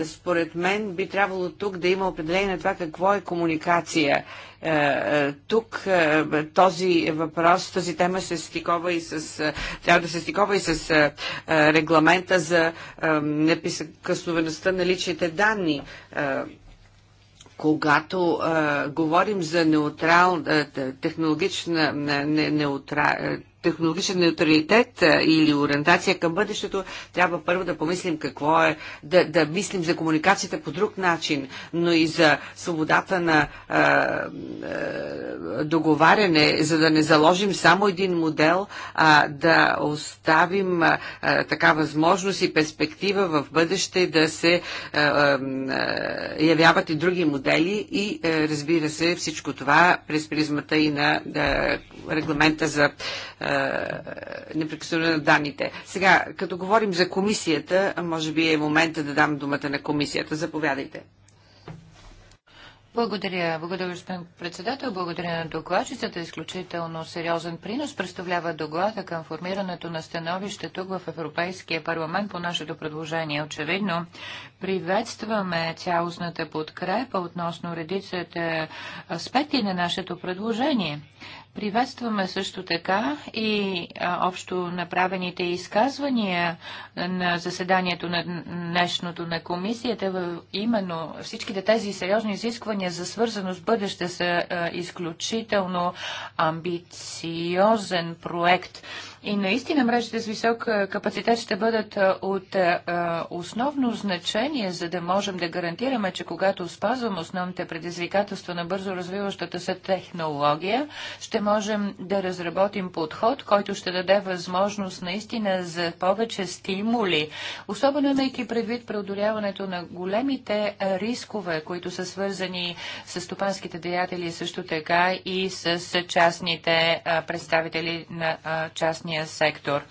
според мен би трябвало тук да има определение на това какво е комуникация е, е, тук е, този въпрос, тази тема се стикова и с, трябва да се стикова и с регламента за непрекъсноваността на личните данни когато а, говорим за неутрал, технологична не, неутра, технологичен неутралитет или ориентация към бъдещето, трябва първо да помислим какво е, да, да мислим за комуникацията по друг начин, но и за свободата на а, а, договаряне, за да не заложим само един модел, а да оставим а, така възможност и перспектива в бъдеще да се а, а, явяват и други модели и а, разбира се всичко това през призмата и на а, регламента за а, е, непрекъснато на данните. Сега, като говорим за комисията, може би е момента да дам думата на комисията. Заповядайте. Благодаря. Благодаря, господин председател. Благодаря на докладчицата. Изключително сериозен принос представлява доклада към формирането на становище тук в Европейския парламент по нашето предложение. Очевидно, приветстваме цялостната подкрепа относно редицата аспекти на нашето предложение. Приветстваме също така и а, общо направените изказвания на заседанието на днешното на комисията. Именно всичките тези сериозни изисквания за свързаност бъдеще са а, изключително амбициозен проект и наистина мрежите с висок капацитет ще бъдат от основно значение, за да можем да гарантираме, че когато спазвам основните предизвикателства на бързо развиващата се технология, ще можем да разработим подход, който ще даде възможност наистина за повече стимули, особено имайки предвид преодоляването на големите рискове, които са свързани с стопанските деятели, също така и с частните представители на частния частния сектор.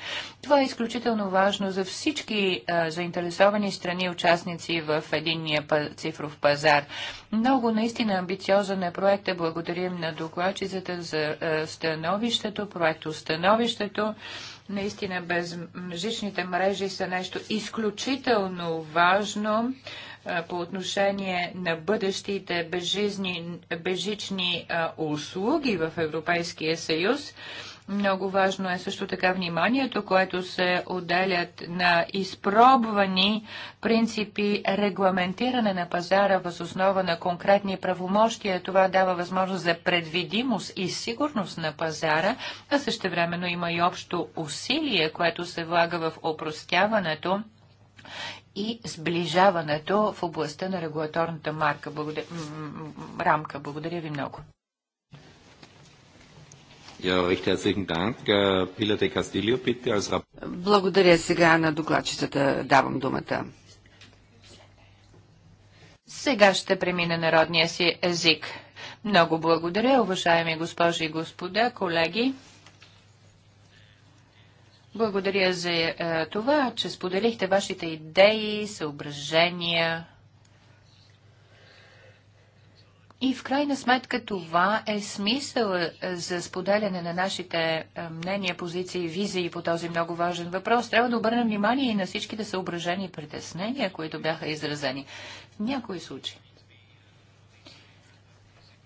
Това е изключително важно за всички а, заинтересовани страни, участници в единния цифров пазар. Много наистина амбициозен е проекта. Е благодарим на докладчицата за а, становището, проекто становището. Наистина безмрежичните мрежи са нещо изключително важно по отношение на бъдещите безжизни, безжични услуги в Европейския съюз. Много важно е също така вниманието, което се отделят на изпробвани принципи регламентиране на пазара въз основа на конкретни правомощия. Това дава възможност за предвидимост и сигурност на пазара, а също времено има и общо усилие, което се влага в опростяването и сближаването в областта на регулаторната марка. Благодаря, рамка. Благодаря ви много. Äh, благодаря сега на докладчицата. Давам думата. Сега ще премина народния си език. Много благодаря, уважаеми госпожи и господа, колеги. Благодаря за е, това, че споделихте вашите идеи, съображения, и в крайна сметка това е смисъл е, за споделяне на нашите е, мнения, позиции, визии по този много важен въпрос. Трябва да обърнем внимание и на всичките съображения и притеснения, които бяха изразени. В някои случаи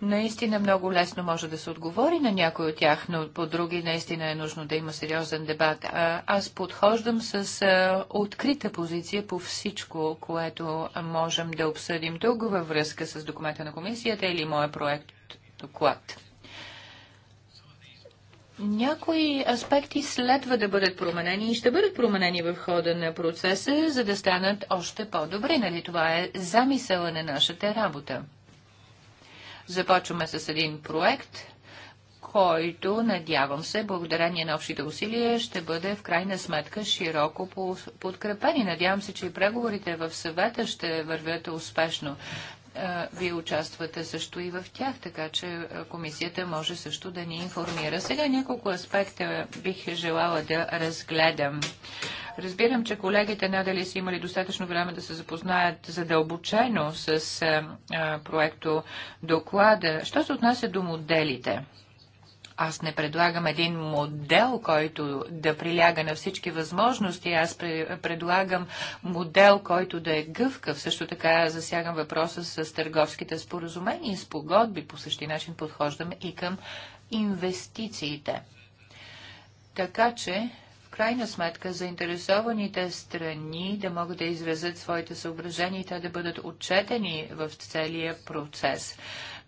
наистина много лесно може да се отговори на някой от тях, но по други наистина е нужно да има сериозен дебат. А, аз подхождам с а, открита позиция по всичко, което можем да обсъдим тук във връзка с документа на комисията или моя проект доклад. Някои аспекти следва да бъдат променени и ще бъдат променени в хода на процеса, за да станат още по-добри. Нали това е замисъла на нашата работа. Започваме с един проект, който, надявам се, благодарение на общите усилия, ще бъде в крайна сметка широко подкрепен. И надявам се, че и преговорите в съвета ще вървят успешно вие участвате също и в тях, така че комисията може също да ни информира. Сега няколко аспекта бих желала да разгледам. Разбирам, че колегите надали са имали достатъчно време да се запознаят задълбочено с проекто доклада. Що се отнася до моделите? Аз не предлагам един модел, който да приляга на всички възможности. Аз предлагам модел, който да е гъвкав. Също така засягам въпроса с търговските споразумения и с погодби По същия начин подхождам и към инвестициите. Така че в крайна сметка заинтересованите страни да могат да изразят своите съображения и те да бъдат отчетени в целия процес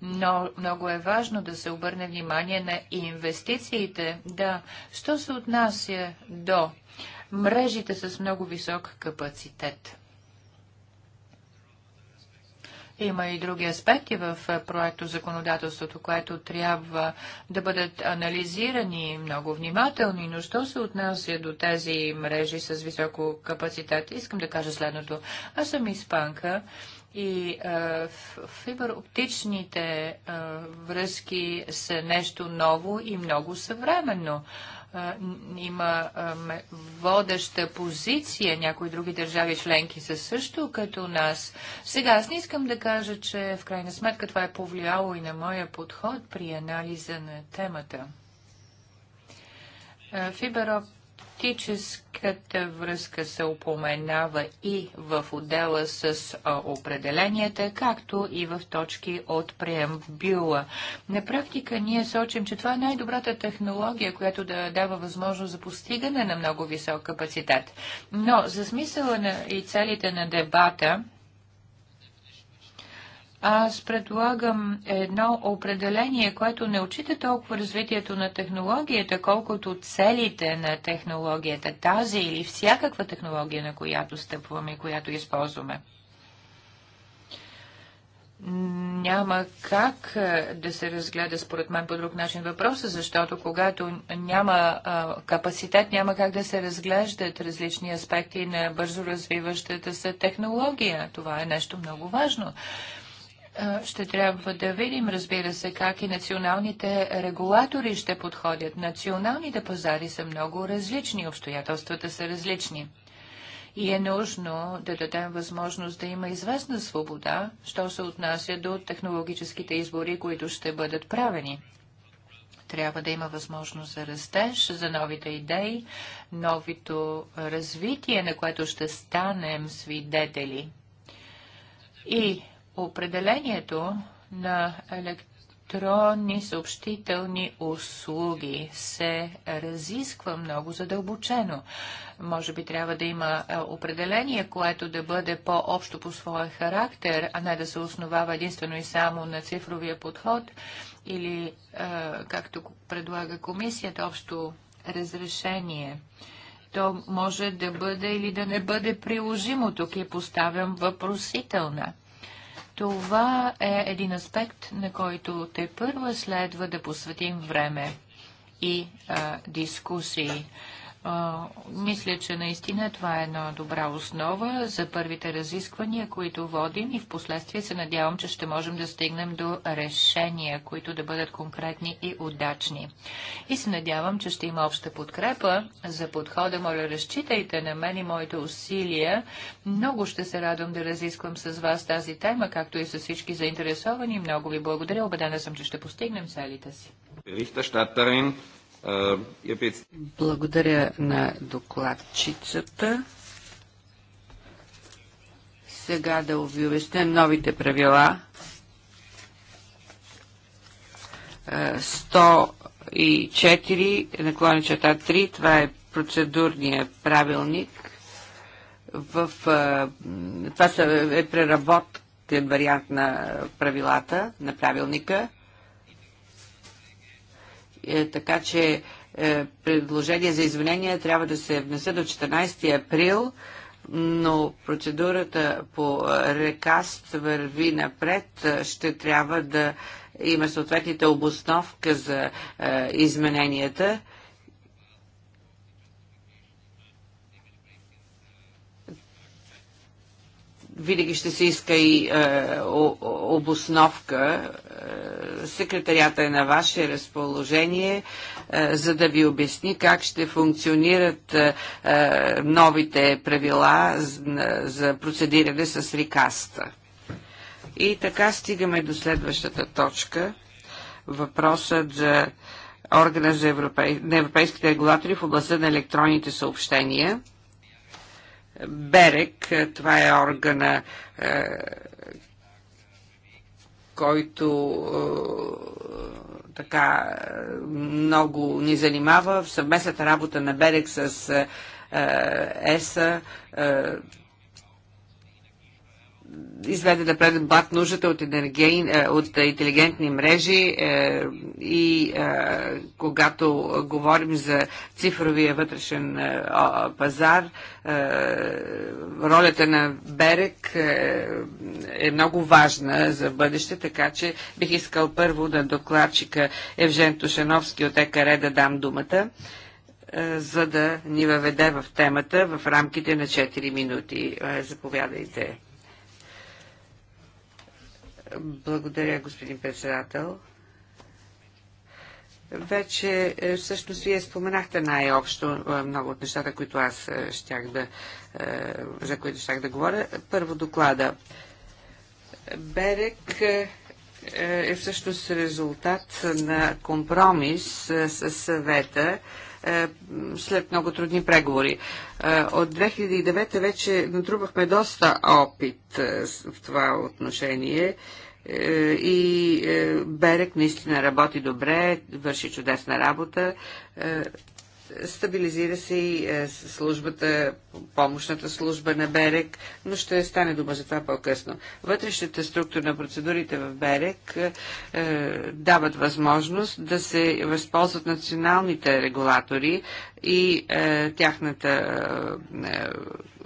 но много е важно да се обърне внимание на инвестициите. Да, що се отнася до мрежите с много висок капацитет? Има и други аспекти в проекто законодателството, което трябва да бъдат анализирани много внимателни, но що се отнася до тези мрежи с високо капацитет, искам да кажа следното. Аз съм испанка и е, фибероптичните е, връзки са нещо ново и много съвременно. Е, има е, водеща позиция, някои други държави членки са също като нас. Сега аз не искам да кажа, че в крайна сметка това е повлияло и на моя подход при анализа на темата. Фибероптичните Фактическата връзка се упоменава и в отдела с определенията, както и в точки от преамбюла. На практика ние сочим, че това е най-добрата технология, която да дава възможност за постигане на много висок капацитет. Но за смисъла на и целите на дебата, аз предлагам едно определение, което не отчита толкова развитието на технологията, колкото целите на технологията, тази или всякаква технология, на която стъпваме и която използваме. Няма как да се разгледа според мен по друг начин въпроса, защото когато няма капацитет, няма как да се разглеждат различни аспекти на бързо развиващата се технология. Това е нещо много важно. Е, ще трябва да видим, разбира се, как и националните регулатори ще подходят. Националните пазари са много различни, обстоятелствата са различни. И е нужно да дадем възможност да има известна свобода, що се отнася до технологическите избори, които ще бъдат правени трябва да има възможност за растеж, за новите идеи, новито развитие, на което ще станем свидетели. И определението на електронни съобщителни услуги се разисква много задълбочено. Може би трябва да има е, определение, което да бъде по-общо по своя характер, а не да се основава единствено и само на цифровия подход или, е, както предлага комисията, общо разрешение то може да бъде или да не бъде приложимо. Тук и поставям въпросителна. Това е един аспект, на който те първо следва да посветим време и а, дискусии мисля, че наистина това е една добра основа за първите разисквания, които водим и в последствие се надявам, че ще можем да стигнем до решения, които да бъдат конкретни и удачни. И се надявам, че ще има обща подкрепа за подхода. Моля, разчитайте на мен и моите усилия. Много ще се радвам да разисквам с вас тази тема, както и с всички заинтересовани. Много ви благодаря. Обедена съм, че ще постигнем целите си. Berichterstatterin благодаря на докладчицата. Сега да ви новите правила. 104 наклони чета 3, това е процедурния правилник. В, е, това е преработен вариант на правилата, на правилника. Е, така че е, предложение за извинение трябва да се внесе до 14 април, но процедурата по рекаст върви напред. Ще трябва да има съответните обосновка за е, измененията винаги ще се иска и е, обосновка. Е, Секретарията е на ваше разположение, е, за да ви обясни как ще функционират е, е новите правила за, за процедиране с рикаста. И така стигаме до следващата точка. Въпросът за органа за европей... на европейските регулатори в областта на електронните съобщения – Берек, това е органа, е, който е, така много ни занимава в съвместната работа на Берек с е, ЕСА, изведе на преден бат нуждата от, енерген, от интелигентни мрежи е, и е, когато говорим за цифровия вътрешен е, пазар, ролята на Берек е много важна за бъдеще, така че бих искал първо да докладчика Евжен Тушановски от ЕКР да дам думата за да ни въведе в темата в рамките на 4 минути. Заповядайте. Благодаря, господин председател. Вече е, всъщност вие споменахте най-общо е, много от нещата, които аз е, щях да, за които щях да говоря. Първо доклада. Берек е всъщност резултат на компромис с съвета е, след много трудни преговори. Е, от 2009 вече натрупахме доста опит е, в това отношение и Берек наистина работи добре, върши чудесна работа. Стабилизира се и е, службата, помощната служба на Берек, но ще стане дума за това по-късно. Вътрешната структура на процедурите в Берек е, дават възможност да се възползват националните регулатори и е, тяхната е,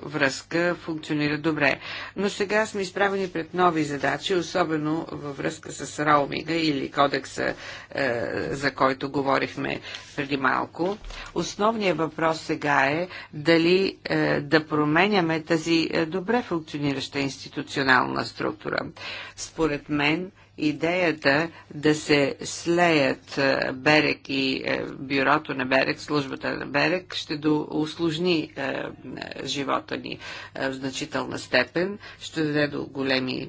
връзка функционира добре. Но сега сме изправени пред нови задачи, особено във връзка с Раумига или кодекса, е, за който говорихме преди малко. Основният въпрос сега е дали е, да променяме тази е, добре функционираща институционална структура. Според мен, идеята да се слеят е, Берек и е, бюрото на Берек, службата на Берек, ще усложни е, живота ни в значителна степен, ще даде до големи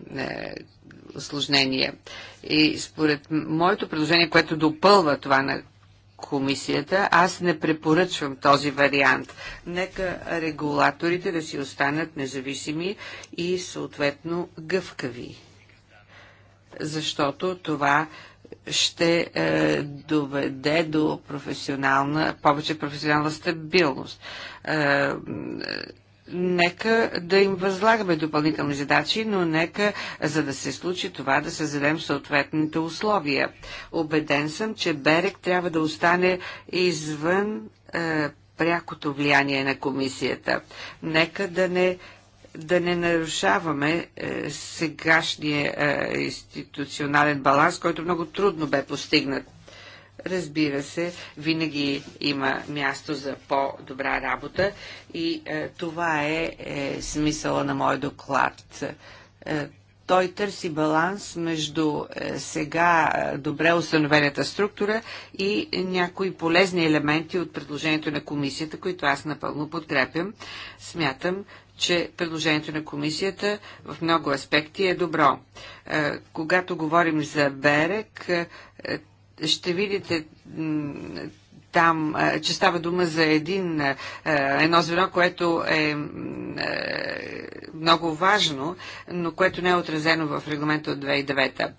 осложнения. И според моето предложение, което допълва това на комисията, аз не препоръчвам този вариант. Нека регулаторите да си останат независими и съответно гъвкави защото това ще е, доведе до професионална, повече професионална стабилност. Е, нека да им възлагаме допълнителни задачи, но нека, за да се случи това, да създадем съответните условия. Обеден съм, че Берек трябва да остане извън е, прякото влияние на комисията. Нека да не да не нарушаваме е, сегашния е, институционален баланс, който много трудно бе постигнат. Разбира се, винаги има място за по-добра работа и е, това е, е смисъла на мой доклад. Е, той търси баланс между е, сега е, добре установената структура и някои полезни елементи от предложението на комисията, които аз напълно подкрепям. Смятам, че предложението на комисията в много аспекти е добро. Е, когато говорим за Берек, е, е, ще видите там, че става дума за един, едно звено, което е много важно, но което не е отразено в регламента от 2009.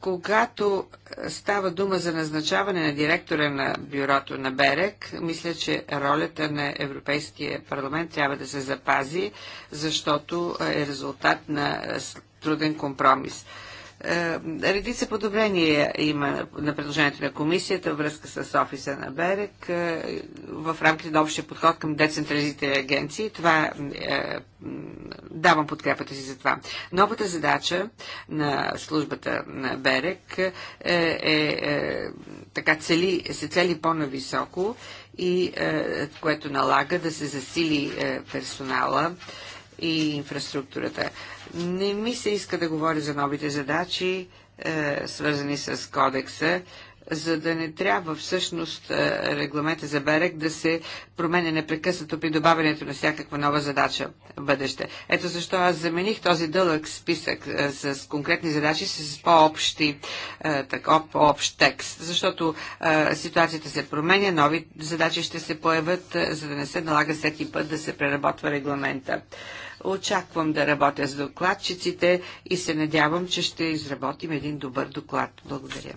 Когато е, става дума за назначаване на директора на бюрото на Берек, мисля, че ролята на Европейския парламент трябва да се запази, защото е резултат на е, труден компромис. Е, редица подобрения има на предложението на комисията връзка с офиса на Берек е, в рамките на общия подход към децентрализите агенции. Това е, давам подкрепата си за това. Новата задача на службата на Берек е, е, е така цели, се цели по-нависоко и е, което налага да се засили персонала и инфраструктурата. Не ми се иска да говори за новите задачи, е, свързани с кодекса, за да не трябва всъщност е, регламента за Берег да се променя непрекъснато при добавянето на всякаква нова задача в бъдеще. Ето защо аз замених този дълъг списък е, с конкретни задачи с по-общи, е, по-общ текст, защото ситуацията се променя, нови задачи ще се появят, за да не се налага всеки път да се преработва регламента. Очаквам да работя с докладчиците и се надявам, че ще изработим един добър доклад. Благодаря.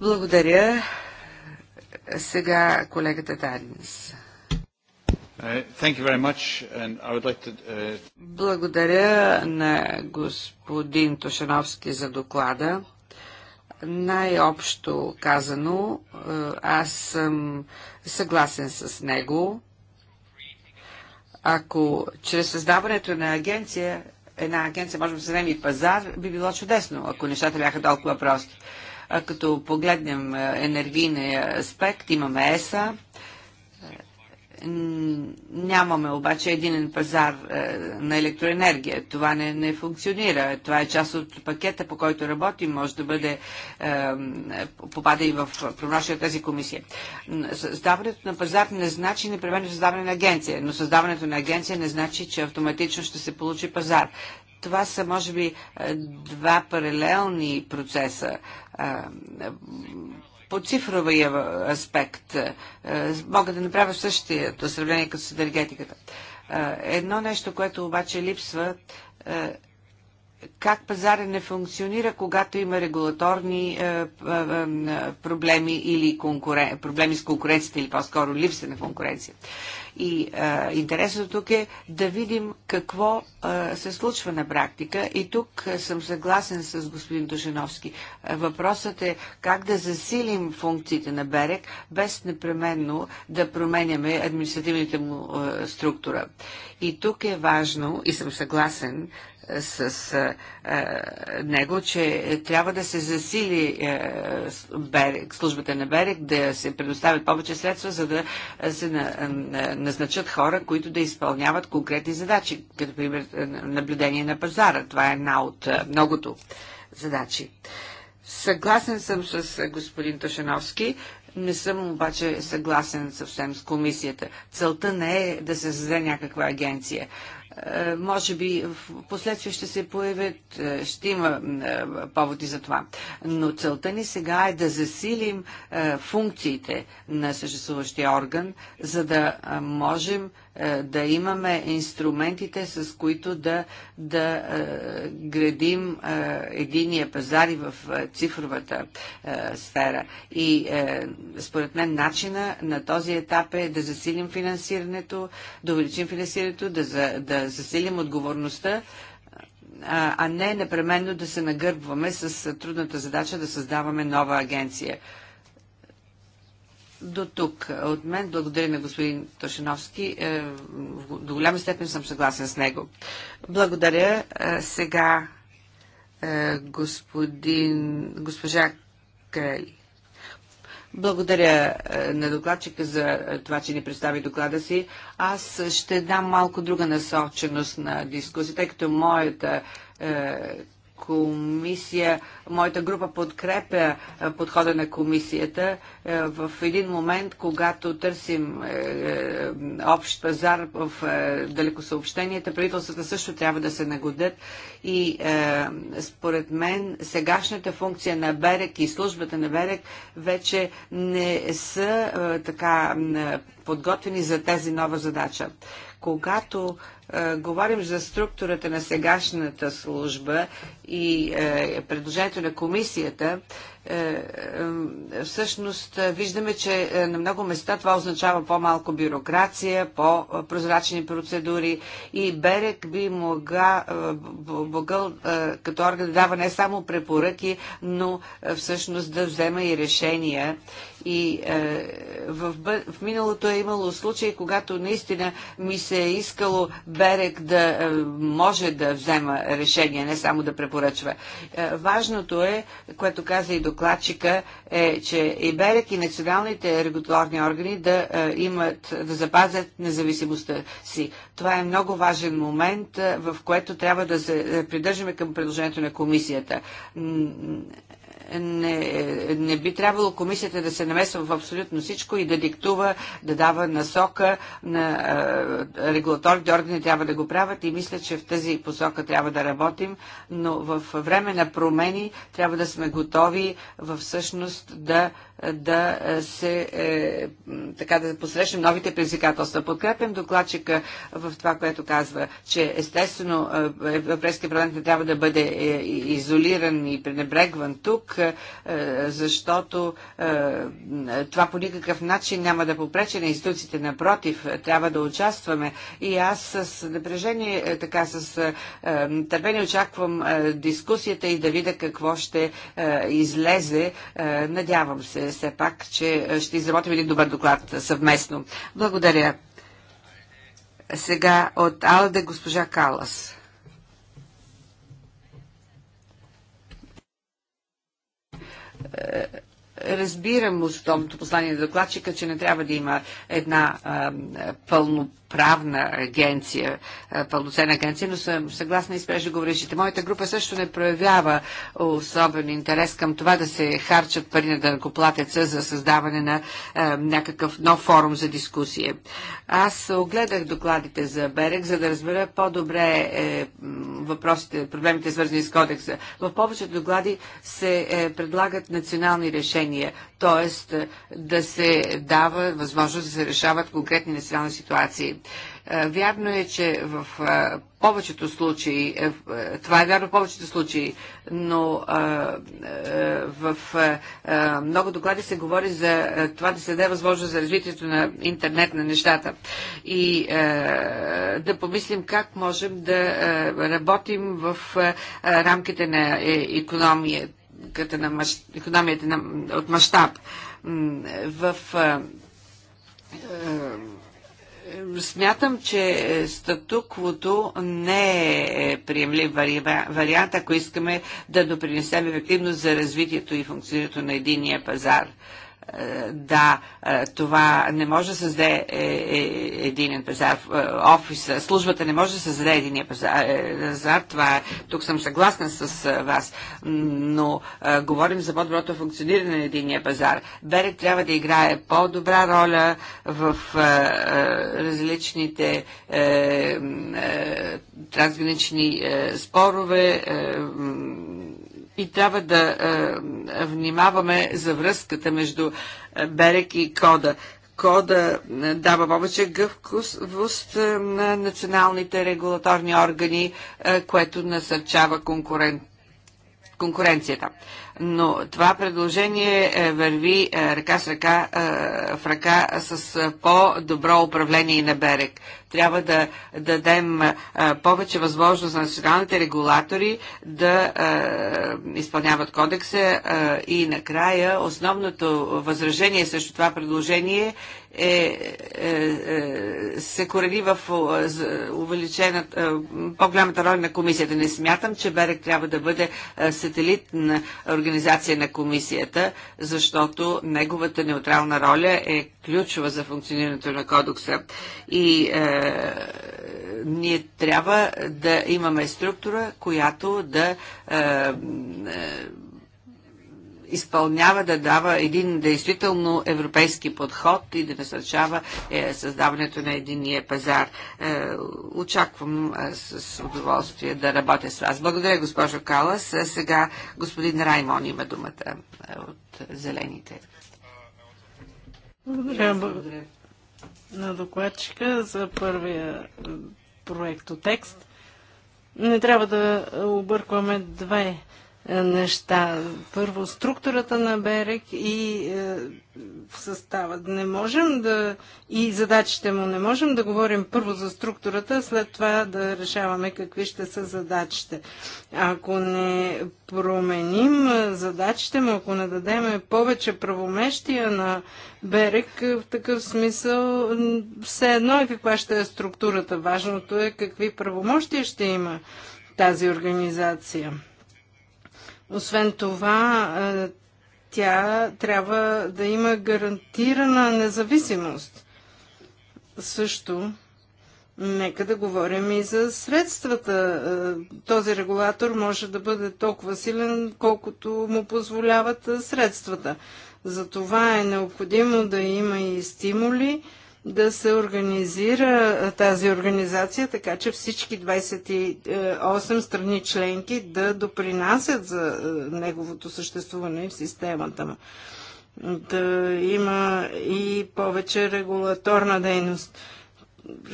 Благодаря. Сега колегата Данис. Uh, uh, Благодаря на господин Тошановски за доклада. Най-общо казано, uh, аз съм съгласен с него. Ако чрез създаването на агенция, една агенция може да създадем и пазар, би било чудесно, ако нещата бяха толкова прости. А като погледнем е, енергийния аспект, имаме ЕСА, Нямаме обаче единен пазар е, на електроенергия. Това не, не функционира. Това е част от пакета, по който работим. Може да бъде, е, попада и в правомощия тази комисия. Създаването на пазар не значи непременно създаване на агенция, но създаването на агенция не значи, че автоматично ще се получи пазар. Това са, може би, е, два паралелни процеса. Е, по цифровия аспект. Е, мога да направя същото сравнение като с енергетиката. Е, едно нещо, което обаче липсва, е, как пазара не функционира, когато има регулаторни проблеми или проблеми с конкуренцията или по-скоро липса на конкуренция. И а, интересното тук е да видим какво а, се случва на практика. И тук съм съгласен с господин Тушеновски. Въпросът е как да засилим функциите на Берек, без непременно да променяме административните му а, структура. И тук е важно, и съм съгласен с него, че трябва да се засили берег, службата на Берег, да се предоставят повече средства, за да се назначат хора, които да изпълняват конкретни задачи, като пример наблюдение на пазара. Това е една от многото задачи. Съгласен съм с господин Тошановски. Не съм обаче съгласен съвсем с комисията. Целта не е да се създаде някаква агенция. Е, може би в последствие ще се появят, е, ще има е, поводи за това. Но целта ни сега е да засилим функциите на съществуващия орган, за да можем е, да имаме инструментите, с които да, да е, градим е, единия пазар и в цифровата сфера. И според мен начина на този етап е да засилим финансирането, да увеличим финансирането, да, за, да засилим отговорността, а не непременно да се нагърбваме с трудната задача да създаваме нова агенция. До тук от мен. Благодаря на господин Тошиновски. Е, до голяма степен съм съгласен с него. Благодаря. Е, сега е, господин, госпожа Крели. Благодаря на докладчика за това, че ни представи доклада си. Аз ще дам малко друга насоченост на дискусията, тъй като моята комисия, моята група подкрепя подхода на комисията в един момент, когато търсим е, е, общ пазар в е, далекосъобщенията, правителствата също трябва да се нагодят и според мен сегашната функция на Берек и службата на Берек вече не са така подготвени за тази нова задача. Когато е, говорим за структурата на сегашната служба и е, предложението на комисията, е, е, всъщност е, виждаме, че е, на много места това означава по-малко бюрокрация, по-прозрачни процедури и Берек би е, могъл е, като орган да дава не само препоръки, но всъщност да взема и решения и е, в, в миналото е имало случаи, когато наистина ми се е искало Берек да е, може да взема решение, не само да препоръчва. Е, важното е, което каза и докладчика, е, че и Берек и националните регуляторни органи да е, имат, да запазят независимостта си. Това е много важен момент, е, в което трябва да се е, придържаме към предложението на комисията не, не би трябвало комисията да се намесва в абсолютно всичко и да диктува, да дава насока на е, регулаторните органи трябва да го правят и мисля, че в тази посока трябва да работим, но в време на промени трябва да сме готови всъщност да да е, се е, така да посрещнем новите предизвикателства. Подкрепям докладчика в това, което казва, че естествено е, Европейския парламент не трябва да бъде е, изолиран и пренебрегван тук, защото това по никакъв начин няма да попречи на институциите. Напротив, трябва да участваме. И аз с напрежение, така с търпение очаквам дискусията и да видя какво ще излезе. Надявам се е, все пак, че е, ще изработим един добър доклад съвместно. Благодаря. Сега от Алде госпожа Калас. Е, разбирам основното послание на докладчика, че не трябва да има една а, пълно правна агенция, е, пълноценна агенция, но съм съгласна и с преждеговорившите. Моята група също не проявява особен интерес към това да се харчат пари на дънкоплатеца за създаване на е, някакъв нов форум за дискусия. Аз огледах докладите за Берег, за да разбера по-добре е, въпросите, проблемите свързани с кодекса. В повечето доклади се е, предлагат национални решения т.е. да се дава възможност да се решават конкретни национални ситуации. Е, вярно е, че в е, повечето случаи, е, това е вярно в повечето случаи, но в много доклади се говори за това да се даде възможност за развитието на интернет на нещата и да помислим как можем да работим в рамките на економията економиката на мащ... економията на... от мащаб. В Смятам, че статуквото не е приемлив вариант, ако искаме да допринесем ефективност за развитието и функционирането на единия пазар да, е, това не може да създаде е, е, единен пазар. Офис, службата не може да създаде единия пазар. Това, тук съм съгласна с вас, но говорим за по-доброто функциониране на единия пазар. Берег трябва да играе по-добра роля в различните трансгранични спорове и трябва да е, внимаваме за връзката между е, Берек и Кода. Кода е, дава повече гъвкост на националните регулаторни органи, което насърчава конкурент конкуренцията. Но това предложение върви ръка с ръка в ръка с по-добро управление на Берег. Трябва да дадем повече възможност на националните регулатори да изпълняват кодекса и накрая основното възражение срещу това предложение е, е, е, се корени в увеличена, е, по-голямата роля на комисията. Не смятам, че Берек трябва да бъде сателит на организация на комисията, защото неговата неутрална роля е ключова за функционирането на кодекса. И е, ние трябва да имаме структура, която да е, е, изпълнява, да дава един действително европейски подход и да насърчава е, създаването на единия пазар. Е, очаквам е, с удоволствие да работя с вас. Благодаря, госпожо Калас. Сега господин Раймон има думата е, от Зелените. Благодаря. Благодаря на докладчика за първия е, проектотекст. Не трябва да объркваме две е, неща. Първо структурата на Берек и е, състава. Не можем да и задачите му не можем да говорим първо за структурата, след това да решаваме какви ще са задачите. Ако не променим е, задачите му, ако не дадем повече правомещия на Берек, е, в такъв смисъл все едно е каква ще е структурата. Важното е какви правомощия ще има тази организация. Освен това, тя трябва да има гарантирана независимост. Също, нека да говорим и за средствата. Този регулатор може да бъде толкова силен, колкото му позволяват средствата. За това е необходимо да има и стимули, да се организира тази организация, така че всички 28 страни членки да допринасят за неговото съществуване в системата му. Да има и повече регулаторна дейност.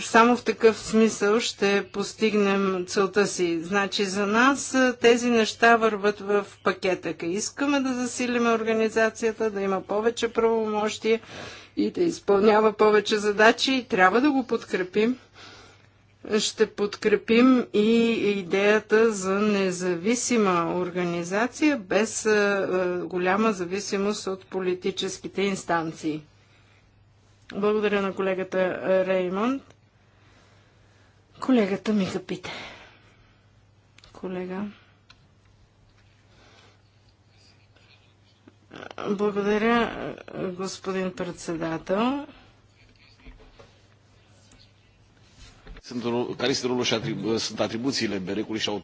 Само в такъв смисъл ще постигнем целта си. Значи за нас тези неща върват в пакетъка. Искаме да засилиме организацията, да има повече правомощия и да изпълнява повече задачи и трябва да го подкрепим. Ще подкрепим и идеята за независима организация без е, е, голяма зависимост от политическите инстанции. Благодаря на колегата Реймонд. Колегата ми запита. Колега. Благодаря, господин председател. Care este rolul și atribu- sunt atribuțiile Berecului și au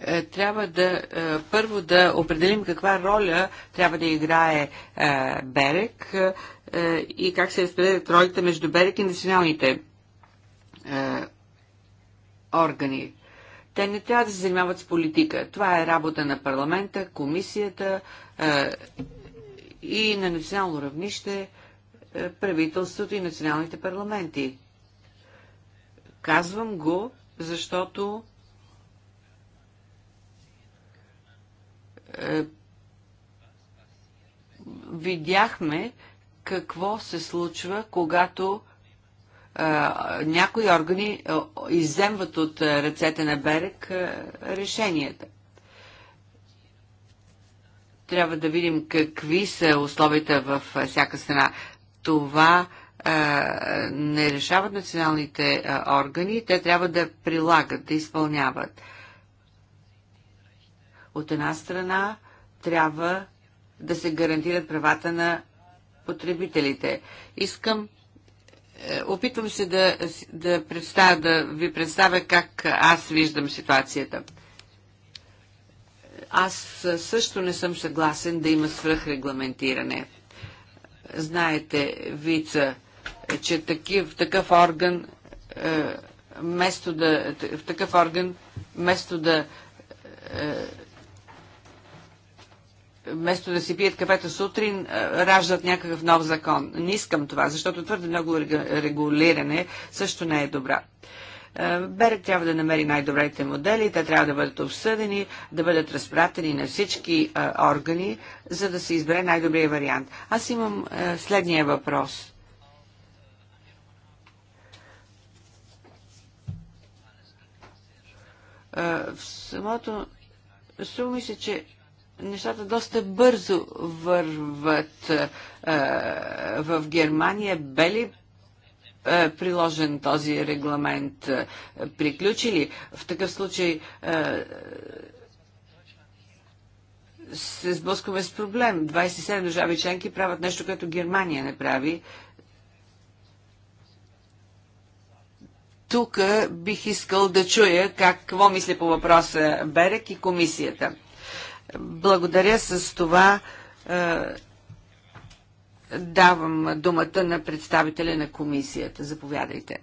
е, трябва да е, първо да определим каква роля трябва да играе е, Берек и как се разпределят ролите между Берек и националните органи. Те не трябва да се занимават с политика. Това е работа на парламента, комисията е, и на национално равнище е, правителството и националните парламенти. Казвам го, защото е, видяхме какво се случва, когато някои органи изземват от ръцете на Берек решенията. Трябва да видим какви са условията в всяка страна. Това не решават националните органи, те трябва да прилагат, да изпълняват. От една страна трябва да се гарантират правата на потребителите. Искам е, опитвам се да, да, представя, да ви представя как аз виждам ситуацията. Аз също не съм съгласен да има свръхрегламентиране. Знаете, вица, е, че такив, такъв орган, е, вместо да, в такъв орган, вместо да е, вместо да си пият кафето сутрин, раждат някакъв нов закон. Не искам това, защото твърде много регулиране също не е добра. Берег трябва да намери най-добрите модели, те трябва да бъдат обсъдени, да бъдат разпратени на всички органи, за да се избере най-добрия вариант. Аз имам следния въпрос. в самото... Струва ми се, че нещата доста бързо върват е, в Германия. Бели е, приложен този регламент е, приключили. В такъв случай се сблъскваме с проблем. 27 държави членки правят нещо, което Германия не прави. Тук бих искал да чуя какво мисли по въпроса Берек и комисията. Благодаря с това. Е, давам думата на представителя на комисията. Заповядайте.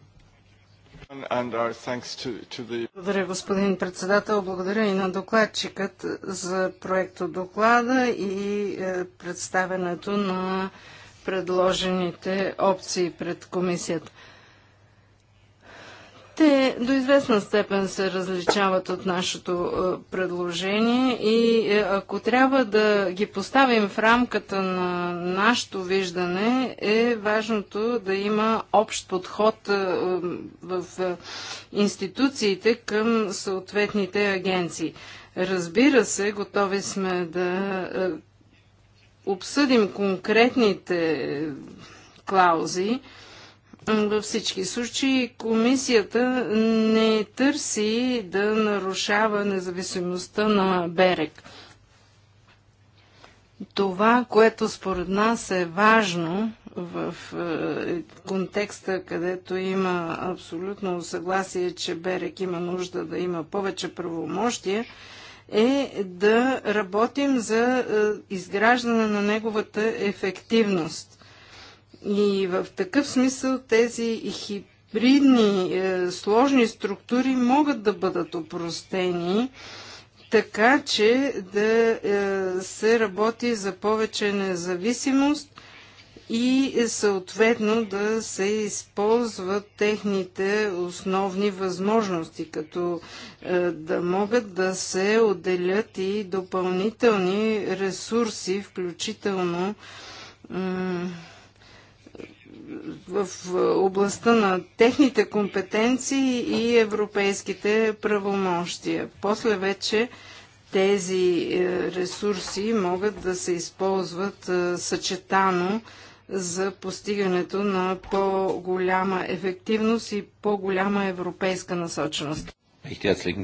Благодаря, господин председател. Благодаря и на докладчикът за проекто доклада и е, представенето на предложените опции пред комисията. Те до известна степен се различават от нашето е, предложение и е, ако трябва да ги поставим в рамката на нашето виждане, е важното да има общ подход е, в институциите към съответните агенции. Разбира се, готови сме да обсъдим конкретните клаузи, във всички случаи комисията не търси да нарушава независимостта на Берег. Това, което според нас е важно в е, контекста, където има абсолютно съгласие, че Берек има нужда да има повече правомощия, е да работим за е, изграждане на неговата ефективност. И в такъв смисъл тези хибридни е, сложни структури могат да бъдат опростени, така че да е, се работи за повече независимост и е, съответно да се използват техните основни възможности, като е, да могат да се отделят и допълнителни ресурси, включително в областта на техните компетенции и европейските правомощия. После вече тези е, ресурси могат да се използват е, съчетано за постигането на по-голяма ефективност и по-голяма европейска насоченост. Äh,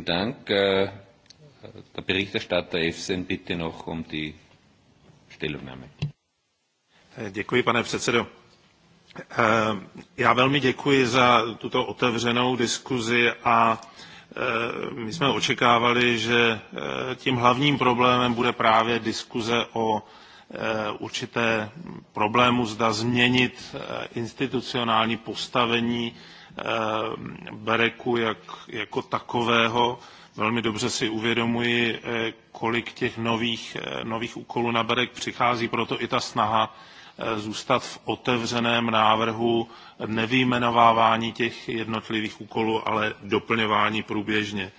um Děkuji, pane předsedo. Já velmi děkuji za tuto otevřenou diskuzi a my jsme očekávali, že tím hlavním problémem bude právě diskuze o určité problému, zda změnit institucionální postavení Bereku jak, jako takového. Velmi dobře si uvědomuji, kolik těch nových, nových úkolů na Berek přichází, proto i ta snaha Eh, zůstat v otevřeném návrhu nevyjmenovávání těch jednotlivých úkolů, ale doplňování průběžně.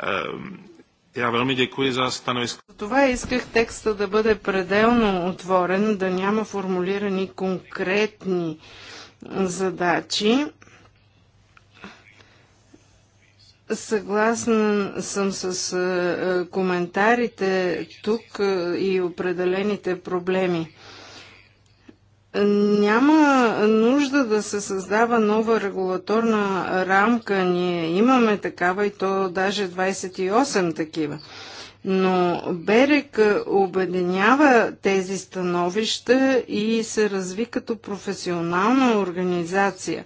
Eh, já velmi děkuji za stanovisko. Това исках текста да бъде пределно отворен, да няма формулирани конкретни задачи. Съгласна съм с е, е, коментарите тук е, и определените проблеми няма нужда да се създава нова регулаторна рамка. Ние имаме такава и то даже 28 такива. Но Берек обединява тези становища и се разви като професионална организация.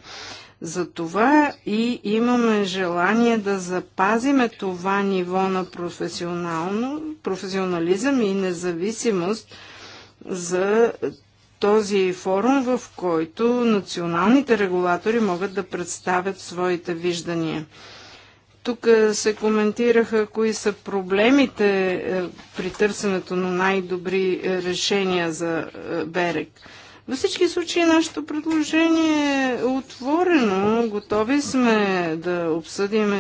Затова и имаме желание да запазиме това ниво на професионално, професионализъм и независимост за този форум, в който националните регулатори могат да представят своите виждания. Тук се коментираха кои са проблемите е, при търсенето на най-добри е, решения за е, Берег. Във всички случаи нашето предложение е отворено. Готови сме да обсъдим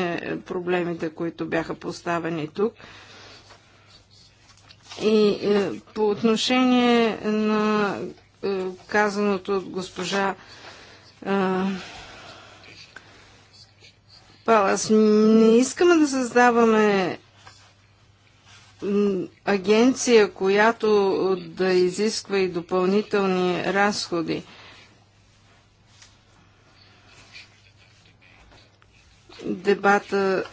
проблемите, които бяха поставени тук. И по отношение на е, казаното от госпожа е, Палас. Не искаме да създаваме агенция, която да изисква и допълнителни разходи. Дебата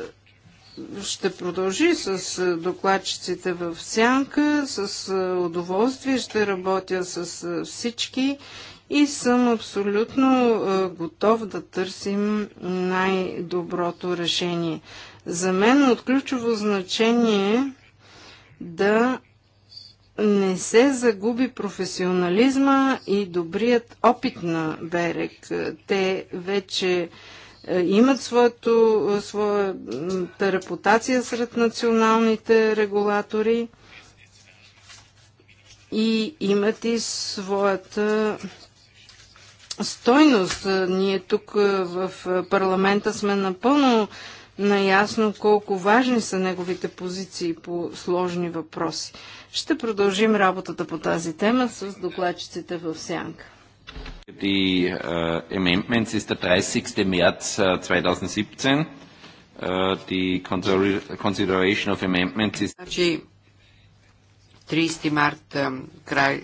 ще продължи с е, докладчиците в сянка. С е, удоволствие ще работя с е, всички и съм абсолютно готов да търсим най-доброто решение. За мен от ключово значение е да не се загуби професионализма и добрият опит на Берек. Те вече е, имат своето, е, своята репутация сред националните регулатори и имат и своята стойност. Е, ние тук в парламента сме напълно наясно колко важни са неговите позиции по сложни въпроси. Ще продължим работата по тази тема с докладчиците в Сянка. Die äh, Amendments ist der 30. März äh, 2017. Äh, die Consideration of Amendments ist... Значи, 30 март е, край,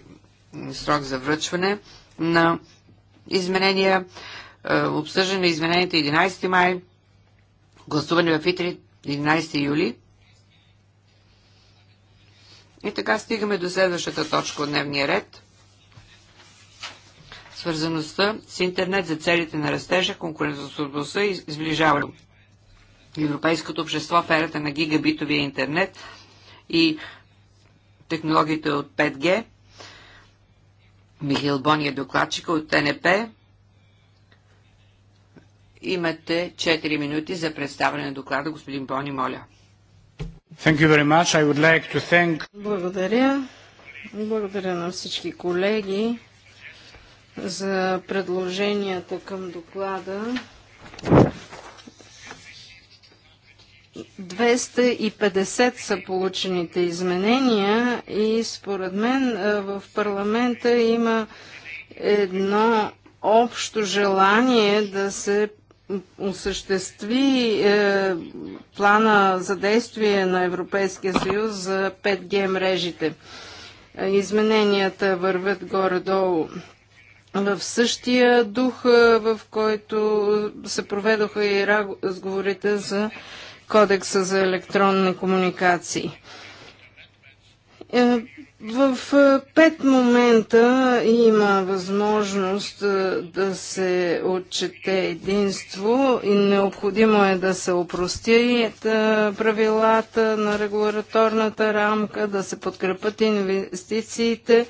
срок за връчване на изменения, е, обсъждане на измененията 11 май, гласуване в ИТРИ 11 юли. И така стигаме до следващата точка от дневния ред – свързаността с интернет за целите на растежа, конкурентоспособността и сближаването. Европейското общество в ерата на гигабитовия интернет и технологиите от 5G. Михил Бони е докладчика от ТНП. Имате 4 минути за представяне на доклада. Господин Бони, моля. Like thank... Благодаря. Благодаря на всички колеги за предложенията към доклада. 250 са получените изменения и според мен е, в парламента има едно общо желание да се осъществи е, плана за действие на Европейския съюз за 5G мрежите. Е, измененията вървят горе-долу в същия дух, в който се проведоха и разговорите за Кодекса за електронни комуникации. Е, в е, пет момента има възможност е, да се отчете единство и необходимо е да се опрости е, правилата на регулаторната рамка, да се подкрепят инвестициите,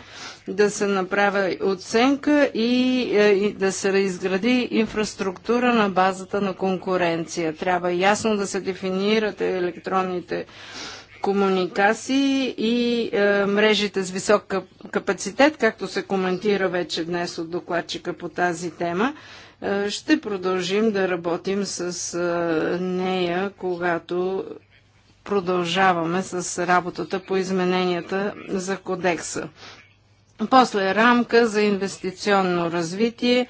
да се направи оценка и, и да се изгради инфраструктура на базата на конкуренция. Трябва ясно да се дефинират електронните комуникации и е, мрежите с висок капацитет, както се коментира вече днес от докладчика по тази тема. Е, ще продължим да работим с е, нея, когато продължаваме с работата по измененията за кодекса. После рамка за инвестиционно развитие. Е,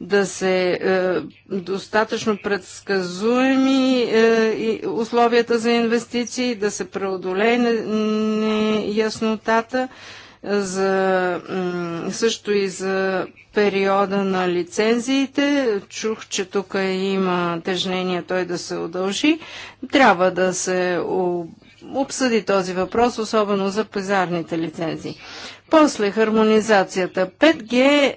да се е, достатъчно предсказуеми е, условията за инвестиции, да се преодолее неяснотата е, за, също и за периода на лицензиите. Чух, че тук има тежнение той да се удължи. Трябва да се обсъди този въпрос, особено за пазарните лицензии. После хармонизацията. 5G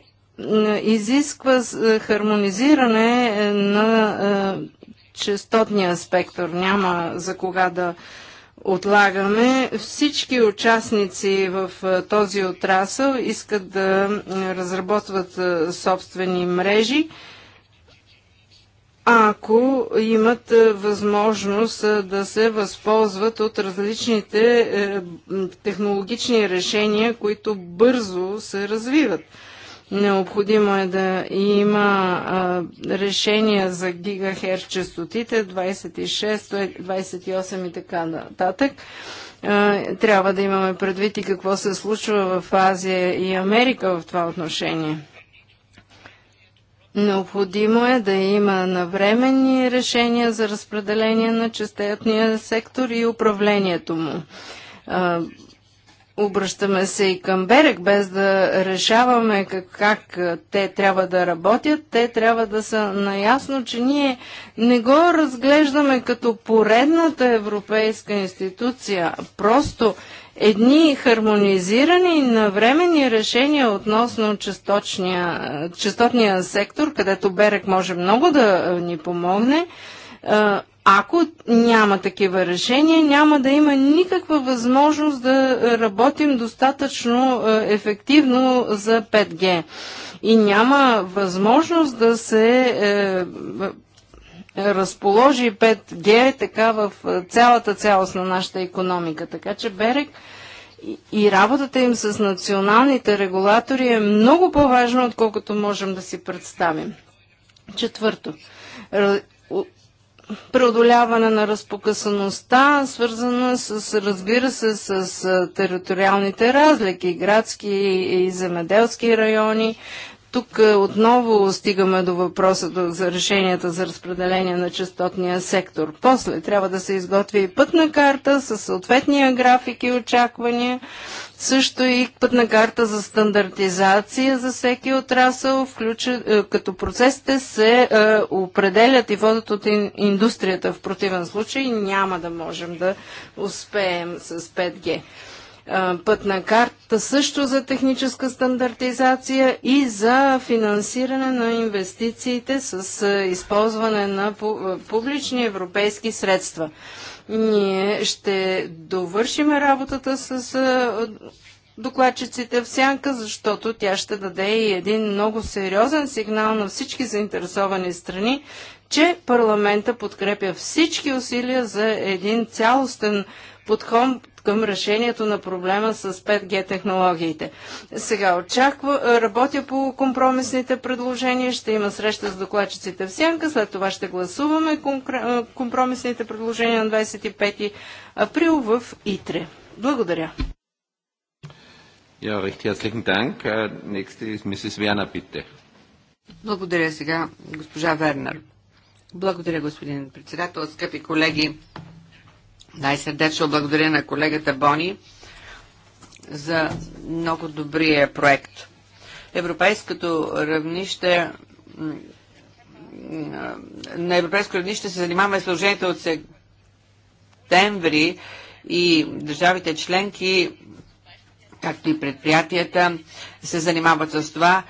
изисква е, хармонизиране е, на е, частотния спектър. Няма за кога да отлагаме. Всички участници в този отрасъл искат да разработват собствени мрежи, ако имат възможност да се възползват от различните технологични решения, които бързо се развиват. Необходимо е да има а, решения за гигахерц частотите 26, 28 и така нататък. А, трябва да имаме предвид и какво се случва в Азия и Америка в това отношение. Необходимо е да има навременни решения за разпределение на частетния сектор и управлението му. А, Обръщаме се и към Берег, без да решаваме как, как те трябва да работят. Те трябва да са наясно, че ние не го разглеждаме като поредната европейска институция. Просто едни хармонизирани навремени решения относно частотния, частотния сектор, където Берег може много да ни помогне – е, ако няма такива решения, няма да има никаква възможност да работим достатъчно е, ефективно за 5G. И няма възможност да се е, разположи 5G така в цялата цялост на нашата економика. Така че Берег и работата им с националните регулатори е много по-важна, отколкото можем да си представим. Четвърто, преодоляване на разпокъсаността, свързана с, разбира се, с, с териториалните разлики, градски и земеделски райони. Тук отново стигаме до въпроса за решенията за разпределение на частотния сектор. После трябва да се изготви и пътна карта с съответния график и очаквания също и пътна карта за стандартизация за всеки отрасъл, включен, като процесите се е, определят и водят от индустрията. В противен случай няма да можем да успеем с 5G е, пътна карта също за техническа стандартизация и за финансиране на инвестициите с е, използване на е, публични европейски средства. Ние ще довършим работата с докладчиците в сянка, защото тя ще даде и един много сериозен сигнал на всички заинтересовани страни, че парламента подкрепя всички усилия за един цялостен подход към решението на проблема с 5G технологиите. Сега очаква, е, работя по компромисните предложения, ще има среща с докладчиците в Сянка, след това ще гласуваме е, компромисните предложения на 25 април в ИТРЕ. Благодаря. Ja, recht herzlichen Dank. Äh, nächste ist Mrs. Werner, bitte. Благодаря сега, госпожа Вернер. Благодаря, господин председател, скъпи колеги. Най-сърдечно благодаря на колегата Бони за много добрия проект. Европейското равнище на европейско равнище се занимаваме с служението от септември и държавите членки, както и предприятията, се занимават с това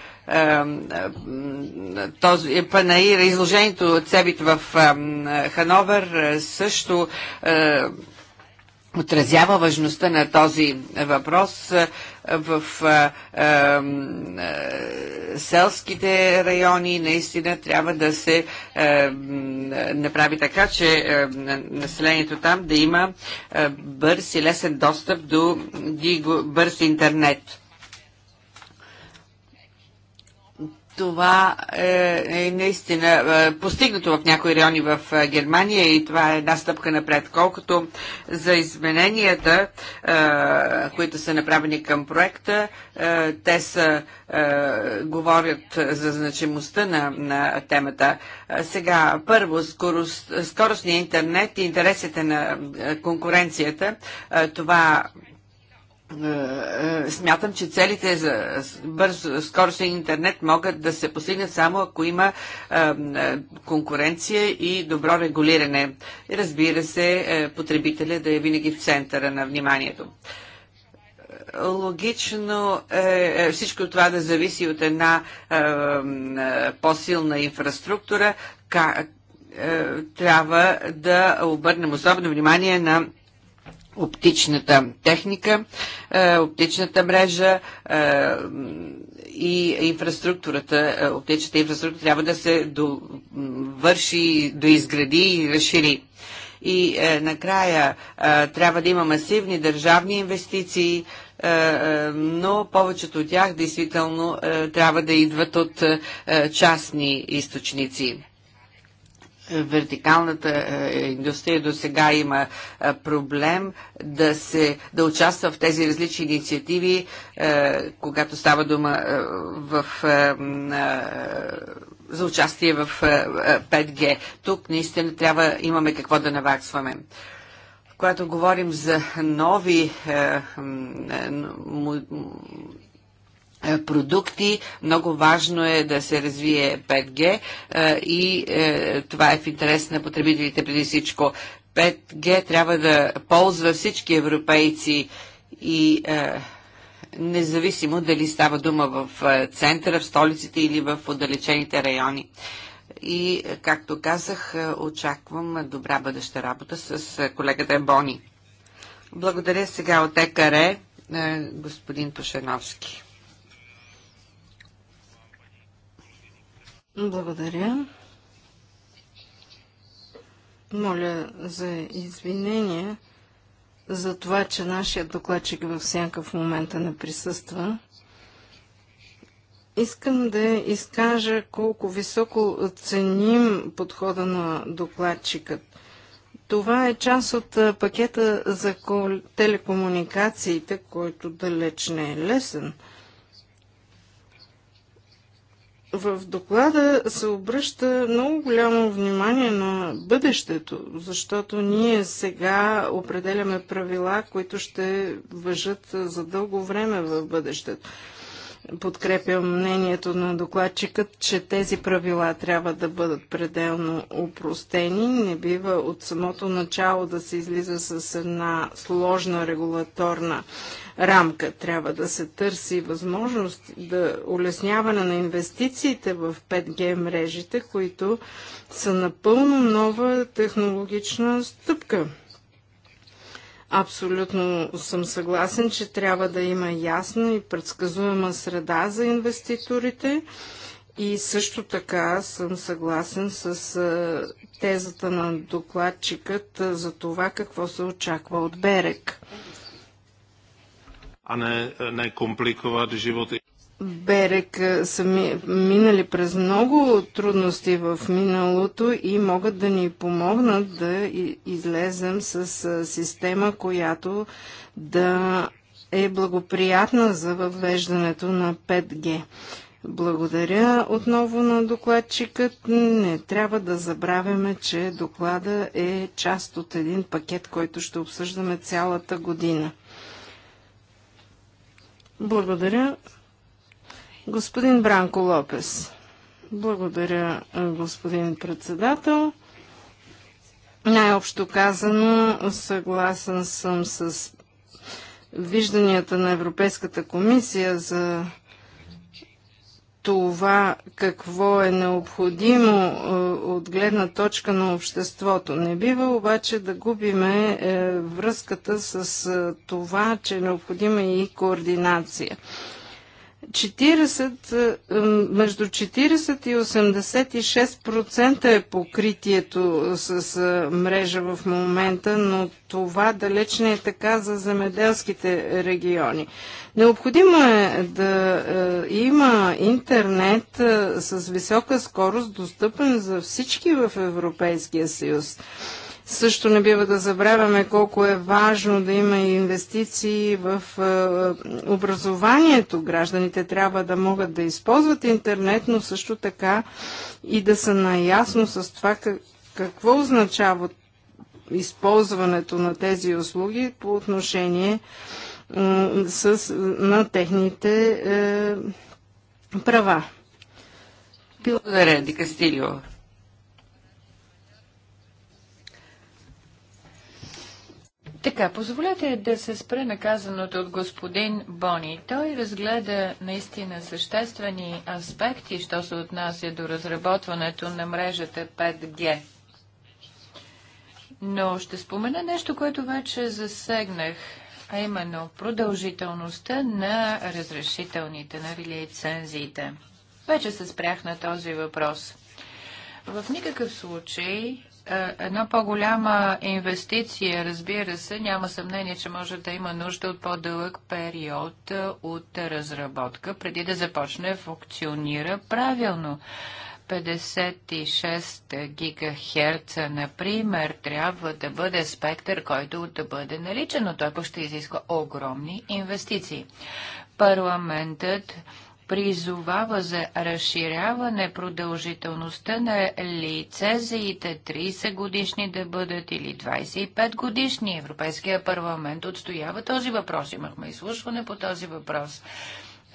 този е, панаир, изложението от Цебит в Хановер е, също е, отразява важността на този въпрос в а, а, селските райони наистина трябва да се а, направи така, че а, населението там да има а, бърз и лесен достъп до бърз интернет. това е, е наистина е, постигнато в някои райони в е, Германия и това е една стъпка напред. Колкото за измененията, които са направени към проекта, те са, говорят за значимостта на, на темата. Сега, първо, скорост, скоростния интернет и интересите на конкуренцията. Това е, е, смятам, че целите за бърз скоростен интернет могат да се постигнат само ако има е, конкуренция и добро регулиране. Разбира се, потребителя да е винаги в центъра на вниманието. Логично е всичко това да зависи от една по-силна инфраструктура. Трябва да обърнем особено внимание на оптичната техника, е, оптичната мрежа е, и инфраструктурата, е, оптичната инфраструктура трябва да се довърши, доизгради и разшири. И накрая трябва да има масивни държавни инвестиции, но повечето от тях действително трябва да идват от частни източници вертикалната е, индустрия до сега има е, проблем да, се, да участва в тези различни инициативи, е, когато става дума в, за участие в 5G. Тук наистина трябва, имаме какво да наваксваме когато говорим за нови е, продукти. Много важно е да се развие 5G е, и е, това е в интерес на потребителите преди всичко. 5G трябва да ползва всички европейци и независимо дали става дума в центъра, в столиците или в отдалечените райони. И, както казах, очаквам добра бъдеща работа с колегата Бони. Благодаря сега от ЕКАРЕ, господин Тушеновски. Благодаря. Моля за извинение за това, че нашия докладчик в сянка в момента не присъства. Искам да изкажа колко високо ценим подхода на докладчикът. Това е част от пакета за телекомуникациите, който далеч не е лесен – в доклада се обръща много голямо внимание на бъдещето, защото ние сега определяме правила, които ще въжат за дълго време в бъдещето подкрепям мнението на докладчикът, че тези правила трябва да бъдат пределно упростени. Не бива от самото начало да се излиза с една сложна регулаторна рамка. Трябва да се търси възможност да улесняване на инвестициите в 5G мрежите, които са напълно нова технологична стъпка. Абсолютно съм съгласен, че трябва да има ясна и предсказуема среда за инвеститорите. И също така съм съгласен с тезата на докладчикът за това какво се очаква от Берег. А не, не компликоват живота. Берек са минали през много трудности в миналото и могат да ни помогнат да излезем с система, която да е благоприятна за въвеждането на 5G. Благодаря отново на докладчикът. Не трябва да забравяме, че доклада е част от един пакет, който ще обсъждаме цялата година. Благодаря. Господин Бранко Лопес. Благодаря, господин председател. Най-общо казано, съгласен съм с вижданията на Европейската комисия за това какво е необходимо от гледна точка на обществото. Не бива обаче да губиме е, връзката с това, че е необходима и координация. 40, е, между 40 и 86% е покритието с е, мрежа в момента, но това далеч не е така за земеделските региони. Необходимо е да е, има интернет с висока скорост, достъпен за всички в Европейския съюз. Също не бива да забравяме колко е важно да има инвестиции в е, е, образованието. Гражданите трябва да могат да използват интернет, но също така и да са наясно с това какво означава използването на тези услуги по отношение е, с, на техните е, права. Благодаря, Дикастилио. Така, позволете да се спре наказаното от господин Бони. Той разгледа наистина съществени аспекти, що се отнася до разработването на мрежата 5G. Но ще спомена нещо, което вече засегнах, а именно продължителността на разрешителните, на лицензиите. Вече се спрях на този въпрос. В никакъв случай е, една по-голяма инвестиция, разбира се, няма съмнение, че може да има нужда от по-дълъг период е, от разработка, преди да започне функционира правилно. 56 ГГц, например, трябва да бъде спектър, който да бъде наличен, но той пък ще изисква огромни инвестиции. Парламентът призовава за разширяване продължителността на лицезиите 30 годишни да бъдат или 25 годишни. Европейския парламент отстоява този въпрос. Имахме изслушване по този въпрос.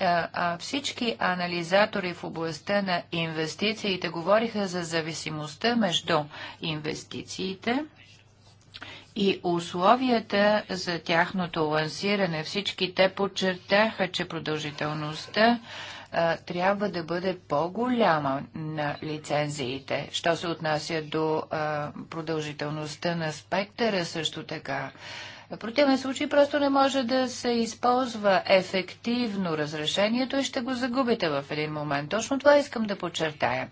А всички анализатори в областта на инвестициите говориха за зависимостта между инвестициите и условията за тяхното лансиране. Всички те подчертаха, че продължителността а, трябва да бъде по-голяма на лицензиите. Що се отнася до а, продължителността на спектъра също така. В противен случай просто не може да се използва ефективно разрешението и ще го загубите в един момент. Точно това искам да подчертая.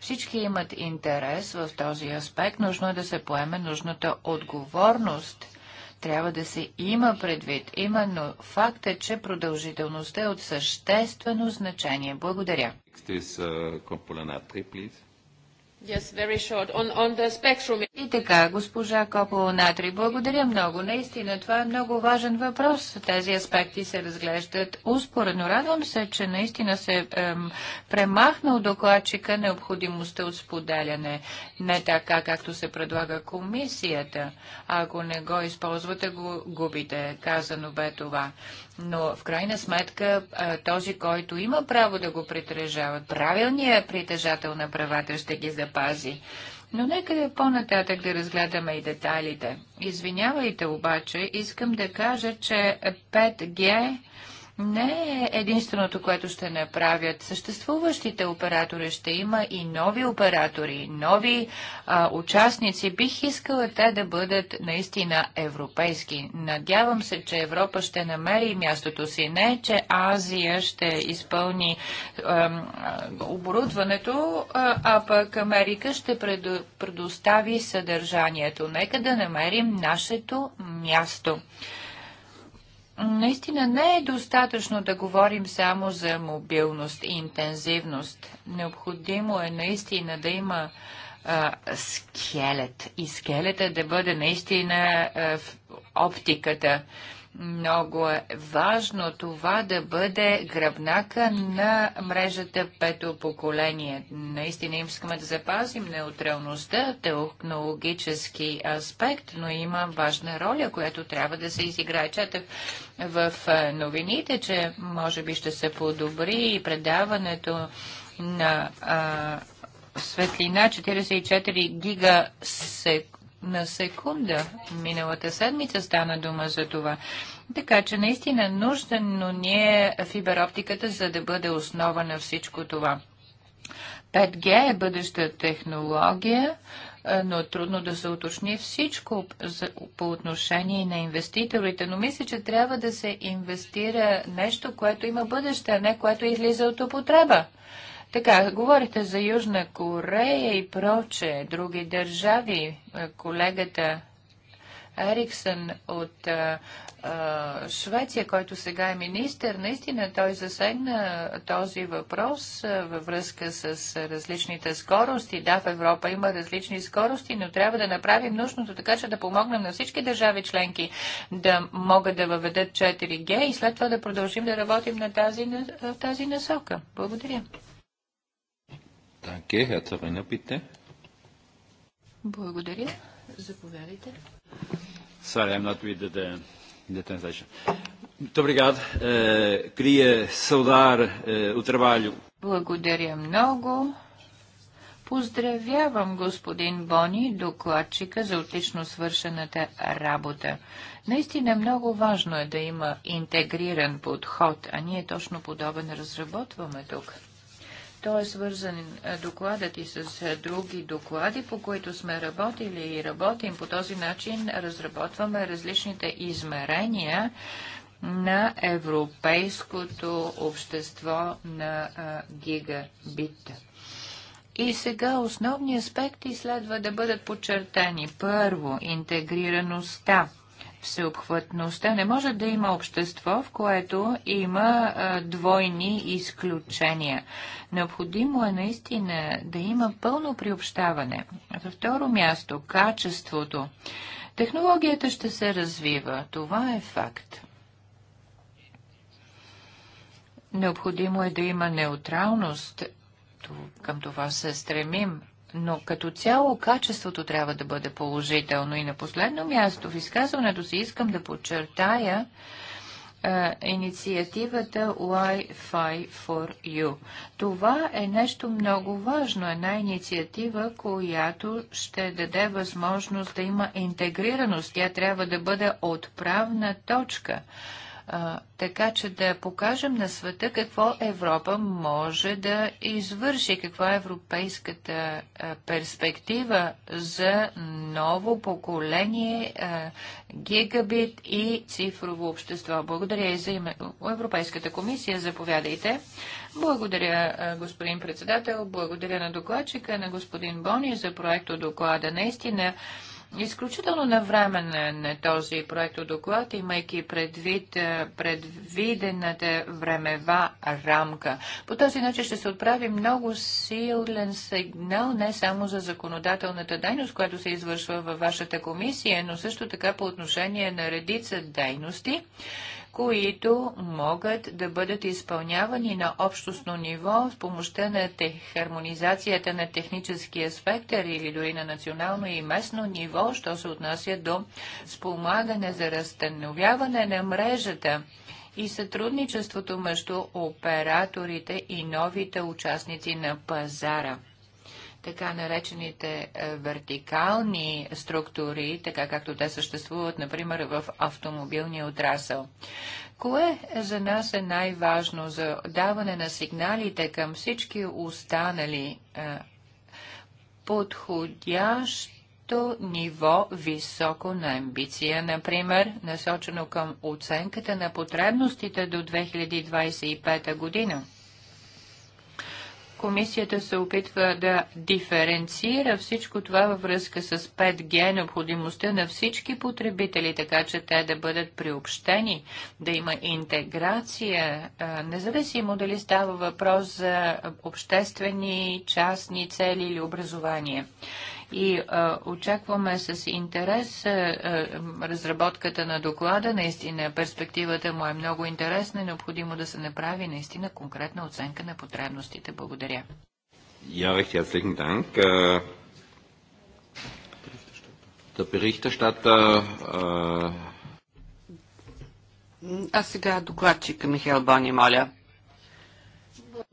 Всички имат интерес в този аспект. Нужно е да се поеме нужната отговорност трябва да се има предвид. Именно факт е, че продължителността е от съществено значение. Благодаря. Next uh, и така, госпожа Кополо Натри, благодаря много. Наистина, това е много важен въпрос. Тези аспекти се разглеждат успоредно. Радвам се, че наистина се ем, премахна от докладчика необходимостта от споделяне. Не така, както се предлага комисията. Ако не го използвате, го губите. Казано бе това но в крайна сметка този, който има право да го притежава, правилният притежател на правата ще ги запази. Но нека да по-нататък да разгледаме и детайлите. Извинявайте обаче, искам да кажа, че 5G не е единственото, което ще направят. Съществуващите оператори ще има и нови оператори, нови а, участници. Бих искала те да бъдат наистина европейски. Надявам се, че Европа ще намери мястото си. Не, че Азия ще изпълни а, оборудването, а, а пък Америка ще предо, предостави съдържанието. Нека да намерим нашето място. Наистина не е достатъчно да говорим само за мобилност и интензивност. Необходимо е наистина да има а, скелет и скелета да бъде наистина а, в оптиката. А, много е важно това да бъде гръбнака на мрежата пето поколение. Наистина искаме да запазим неутралността, технологически аспект, но има важна роля, която трябва да се изиграе. Четах в е, новините, че може би ще се подобри и предаването на а, светлина 44 гига гигасек на секунда. Миналата седмица стана дума за това. Така че наистина нужда, но не е фибероптиката, за да бъде основа на всичко това. 5G е бъдеща технология, е, но трудно да се уточни всичко по отношение на инвеститорите. Но мисля, че трябва да се инвестира нещо, което има бъдеще, а не което излиза от употреба. Така, говорите за Южна Корея и проче, други държави. Колегата Ериксън от Швеция, който сега е министр, наистина той засегна този въпрос във връзка с различните скорости. Да, в Европа има различни скорости, но трябва да направим нужното така, че да помогнем на всички държави членки да могат да въведат 4G и след това да продължим да работим на тази, на тази насока. Благодаря. Danke, Herr Torino, bitte. Благодаря. Заповядайте. Sorry, I'm not with the, the translation. Muito obrigado. Uh, queria saudar uh, o trabalho. Благодаря много. Поздравявам господин Бони, докладчика, за отлично свършената работа. Наистина много важно е да има интегриран подход, а ние точно подобен разработваме тук. Той е свързан е, докладът и с е, други доклади, по които сме работили и работим. По този начин разработваме различните измерения на европейското общество на гигабит. И сега основни аспекти следва да бъдат подчертани. Първо, интегрираността всеобхватността. Не може да има общество, в което има а, двойни изключения. Необходимо е наистина да има пълно приобщаване. За второ място, качеството. Технологията ще се развива. Това е факт. Необходимо е да има неутралност. Към това се стремим но като цяло качеството трябва да бъде положително. И на последно място в изказването си искам да подчертая, инициативата Wi-Fi for You. Това е нещо много важно, една инициатива, която ще даде възможност да има интегрираност. Тя трябва да бъде отправна точка така че да покажем на света какво Европа може да извърши, каква е европейската перспектива за ново поколение гигабит и цифрово общество. Благодаря и за Европейската комисия. Заповядайте. Благодаря, господин председател. Благодаря на докладчика, на господин Бони за проекто доклада. Наистина, Изключително навременен на е този проект доклад, имайки предвид е, предвидената времева рамка. По този начин ще се отправи много силен сигнал не само за законодателната дейност, която се извършва във вашата комисия, но също така по отношение на редица дейности, които могат да бъдат изпълнявани на общностно ниво с помощта на хармонизацията на техническия спектър или дори на национално и местно ниво, що се отнася до спомагане за разстановяване на мрежата и сътрудничеството между операторите и новите участници на пазара така наречените е, вертикални структури, така както те съществуват, например, в автомобилния отрасъл. Кое за нас е най-важно за даване на сигналите към всички останали е, подходящо ниво високо на амбиция, например, насочено към оценката на потребностите до 2025 година? комисията се опитва да диференцира всичко това във връзка с 5G, необходимостта на всички потребители, така че те да бъдат приобщени, да има интеграция, независимо дали става въпрос за обществени, частни цели или образование и а, е, очакваме с интерес а, е, е, разработката на доклада. Наистина перспективата му е много интересна и необходимо да се направи наистина конкретна оценка на потребностите. Благодаря. Ja, recht herzlichen Dank. Äh, der Berichterstatter. Äh. А сега докладчика Михаил Бани, моля.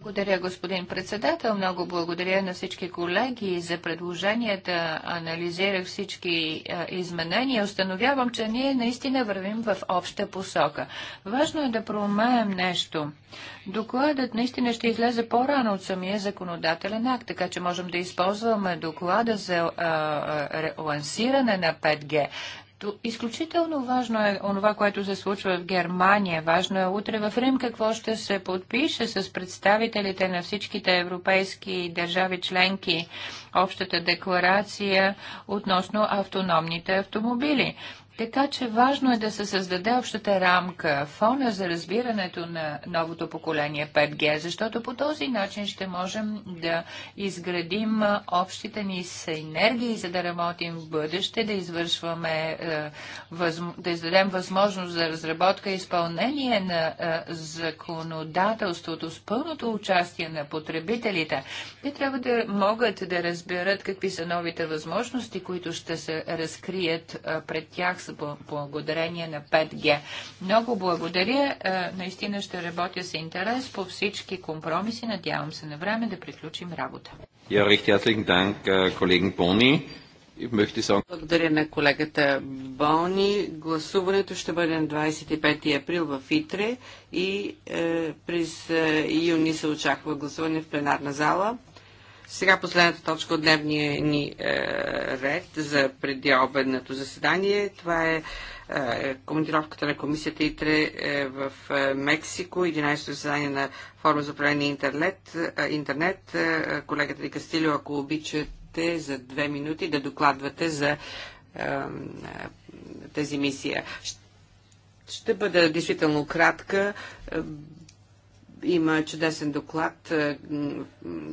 Благодаря, господин председател. Много благодаря на всички колеги за предложенията. Анализирах всички е, изменения. Установявам, че ние наистина вървим в обща посока. Важно е да проумеем нещо. Докладът наистина ще излезе по-рано от самия законодателен акт, така че можем да използваме доклада за е, е, лансиране на 5G. Изключително важно е онова, което се случва в Германия. Важно е утре в Рим какво ще се подпише с представителите на всичките европейски държави членки общата декларация относно автономните автомобили. Така че важно е да се създаде общата рамка, фона за разбирането на новото поколение 5G, защото по този начин ще можем да изградим общите ни синергии, за да работим в бъдеще, да извършваме, е, да издадем възможност за разработка и изпълнение на е, законодателството с пълното участие на потребителите. Те трябва да могат да разберат какви са новите възможности, които ще се разкрият е, пред тях благодарение на 5G. Много благодаря. Е, наистина ще работя с интерес по всички компромиси. Надявам се на време да приключим работа. Äh, благодаря на колегата Бони. Гласуването ще бъде на 25 април в Итре и е, през е, юни се очаква гласуване в пленарна зала. Сега последната точка от дневния ни е, ред за предиобедното заседание. Това е, е командировката на комисията ИТРЕ е, в е, Мексико, 11-то заседание на форма за управление интернет. Е, интернет е, колегата Ди Кастилио, ако обичате за две минути да докладвате за е, е, тази мисия. Ще бъда действително кратка. Е, има чудесен доклад е,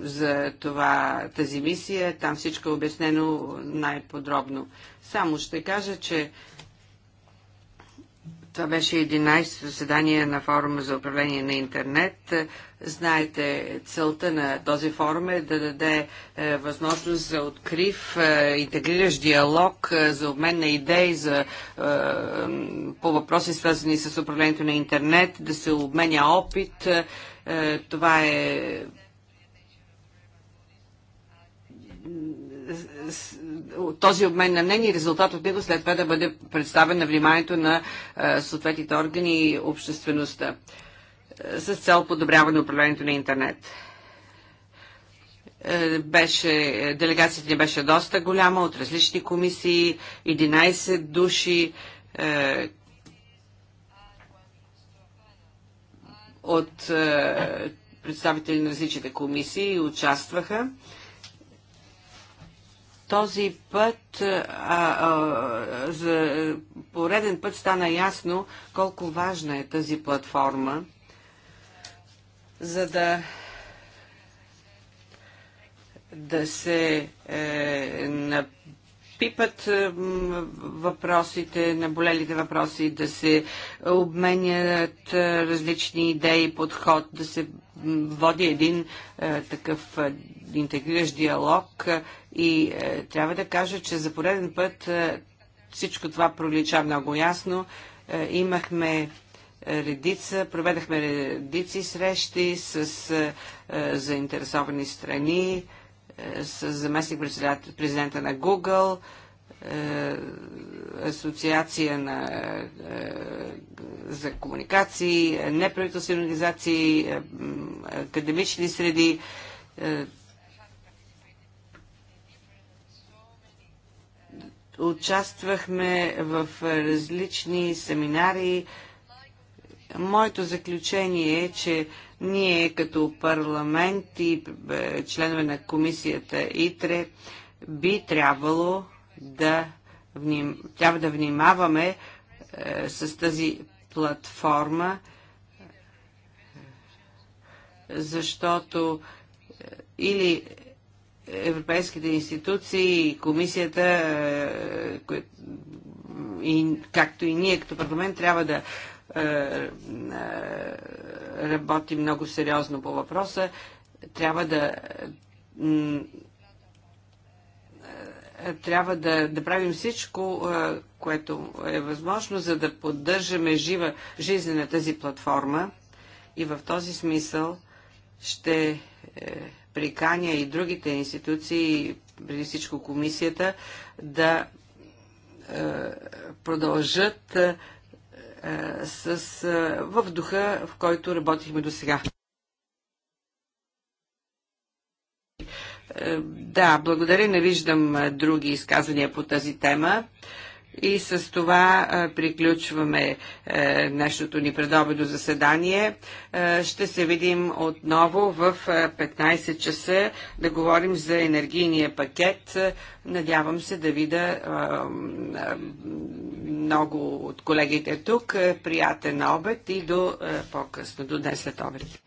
за това, тази мисия. Там всичко е обяснено най-подробно. Само ще кажа, че това беше 11-то заседание на форума за управление на интернет. Знаете, целта на този форум е да даде е, възможност за открив, е, интегриращ диалог, е, за обмен на идеи за, по въпроси свързани с управлението на интернет, да се обменя опит. Това е този обмен на мнение и резултат от него след това да бъде представен на вниманието на съответните органи и обществеността с цел подобряване на управлението на интернет. Беше, делегацията ни беше доста голяма от различни комисии, 11 души, от представители на различните комисии участваха. Този път, а, а, за пореден път стана ясно колко важна е тази платформа, за да да се е, напипат е, въпросите, наболелите въпроси, да се обменят е, различни идеи, подход, да се води един е, такъв е, интегриращ диалог е, и е, трябва да кажа, че за пореден път е, всичко това пролича много ясно. Е, имахме редица, проведахме редици срещи с е, е заинтересовани страни, е, с заместник президента на Google, е, е, асоциация на, е, за комуникации, неправителствени организации, е, академични среди. Участвахме в различни семинари. Моето заключение е, че ние като парламент и членове на комисията ИТРЕ би трябвало да вним, трябва да внимаваме е, с тази платформа, е, защото е, или европейските институции и комисията, е, и, както и ние като парламент, трябва да е, е работи много сериозно по въпроса. Трябва да трябва да, да правим всичко, което е възможно, за да поддържаме жива жизнена тази платформа. И в този смисъл ще е, приканя и другите институции, преди всичко комисията, да е, продължат е, с, в духа, в който работихме до сега. Е, да, благодаря. Не виждам е, други изказвания по тази тема. И с това е, приключваме днешното ни предобедно заседание. Ще се видим отново в 15 часа да говорим за енергийния пакет. Надявам се да видя много от колегите тук. Приятен обед и до по-късно, до днес след обед.